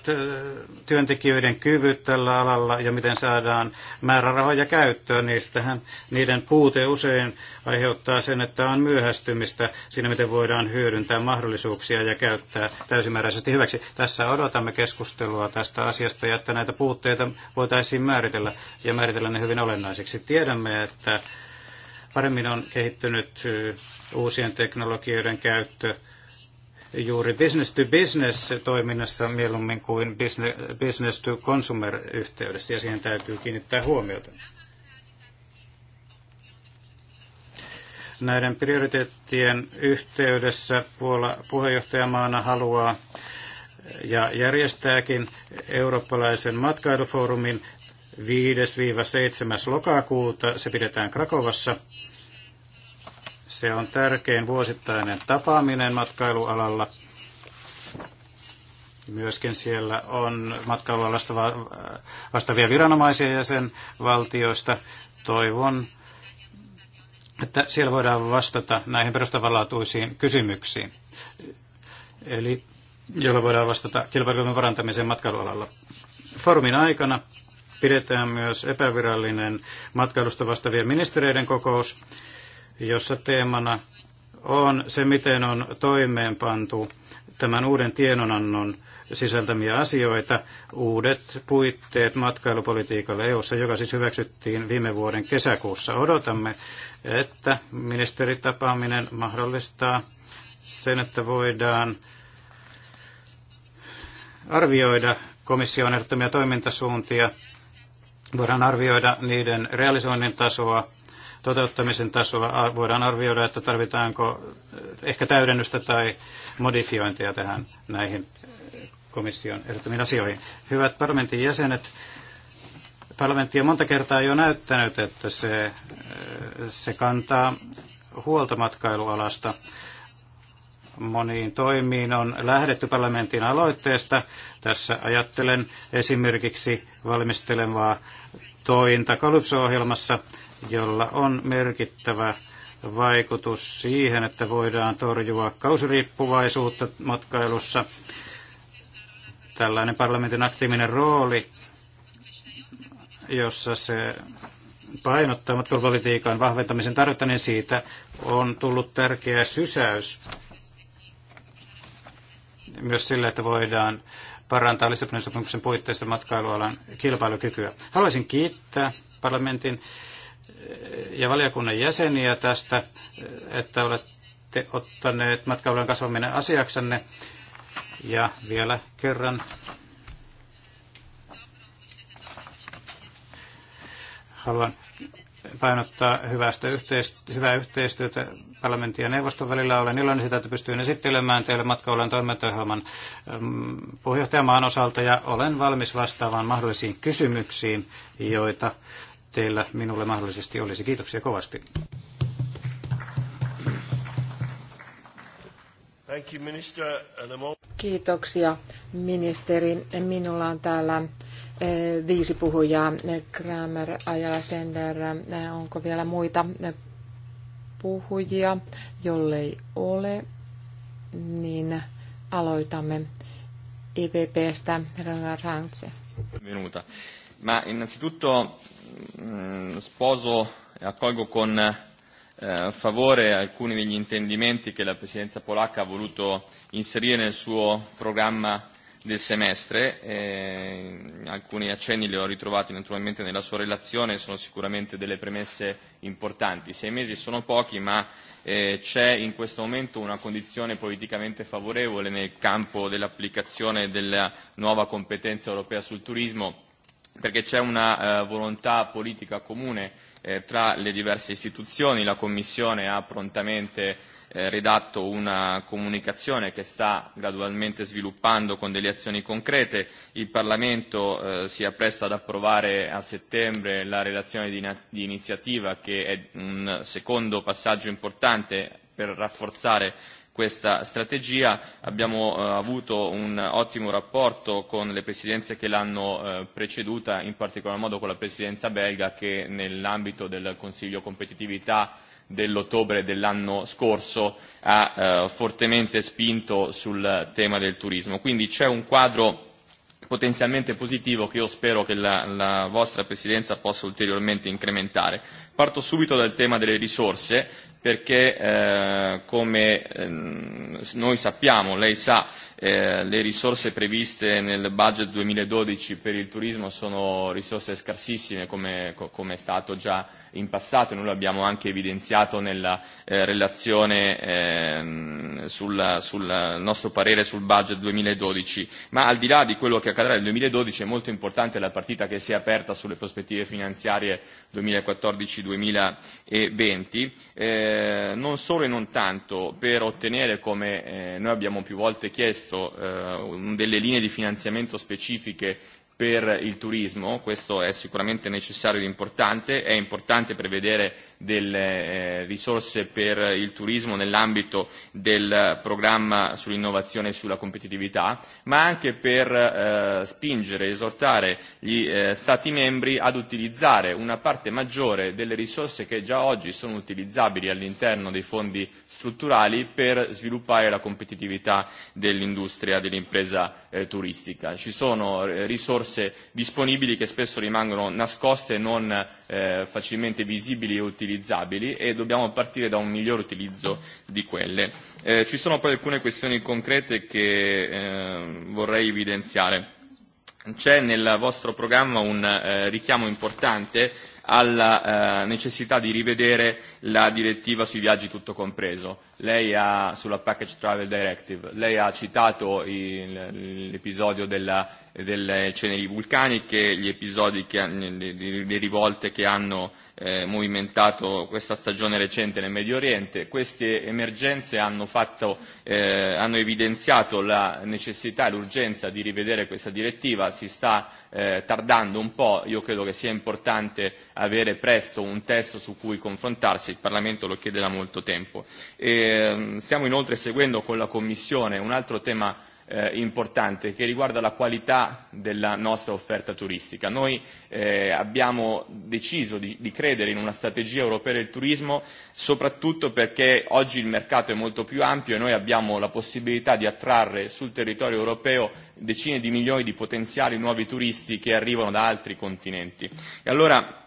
työntekijöiden kyvyt tällä alalla ja miten saadaan määrärahoja käyttöön. Niistähän niiden puute usein aiheuttaa sen, että on myöhästymistä siinä, miten voidaan hyödyntää mahdollisuuksia ja käyttää täysimääräisesti hyväksi. Tässä odotamme keskustelua tästä asiasta ja että näitä puutteita voitaisiin määritellä ja määritellä ne hyvin olennaisiksi. Tiedämme, että Paremmin on kehittynyt uusien teknologioiden käyttö juuri business to business toiminnassa mieluummin kuin business to consumer yhteydessä ja siihen täytyy kiinnittää huomiota. Näiden prioriteettien yhteydessä Puola puheenjohtajamaana haluaa ja järjestääkin eurooppalaisen matkailufoorumin 5-7. lokakuuta. Se pidetään Krakovassa. Se on tärkein vuosittainen tapaaminen matkailualalla. Myöskin siellä on matkailualasta vastaavia viranomaisia jäsenvaltioista. Toivon, että siellä voidaan vastata näihin perustavanlaatuisiin kysymyksiin, eli joilla voidaan vastata kilpailukyvyn parantamiseen matkailualalla. Forumin aikana pidetään myös epävirallinen matkailusta vastaavien ministereiden kokous, jossa teemana on se, miten on toimeenpantu tämän uuden tiedonannon sisältämiä asioita, uudet puitteet matkailupolitiikalle eu joka siis hyväksyttiin viime vuoden kesäkuussa. Odotamme, että ministeritapaaminen mahdollistaa sen, että voidaan arvioida komission ehdottomia toimintasuuntia Voidaan arvioida niiden realisoinnin tasoa, toteuttamisen tasoa, voidaan arvioida, että tarvitaanko eh, ehkä täydennystä tai modifiointia tähän näihin eh, komission ehdottamiin asioihin. Hyvät parlamentin jäsenet, parlamentti on monta kertaa jo näyttänyt, että se, eh, se kantaa huolta matkailualasta moniin toimiin on lähdetty parlamentin aloitteesta. Tässä ajattelen esimerkiksi valmistelevaa tointa Kalypso-ohjelmassa, jolla on merkittävä vaikutus siihen, että voidaan torjua kausiriippuvaisuutta matkailussa. Tällainen parlamentin aktiivinen rooli, jossa se painottaa matkailupolitiikan vahventamisen tarvetta, niin siitä on tullut tärkeä sysäys myös sillä, että voidaan parantaa Lissabonin sopimuksen puitteissa matkailualan kilpailukykyä. Haluaisin kiittää parlamentin eh, ja valiokunnan jäseniä tästä, eh, että olette ottaneet matkailun kasvaminen asiaksenne. Ja vielä kerran haluan painottaa hyvästä yhteistyötä, hyvää yhteistyötä parlamentin ja neuvoston välillä. Olen iloinen sitä, että pystyin esittelemään teille matkaulan toimintaohjelman puheenjohtajamaan osalta ja olen valmis vastaamaan mahdollisiin kysymyksiin, joita teillä minulle mahdollisesti olisi. Kiitoksia kovasti. Kiitoksia ministeri. Minulla on täällä Eh, viisi puhujaa. Kramer, Ajala, Sender, eh, onko vielä muita puhujia? Jollei ole, niin aloitamme IPP-stä e Rantse. Minuta. Mä innanzitutto mm, sposo e accolgo con eh, favore alcuni degli intendimenti che la presidenza polacca ha voluto inserire nel suo programma del semestre, eh, alcuni accenni li ho ritrovati naturalmente nella sua relazione, sono sicuramente delle premesse importanti. Sei mesi sono pochi, ma eh, c'è in questo momento una condizione politicamente favorevole nel campo dell'applicazione della nuova competenza europea sul turismo, perché c'è una eh, volontà politica comune eh, tra le diverse istituzioni. La Commissione ha prontamente eh, redatto una comunicazione che sta gradualmente sviluppando con delle azioni concrete. Il Parlamento eh, si appresta ad approvare a settembre la relazione di, di iniziativa che è un secondo passaggio importante per rafforzare questa strategia. Abbiamo eh, avuto un ottimo rapporto con le presidenze che l'hanno eh, preceduta, in particolar modo con la presidenza belga che nell'ambito del Consiglio competitività dell'ottobre dell'anno scorso ha eh, fortemente spinto sul tema del turismo. Quindi c'è un quadro potenzialmente positivo che io spero che la, la vostra Presidenza possa ulteriormente incrementare. Parto subito dal tema delle risorse perché eh, come eh, noi sappiamo, lei sa, eh, le risorse previste nel budget 2012 per il turismo sono risorse scarsissime, come, come è stato già in passato e noi lo abbiamo anche evidenziato nella eh, relazione eh, sul, sul nostro parere sul budget 2012, ma al di là di quello che accadrà nel 2012 è molto importante la partita che si è aperta sulle prospettive finanziarie 2014-2020, eh, non solo e non tanto per ottenere, come eh, noi abbiamo più volte chiesto, eh, delle linee di finanziamento specifiche per il turismo, questo è sicuramente necessario ed importante, è importante prevedere delle eh, risorse per il turismo nell'ambito del programma sull'innovazione e sulla competitività, ma anche per eh, spingere, esortare gli eh, Stati membri ad utilizzare una parte maggiore delle risorse che già oggi sono utilizzabili all'interno dei fondi strutturali per sviluppare la competitività dell'industria dell'impresa eh, turistica. Ci sono eh, risorse disponibili che spesso rimangono nascoste e non eh, facilmente visibili e utilizzabili e dobbiamo partire da un miglior utilizzo di quelle. Eh, ci sono poi alcune questioni concrete che eh, vorrei evidenziare. C'è nel vostro programma un eh, richiamo importante alla eh, necessità di rivedere la direttiva sui viaggi tutto compreso. Lei ha, sulla Package Travel Directive, lei ha citato l'episodio delle ceneri vulcaniche, gli episodi, che, le, le rivolte che hanno eh, movimentato questa stagione recente nel Medio Oriente. Queste emergenze hanno, fatto, eh, hanno evidenziato la necessità e l'urgenza di rivedere questa direttiva, si sta eh, tardando un po', io credo che sia importante avere presto un testo su cui confrontarsi, il Parlamento lo chiede da molto tempo. E, stiamo inoltre seguendo con la Commissione un altro tema importante eh, importante che riguarda la qualità della nostra offerta turistica. Noi eh, abbiamo deciso di, di credere in una strategia europea del turismo soprattutto perché oggi il mercato è molto più ampio e noi abbiamo la possibilità di attrarre sul territorio europeo decine di milioni di potenziali nuovi turisti che arrivano da altri continenti. E allora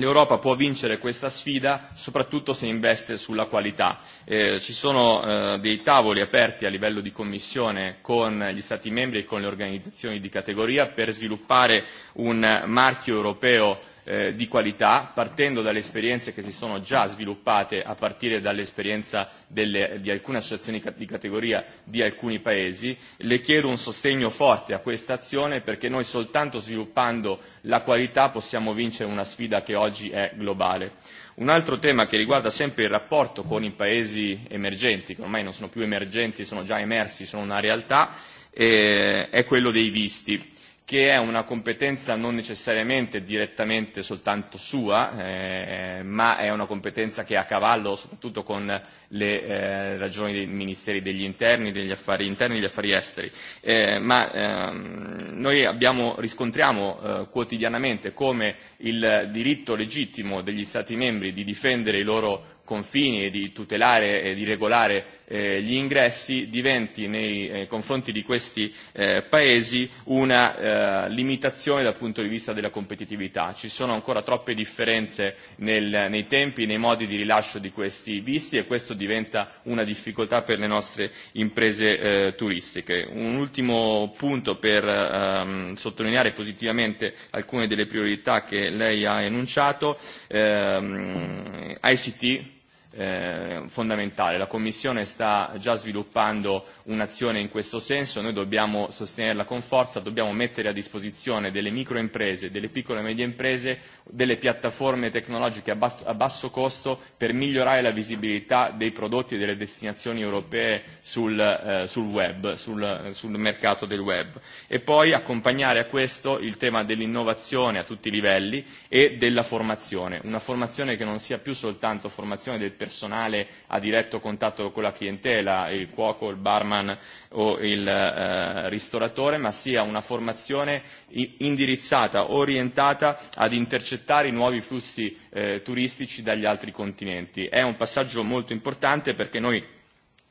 L'Europa può vincere questa sfida soprattutto se investe sulla qualità. Eh, ci sono eh, dei tavoli aperti a livello di Commissione con gli Stati membri e con le organizzazioni di categoria per sviluppare un marchio europeo eh, di qualità, partendo dalle esperienze che si sono già sviluppate a partire dall'esperienza di alcune associazioni di categoria di alcuni paesi. Le chiedo un sostegno forte a questa azione perché noi soltanto sviluppando la qualità possiamo vincere una sfida che oggi è globale. Un altro tema che riguarda sempre il rapporto con i paesi emergenti, che ormai non sono più emergenti, sono già emersi, sono una realtà, eh, è quello dei visti che è una competenza non necessariamente direttamente soltanto sua, eh, ma è una competenza che è a cavallo soprattutto con le eh, ragioni dei ministeri degli interni, degli affari interni e degli affari esteri. Eh, ma ehm, noi abbiamo, riscontriamo eh, quotidianamente come il diritto legittimo degli Stati membri di difendere i loro confini e di tutelare e di regolare eh, gli ingressi diventi nei eh, confronti di questi eh, paesi una eh, Eh, limitazioni dal punto di vista della competitività. Ci sono ancora troppe differenze nel, nei tempi, nei modi di rilascio di questi visti e questo diventa una difficoltà per le nostre imprese eh, turistiche. Un ultimo punto per ehm, sottolineare positivamente alcune delle priorità che lei ha enunciato, ehm, ICT eh, fondamentale. La Commissione sta già sviluppando un'azione in questo senso, noi dobbiamo sostenerla con forza, dobbiamo mettere a disposizione delle microimprese, delle piccole e medie imprese, delle piattaforme tecnologiche a basso, a basso costo per migliorare la visibilità dei prodotti e delle destinazioni europee sul, eh, sul web, sul, sul mercato del web. E poi accompagnare a questo il tema dell'innovazione a tutti i livelli e della formazione, una formazione che non sia più soltanto formazione del personale a diretto contatto con la clientela, il cuoco, il barman o il eh, ristoratore, ma sia una formazione indirizzata, orientata ad intercettare i nuovi flussi eh, turistici dagli altri continenti. È un passaggio molto importante perché noi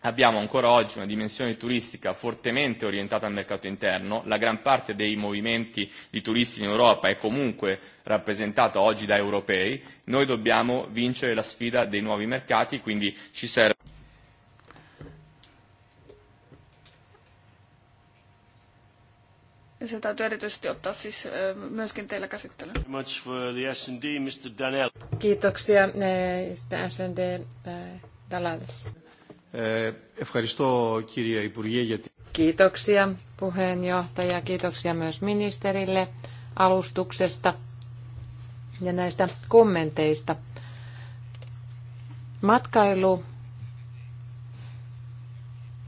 Abbiamo ancora oggi una dimensione turistica fortemente orientata al mercato interno, la gran parte dei movimenti di turisti in Europa è comunque rappresentata oggi da europei, noi dobbiamo vincere la sfida dei nuovi mercati, quindi ci serve. Se täytyy erityisesti ottaa siis myöskin teillä käsittelyyn. Kiitoksia. SD, Dalales. Ευχαριστώ κύριε Υπουργέ για την... Kiitoksia puheenjohtaja, kiitoksia myös ministerille alustuksesta ja näistä kommenteista. Matkailu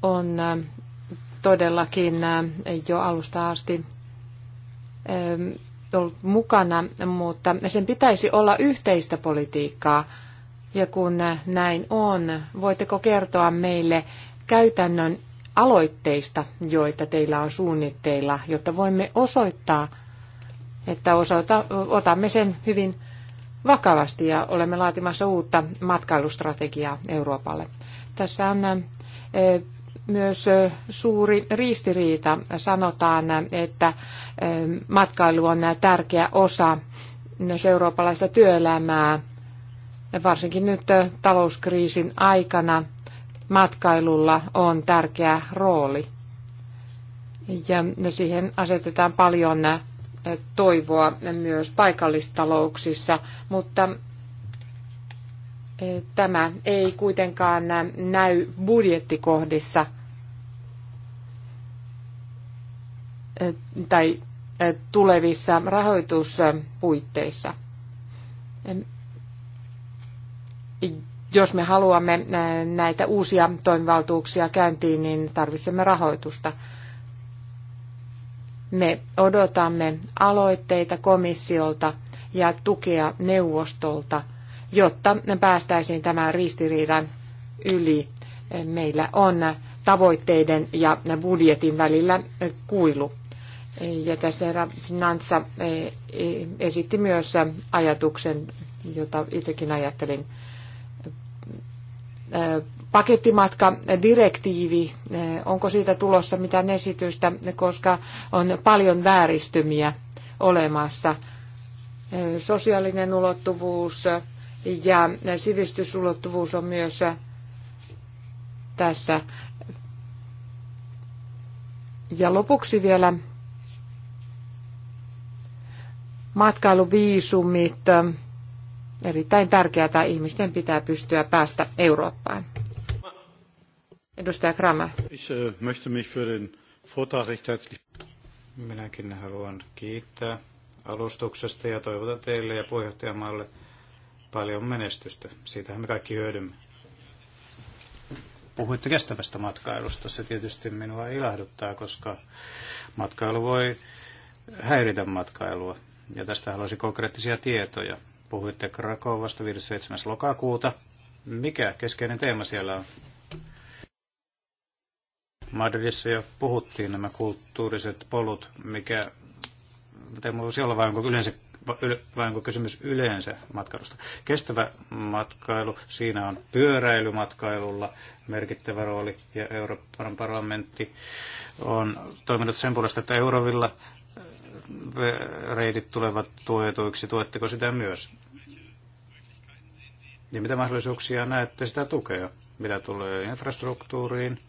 on todellakin jo alusta asti ollut mukana, mutta sen pitäisi olla yhteistä politiikkaa ja kun näin on, voitteko kertoa meille käytännön aloitteista, joita teillä on suunnitteilla, jotta voimme osoittaa, että osoita, otamme sen hyvin vakavasti ja olemme laatimassa uutta matkailustrategiaa Euroopalle. Tässä on myös suuri ristiriita. Sanotaan, että matkailu on tärkeä osa myös eurooppalaista työelämää varsinkin nyt talouskriisin aikana matkailulla on tärkeä rooli. Ja siihen asetetaan paljon toivoa myös paikallistalouksissa, mutta tämä ei kuitenkaan näy budjettikohdissa tai tulevissa rahoituspuitteissa jos me haluamme näitä uusia toimivaltuuksia käyntiin, niin tarvitsemme rahoitusta. Me odotamme aloitteita komissiolta ja tukea neuvostolta, jotta päästäisiin tämän ristiriidan yli. Meillä on tavoitteiden ja budjetin välillä kuilu. Ja tässä herra Finanssa e, esitti myös ajatuksen, jota itsekin ajattelin pakettimatkadirektiivi, onko siitä tulossa mitään esitystä, koska on paljon vääristymiä olemassa. Sosiaalinen ulottuvuus ja sivistysulottuvuus on myös tässä. Ja lopuksi vielä matkailuviisumit erittäin tärkeää. Ihmisten pitää pystyä päästä Eurooppaan. Edustaja Kramer. Äh, Minäkin haluan kiittää alustuksesta ja toivotan teille ja puheenjohtajamaalle paljon menestystä. Siitähän me kaikki hyödymme. Puhuitte kestävästä matkailusta. Se tietysti minua ilahduttaa, koska matkailu voi häiritä matkailua. Ja tästä haluaisin konkreettisia tietoja. Puhuitte Krakovasta 5.7. lokakuuta. Mikä keskeinen teema siellä on? Madridissa jo puhuttiin nämä kulttuuriset polut, mikä teema voisi olla, vain yleensä, vai onko kysymys yleensä matkailusta. Kestävä matkailu, siinä on pyöräilymatkailulla merkittävä rooli, ja Euroopan parlamentti on toiminut sen puolesta, että Eurovilla reidit tulevat tuetuiksi. Tuetteko sitä myös? Ja mitä mahdollisuuksia näette sitä tukea, mitä tulee infrastruktuuriin?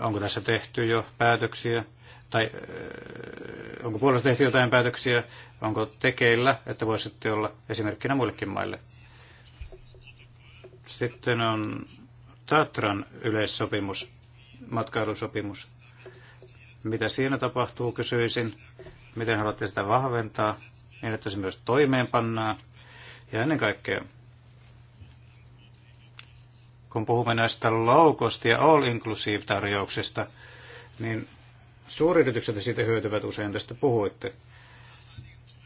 Onko tässä tehty jo päätöksiä? Tai äh, onko puolesta tehty jotain päätöksiä? Onko tekeillä, että voisitte olla esimerkkinä muillekin maille? Sitten on Tatran yleissopimus matkailusopimus. Mitä siinä tapahtuu, kysyisin. Miten haluatte sitä vahventaa, niin että se myös toimeenpannaan. Ja ennen kaikkea, kun puhumme näistä low cost ja all inclusive tarjouksista, niin suuryritykset siitä hyötyvät usein, tästä puhuitte.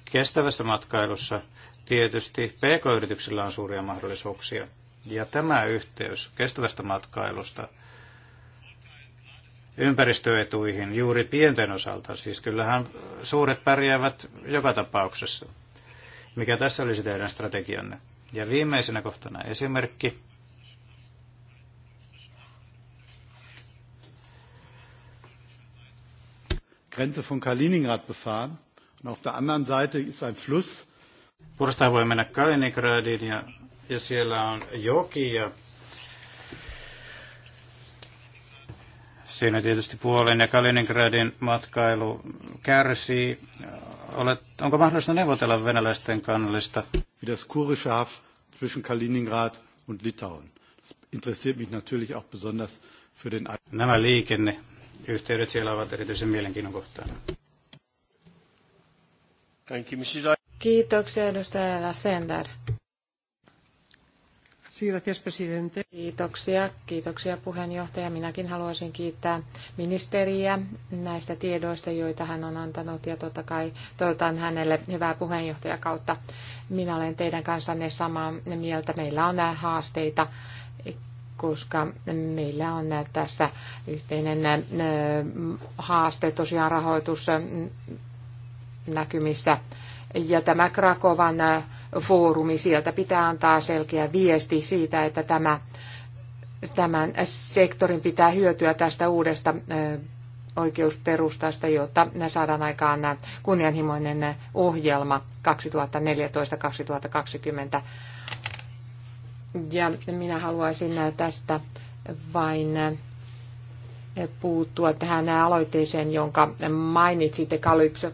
Kestävässä matkailussa tietysti pk-yrityksillä on suuria mahdollisuuksia. Ja tämä yhteys kestävästä matkailusta – ympäristöetuihin juuri pienten osalta. Siis kyllähän suuret pärjäävät joka tapauksessa. Mikä tässä olisi teidän strategianne? Ja viimeisenä kohtana esimerkki. Grenze von Kaliningrad befahren und auf der anderen Seite ist ein Fluss. Purstaa voi mennä Kaliningradiin ja, ja siellä on joki ja Siinä tietysti Puolen ja Kaliningradin matkailu kärsii. Olet, onko mahdollista neuvotella venäläisten kannallista? das Kurischaf zwischen Kaliningrad und Litauen. Das interessiert mich natürlich auch besonders für den... Nämä liikenneyhteydet siellä ovat erityisen mielenkiinnon kohteena. Kiitoksia edustaja Lassender. Gracias, presidente. Kiitoksia, kiitoksia puheenjohtaja. Minäkin haluaisin kiittää ministeriä näistä tiedoista, joita hän on antanut ja totta kai toivotan hänelle hyvää puheenjohtajakautta. Minä olen teidän kanssanne samaa mieltä. Meillä on haasteita koska meillä on tässä yhteinen haaste tosiaan rahoitus näkymissä ja tämä Krakovan äh, foorumi, sieltä pitää antaa selkeä viesti siitä, että tämä, tämän sektorin pitää hyötyä tästä uudesta äh, oikeusperustasta, jotta ne saadaan aikaan äh, kunnianhimoinen ohjelma 2014-2020. Ja minä haluaisin tästä vain puuttua tähän aloitteeseen, jonka mainitsitte Kalypso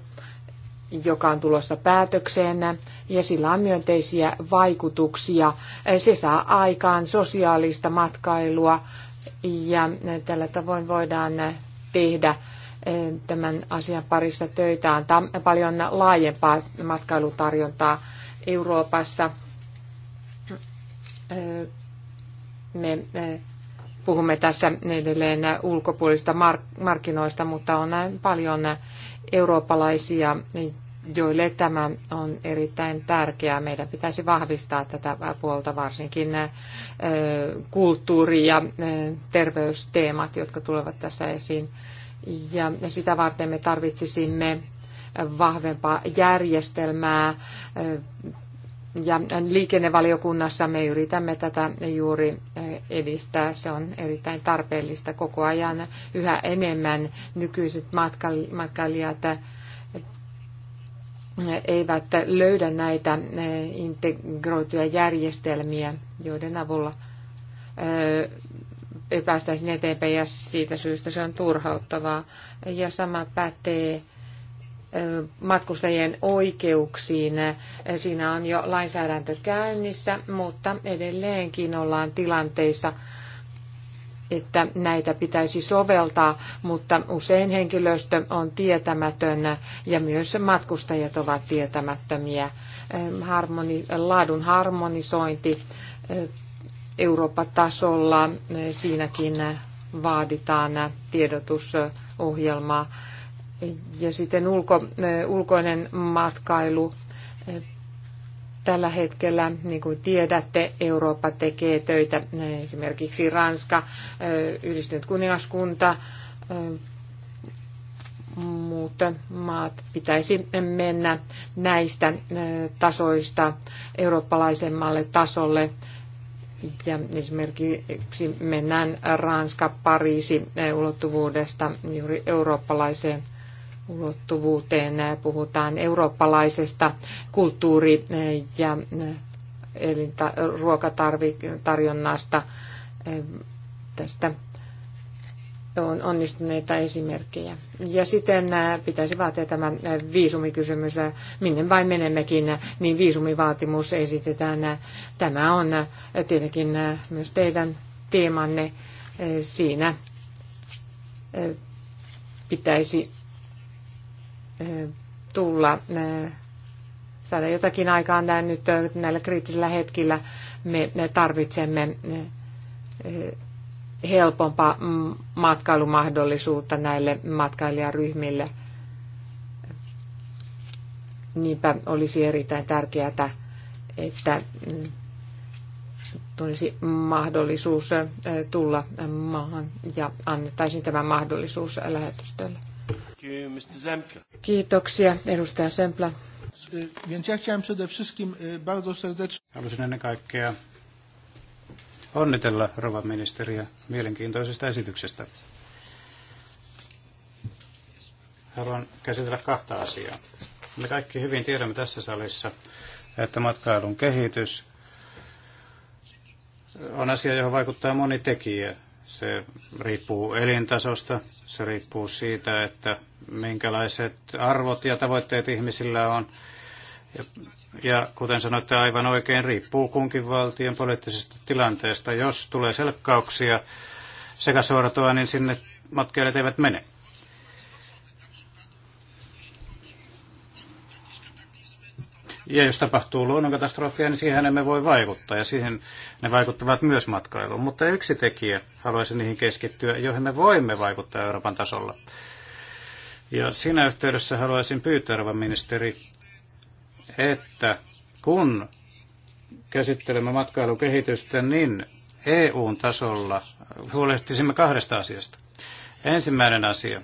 joka on tulossa päätökseen ja sillä on myönteisiä vaikutuksia. Se saa aikaan sosiaalista matkailua ja tällä tavoin voidaan tehdä eh, tämän asian parissa töitä, antaa paljon laajempaa matkailutarjontaa Euroopassa. Eh, me eh, puhumme tässä edelleen ulkopuolista markkinoista, mutta on paljon eurooppalaisia joille tämä on erittäin tärkeää. Meidän pitäisi vahvistaa tätä puolta, varsinkin nämä kulttuuri- ja terveysteemat, jotka tulevat tässä esiin. Ja sitä varten me tarvitsisimme vahvempaa järjestelmää. Ja liikennevaliokunnassa me yritämme tätä juuri edistää. Se on erittäin tarpeellista koko ajan yhä enemmän. Nykyiset matkailijat eivät löydä näitä integroituja järjestelmiä, joiden avulla päästäisiin eteenpäin ja siitä syystä se on turhauttavaa. Ja sama pätee matkustajien oikeuksiin. Siinä on jo lainsäädäntö käynnissä, mutta edelleenkin ollaan tilanteissa, että näitä pitäisi soveltaa, mutta usein henkilöstö on tietämätön ja myös matkustajat ovat tietämättömiä. Ehm, harmoni, laadun harmonisointi ehm, Eurooppa-tasolla, ehm, siinäkin vaaditaan tiedotusohjelmaa. Ja sitten ulko, ulkoinen matkailu Tällä hetkellä, niin kuin tiedätte, Eurooppa tekee töitä, esimerkiksi Ranska, yhdistynyt kuningaskunta, muut maat pitäisi mennä näistä tasoista eurooppalaisemmalle tasolle. Ja esimerkiksi mennään Ranska-Pariisi ulottuvuudesta juuri eurooppalaiseen ulottuvuuteen. Puhutaan eurooppalaisesta kulttuuri- ja elinta- ruokatarjonnasta. Tästä on onnistuneita esimerkkejä. Ja sitten äh, pitäisi vaatia tämä viisumikysymys, äh, minne vain menemmekin, äh, niin viisumivaatimus esitetään. Tämä on tietenkin myös teidän teemanne siinä pitäisi tulla saada jotakin aikaan tämän nyt näillä kriittisillä hetkillä. Me tarvitsemme helpompaa matkailumahdollisuutta näille matkailijaryhmille. Niinpä olisi erittäin tärkeää, että mm, tulisi mahdollisuus tulla maahan ja annettaisiin tämä mahdollisuus lähetystölle. Kiitoksia, edustaja Sempla. Więc ja chciałem przede wszystkim e, bardzo serdecznie... Haluaisin ennen kaikkea onnitella rouva ministeriä mielenkiintoisesta esityksestä. Haluan käsitellä kahta asiaa. Me kaikki hyvin tiedämme tässä salissa, että matkailun kehitys on asia, johon vaikuttaa moni tekijä. Se riippuu elintasosta, se riippuu siitä, että minkälaiset arvot ja tavoitteet ihmisillä on. Ja, ja kuten sanoitte aivan oikein, riippuu kunkin valtion poliittisesta tilanteesta. Jos tulee selkkauksia sekä suoratoa, niin sinne matkailijat eivät mene. Ja jos tapahtuu luonnonkatastrofia, niin siihen emme voi vaikuttaa ja siihen ne vaikuttavat myös matkailuun. Mutta yksi tekijä, haluaisin niihin keskittyä, joihin me voimme vaikuttaa Euroopan tasolla. Ja siinä yhteydessä haluaisin pyytää, arvon ministeri, että kun käsittelemme matkailukehitystä, niin EUn tasolla huolehtisimme kahdesta asiasta. Ensimmäinen asia.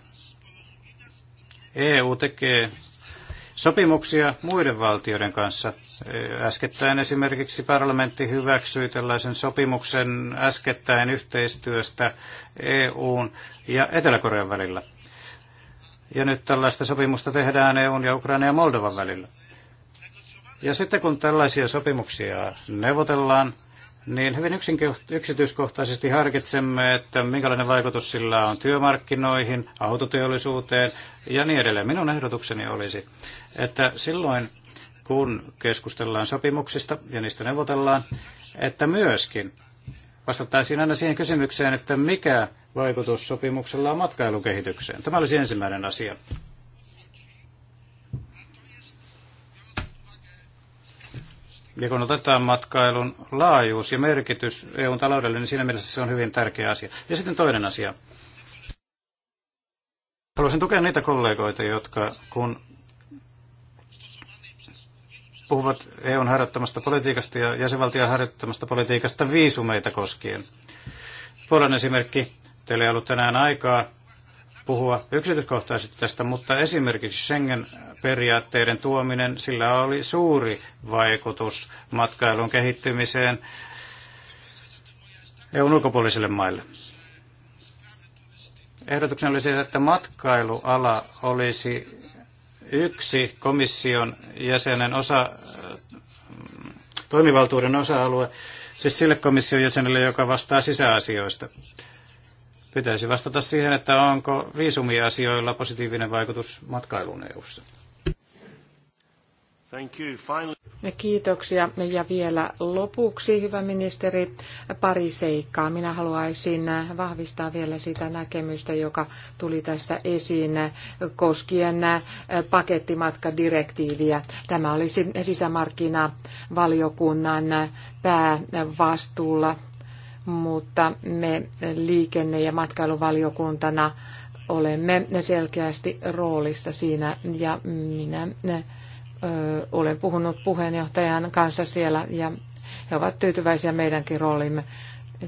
EU tekee sopimuksia muiden valtioiden kanssa. Äskettäin esimerkiksi parlamentti hyväksyi tällaisen sopimuksen äskettäin yhteistyöstä EUn ja Etelä-Korean välillä. Ja nyt tällaista sopimusta tehdään EUn ja Ukraina ja Moldovan välillä. Ja sitten kun tällaisia sopimuksia neuvotellaan, niin hyvin yksityiskohtaisesti harkitsemme, että minkälainen vaikutus sillä on työmarkkinoihin, autoteollisuuteen ja niin edelleen. Minun ehdotukseni olisi, että silloin kun keskustellaan sopimuksista ja niistä neuvotellaan, että myöskin vastattaisiin aina siihen kysymykseen, että mikä vaikutus sopimuksella on matkailukehitykseen. Tämä olisi ensimmäinen asia. Ja kun otetaan matkailun laajuus ja merkitys EUn taloudelle, niin siinä mielessä se on hyvin tärkeä asia. Ja sitten toinen asia. Haluaisin tukea niitä kollegoita, jotka kun puhuvat EUn harjoittamasta politiikasta ja jäsenvaltion harjoittamasta politiikasta viisumeita koskien. Puolen esimerkki, teillä ei ollut tänään aikaa puhua yksityiskohtaisesti tästä, mutta esimerkiksi Schengen-periaatteiden tuominen, sillä oli suuri vaikutus matkailun kehittymiseen EUn ulkopuolisille maille. Ehdotuksen oli siis, että matkailuala olisi yksi komission jäsenen osa, toimivaltuuden osa-alue, siis sille komission jäsenelle, joka vastaa sisäasioista. Pitäisi vastata siihen, että onko viisumiasioilla positiivinen vaikutus matkailuun EU:ssa. Kiitoksia. Ja vielä lopuksi, hyvä ministeri, pari seikkaa. Minä haluaisin vahvistaa vielä sitä näkemystä, joka tuli tässä esiin koskien pakettimatkadirektiiviä. Tämä olisi sisämarkkinavaliokunnan päävastuulla mutta me liikenne- ja matkailuvaliokuntana olemme selkeästi roolissa siinä ja minä olen puhunut puheenjohtajan kanssa siellä ja he ovat tyytyväisiä meidänkin roolimme.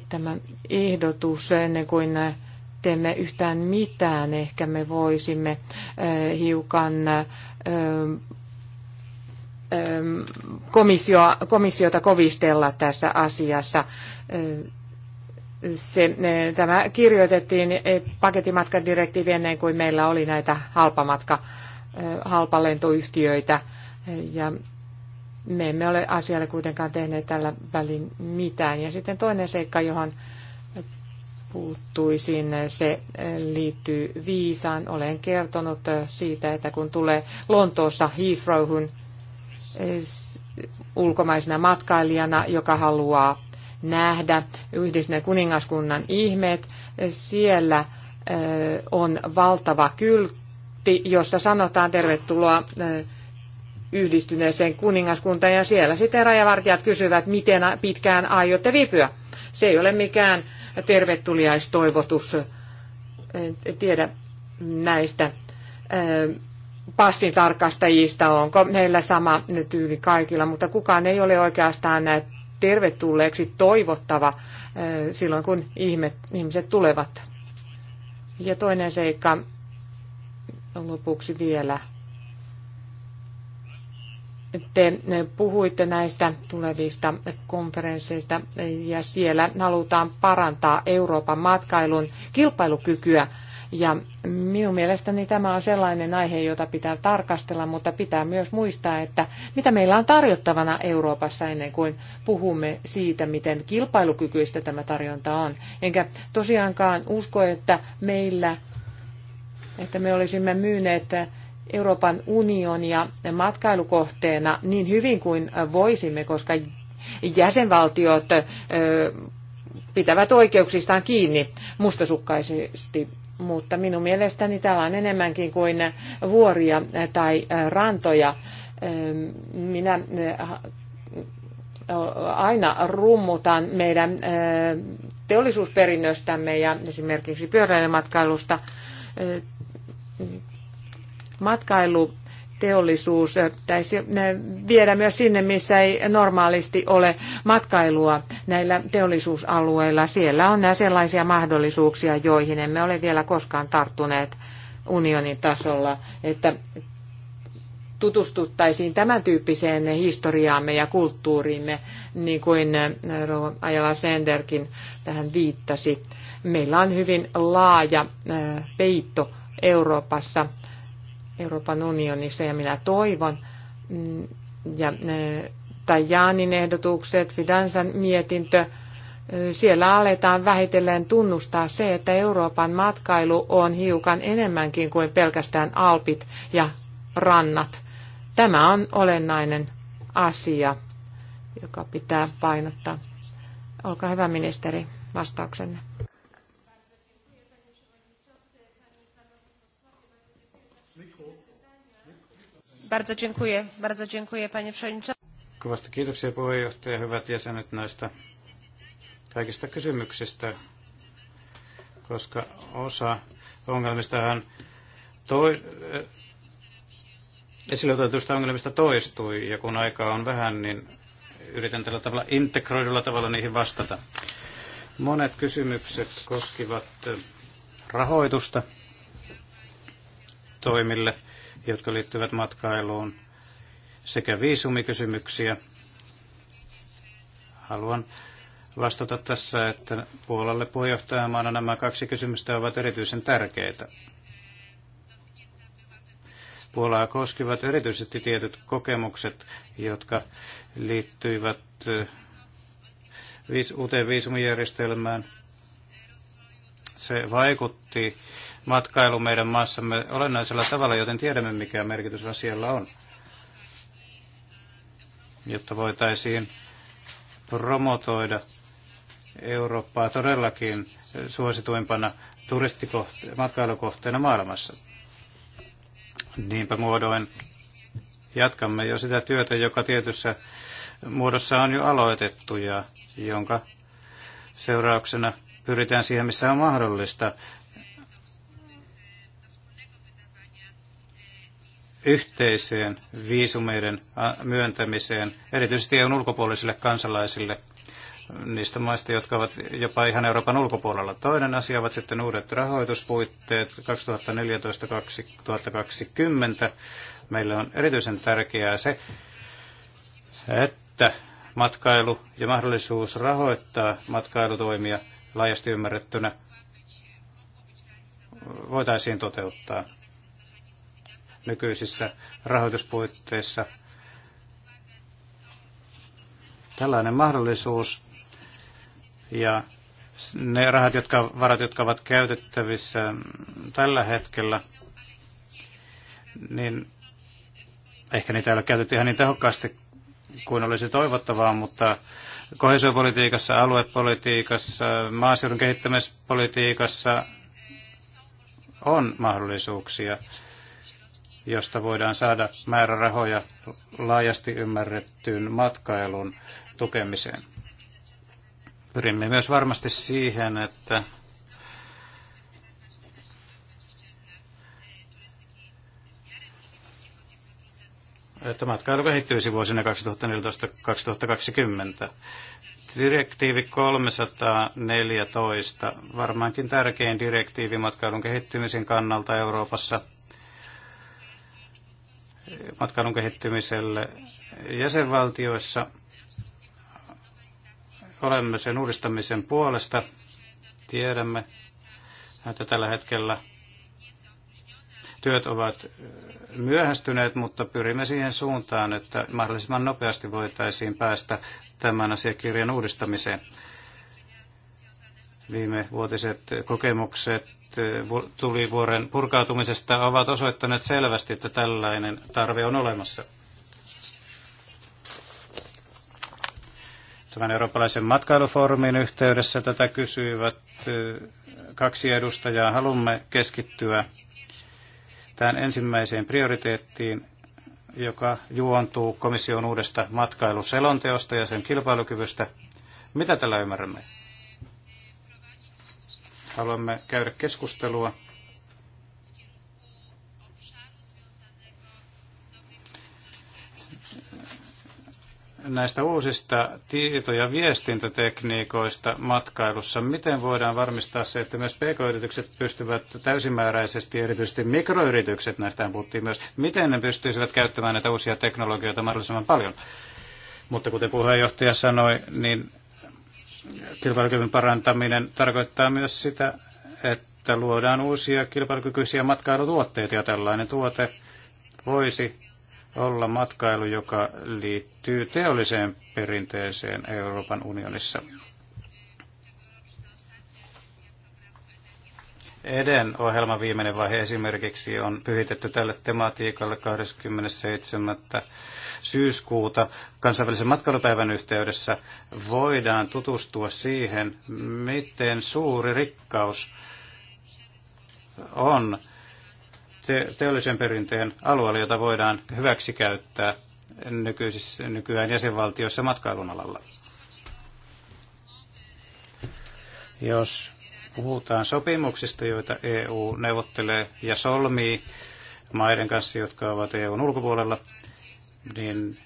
Tämä ehdotus ennen kuin teemme yhtään mitään, ehkä me voisimme hiukan komissiota kovistella tässä asiassa se, eh, tämä kirjoitettiin eh, paketimatkadirektiivi ennen kuin meillä oli näitä halpamatka, eh, halpalentoyhtiöitä. Ja me emme ole asialle kuitenkaan tehneet tällä välin mitään. Ja sitten toinen seikka, johon puuttuisin, se liittyy viisaan. Olen kertonut siitä, että kun tulee Lontoossa Heathrowhun ulkomaisena matkailijana, joka haluaa nähdä yhdistyneen kuningaskunnan ihmeet. Siellä on valtava kyltti, jossa sanotaan tervetuloa yhdistyneeseen kuningaskuntaan ja siellä sitten rajavartijat kysyvät, miten pitkään aiotte viipyä. Se ei ole mikään tervetuliaistoivotus, en tiedä näistä passin tarkastajista, onko heillä sama tyyli kaikilla, mutta kukaan ei ole oikeastaan tervetulleeksi toivottava silloin, kun ihmiset tulevat. Ja toinen seikka lopuksi vielä. Te puhuitte näistä tulevista konferensseista ja siellä halutaan parantaa Euroopan matkailun kilpailukykyä ja minun mielestäni tämä on sellainen aihe, jota pitää tarkastella, mutta pitää myös muistaa, että mitä meillä on tarjottavana Euroopassa ennen kuin puhumme siitä, miten kilpailukykyistä tämä tarjonta on. Enkä tosiaankaan usko, että meillä, että me olisimme myyneet Euroopan unionia matkailukohteena niin hyvin kuin voisimme, koska jäsenvaltiot pitävät oikeuksistaan kiinni mustasukkaisesti mutta minun mielestäni täällä on enemmänkin kuin vuoria tai rantoja. Minä äh, aina rummutan meidän äh, teollisuusperinnöstämme ja esimerkiksi pyöräilymatkailusta. Äh, matkailu teollisuus pitäisi viedä myös sinne, missä ei normaalisti ole matkailua näillä teollisuusalueilla. Siellä on nämä sellaisia mahdollisuuksia, joihin emme ole vielä koskaan tarttuneet unionin tasolla, että tutustuttaisiin tämän tyyppiseen historiaamme ja kulttuuriimme, niin kuin Ajala Senderkin tähän viittasi. Meillä on hyvin laaja peitto Euroopassa Euroopan unionissa ja minä toivon, mm, ja, eh, tai Jaanin ehdotukset, Fidansan mietintö, eh, siellä aletaan vähitellen tunnustaa se, että Euroopan matkailu on hiukan enemmänkin kuin pelkästään alpit ja rannat. Tämä on olennainen asia, joka pitää painottaa. Olkaa hyvä ministeri, vastauksenne. Bardzo dziękuję, bardzo dziękuję panie przewodniczący. Kovasti kiitoksia puheenjohtaja, hyvät jäsenet näistä kaikista kysymyksistä, koska osa hän toi, eh, esille otetuista ongelmista toistui, ja kun aikaa on vähän, niin yritän tällä tavalla integroidulla tavalla niihin vastata. Monet kysymykset koskivat eh, rahoitusta toimille jotka liittyvät matkailuun, sekä viisumikysymyksiä. Haluan vastata tässä, että Puolalle puheenjohtajamaana nämä kaksi kysymystä ovat erityisen tärkeitä. Puolaa koskivat erityisesti tietyt kokemukset, jotka liittyivät eh, uuteen viisumijärjestelmään – se vaikutti matkailu meidän maassamme olennaisella tavalla, joten tiedämme, mikä merkitys asialla on, jotta voitaisiin promotoida Eurooppaa todellakin suosituimpana matkailukohteena maailmassa. Niinpä muodoin jatkamme jo sitä työtä, joka tietyssä muodossa on jo aloitettu ja jonka seurauksena pyritään siihen, missä on mahdollista. yhteiseen viisumeiden myöntämiseen, erityisesti EUn ulkopuolisille kansalaisille niistä maista, jotka ovat jopa ihan Euroopan ulkopuolella. Toinen asia ovat sitten uudet rahoituspuitteet 2014-2020. Meille on erityisen tärkeää se, että matkailu ja mahdollisuus rahoittaa matkailutoimia – laajasti ymmärrettynä voitaisiin toteuttaa nykyisissä rahoituspuitteissa. Tällainen mahdollisuus ja ne rahat, jotka, varat, jotka ovat käytettävissä tällä hetkellä, niin ehkä niitä ei ole käytetty ihan niin tehokkaasti kuin olisi toivottavaa, mutta kohesiopolitiikassa, aluepolitiikassa, maaseudun kehittämispolitiikassa on mahdollisuuksia, josta voidaan saada määrärahoja laajasti ymmärrettyyn matkailun tukemiseen. Pyrimme myös varmasti siihen, että että matkailu kehittyisi vuosina 2014-2020. Direktiivi 314, varmaankin tärkein direktiivi matkailun kehittymisen kannalta Euroopassa, matkailun kehittymiselle jäsenvaltioissa. Olemme sen uudistamisen puolesta. Tiedämme, että tällä hetkellä Työt ovat myöhästyneet, mutta pyrimme siihen suuntaan, että mahdollisimman nopeasti voitaisiin päästä tämän asiakirjan uudistamiseen. Viime vuotiset kokemukset eh, tulivuoren purkautumisesta ovat osoittaneet selvästi, että tällainen tarve on olemassa. Tämän eurooppalaisen matkailufoorumin yhteydessä tätä kysyivät eh, kaksi edustajaa. Haluamme keskittyä tähän ensimmäiseen prioriteettiin, joka juontuu komission uudesta matkailuselonteosta ja sen kilpailukyvystä. Mitä tällä ymmärrämme? Haluamme käydä keskustelua näistä uusista tieto- ja viestintätekniikoista matkailussa, miten voidaan varmistaa se, että myös pk-yritykset pystyvät täysimääräisesti, erityisesti mikroyritykset, näistä puhuttiin myös, miten ne pystyisivät käyttämään näitä uusia teknologioita mahdollisimman paljon. Mutta kuten puheenjohtaja sanoi, niin kilpailukyvyn parantaminen tarkoittaa myös sitä, että luodaan uusia kilpailukykyisiä matkailutuotteita ja tällainen tuote voisi olla matkailu, joka liittyy teolliseen perinteeseen Euroopan unionissa. Eden ohjelman viimeinen vaihe esimerkiksi on pyhitetty tälle tematiikalle 27. syyskuuta kansainvälisen matkailupäivän yhteydessä. Voidaan tutustua siihen, miten suuri rikkaus on te- teollisen perinteen alueella, jota voidaan hyväksikäyttää nykyisissä, nykyään jäsenvaltioissa matkailun alalla. Jos puhutaan sopimuksista, joita EU neuvottelee ja solmii maiden kanssa, jotka ovat EUn ulkopuolella, niin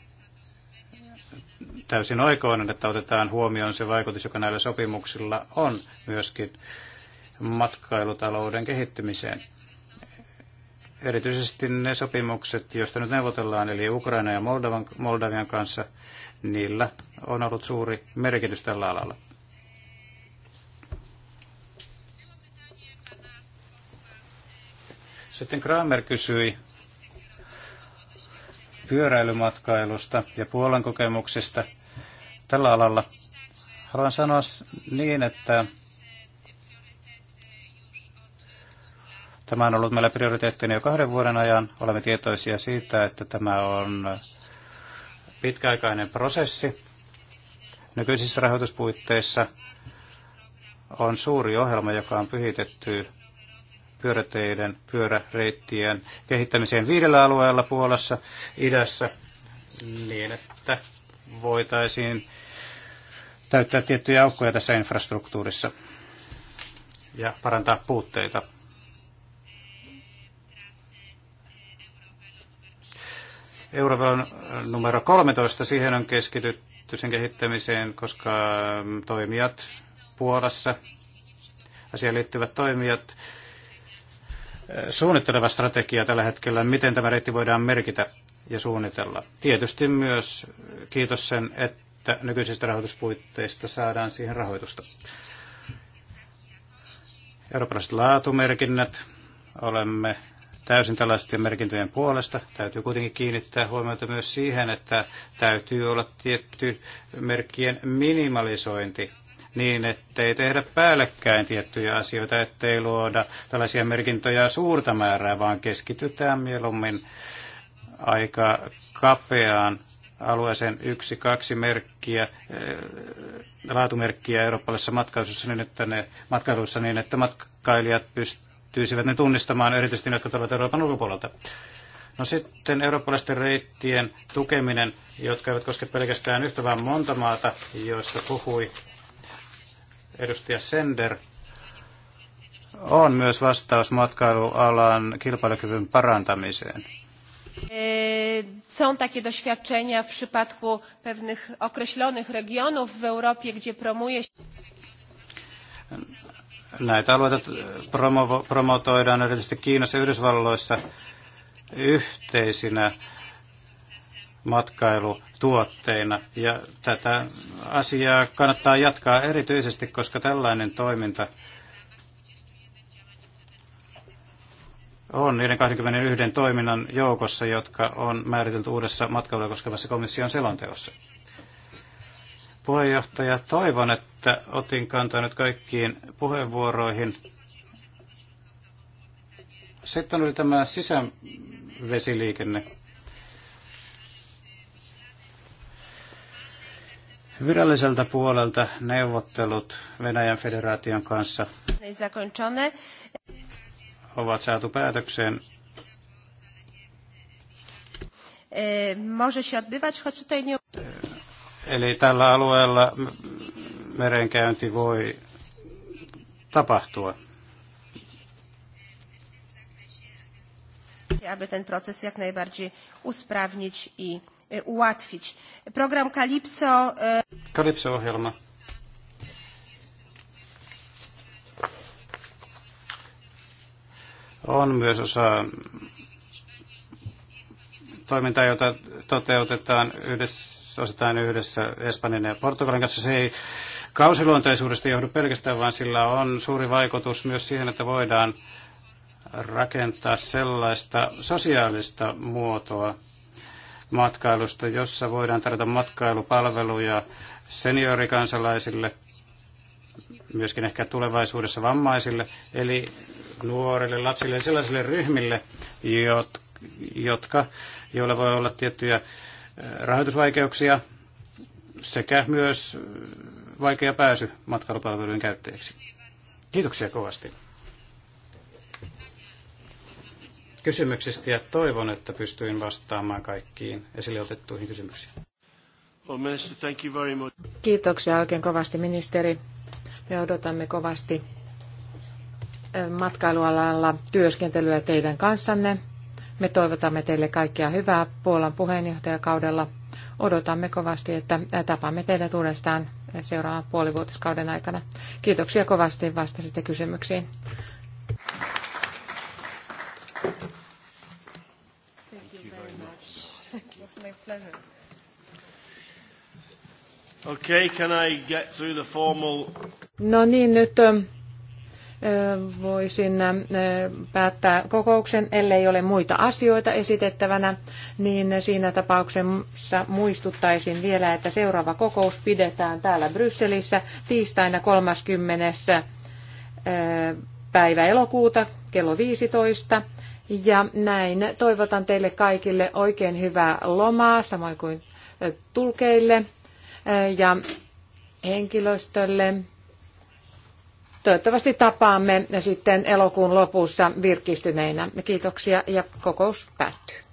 täysin oikoinen, että otetaan huomioon se vaikutus, joka näillä sopimuksilla on myöskin matkailutalouden kehittymiseen erityisesti ne sopimukset, joista nyt neuvotellaan, eli Ukraina ja Moldovan Moldavian kanssa, niillä on ollut suuri merkitys tällä alalla. Sitten Kramer kysyi pyöräilymatkailusta ja Puolan kokemuksista tällä alalla. Haluan sanoa niin, että Tämä on ollut meillä prioriteettina jo kahden vuoden ajan. Olemme tietoisia siitä, että tämä on pitkäaikainen prosessi. Nykyisissä rahoituspuitteissa on suuri ohjelma, joka on pyhitetty pyöräteiden, pyöräreittien kehittämiseen viidellä alueella Puolassa, idässä, niin että voitaisiin täyttää tiettyjä aukkoja tässä infrastruktuurissa ja parantaa puutteita. Euroopan numero 13, siihen on keskitytty sen kehittämiseen, koska mm, toimijat Puolassa, asiaan liittyvät toimijat, eh, suunnitteleva strategia tällä hetkellä, miten tämä reitti voidaan merkitä ja suunnitella. Tietysti myös kiitos sen, että nykyisistä rahoituspuitteista saadaan siihen rahoitusta. Eurooppalaiset laatumerkinnät olemme täysin tällaisten merkintöjen puolesta. Täytyy kuitenkin kiinnittää huomiota myös siihen, että täytyy olla tietty merkkien minimalisointi niin, ettei tehdä päällekkäin tiettyjä asioita, ettei luoda tällaisia merkintöjä suurta määrää, vaan keskitytään mieluummin aika kapeaan alueeseen yksi, kaksi merkkiä, eh, laatumerkkiä eurooppalaisessa matkailussa niin, että ne, matkailussa niin, että matkailijat pystyvät pystyisivät ne tunnistamaan, erityisesti ne, jotka tulevat Euroopan ulkopuolelta. No sitten eurooppalaisten reittien tukeminen, jotka eivät koske pelkästään yhtä vaan monta maata, joista puhui edustaja Sender, on myös vastaus matkailualan kilpailukyvyn parantamiseen. E, są takie doświadczenia w przypadku pewnych określonych regionów w Europie, gdzie promuje się Näitä alueita äh, promo- promotoidaan erityisesti Kiinassa ja Yhdysvalloissa yhteisinä matkailutuotteina. Ja tätä asiaa kannattaa jatkaa erityisesti, koska tällainen toiminta on niiden 21 toiminnan joukossa, jotka on määritelty uudessa matkailua koskevassa komission selonteossa puheenjohtaja. Toivon, että otin kantaa nyt kaikkiin puheenvuoroihin. Sitten oli tämä sisävesiliikenne. Viralliselta puolelta neuvottelut Venäjän federaation kanssa ovat saatu päätökseen. E, może się odbywać, choć tutaj nie e, Eli tällä alueella merenkäynti voi tapahtua. aby ten proces jak najbardziej usprawnić i e, ułatwić. Program Calypso... E, Calypso-ohjelma. On myös osa toimintaa, jota toteutetaan yhdessä osittain yhdessä Espanjan ja Portugalin kanssa. Se ei kausiluonteisuudesta johdu pelkästään, vaan sillä on suuri vaikutus myös siihen, että voidaan rakentaa sellaista sosiaalista muotoa matkailusta, jossa voidaan tarjota matkailupalveluja seniorikansalaisille, myöskin ehkä tulevaisuudessa vammaisille, eli nuorille, lapsille ja sellaisille ryhmille, jotka, joilla voi olla tiettyjä rahoitusvaikeuksia sekä myös vaikea pääsy matkailupalvelujen käyttäjiksi. Kiitoksia kovasti kysymyksistä ja toivon, että pystyin vastaamaan kaikkiin esille otettuihin kysymyksiin. Kiitoksia oikein kovasti ministeri. Me odotamme kovasti matkailualalla työskentelyä teidän kanssanne. Me toivotamme teille kaikkia hyvää Puolan puheenjohtajakaudella. Odotamme kovasti, että tapaamme teidät uudestaan seuraavan puolivuotiskauden aikana. Kiitoksia kovasti vastasitte kysymyksiin. Okay, can I get through the formal... No niin, nyt voisin päättää kokouksen, ellei ole muita asioita esitettävänä, niin siinä tapauksessa muistuttaisin vielä, että seuraava kokous pidetään täällä Brysselissä tiistaina 30. päivä elokuuta kello 15. Ja näin toivotan teille kaikille oikein hyvää lomaa, samoin kuin tulkeille ja henkilöstölle. Toivottavasti tapaamme sitten elokuun lopussa virkistyneinä. Kiitoksia ja kokous päättyy.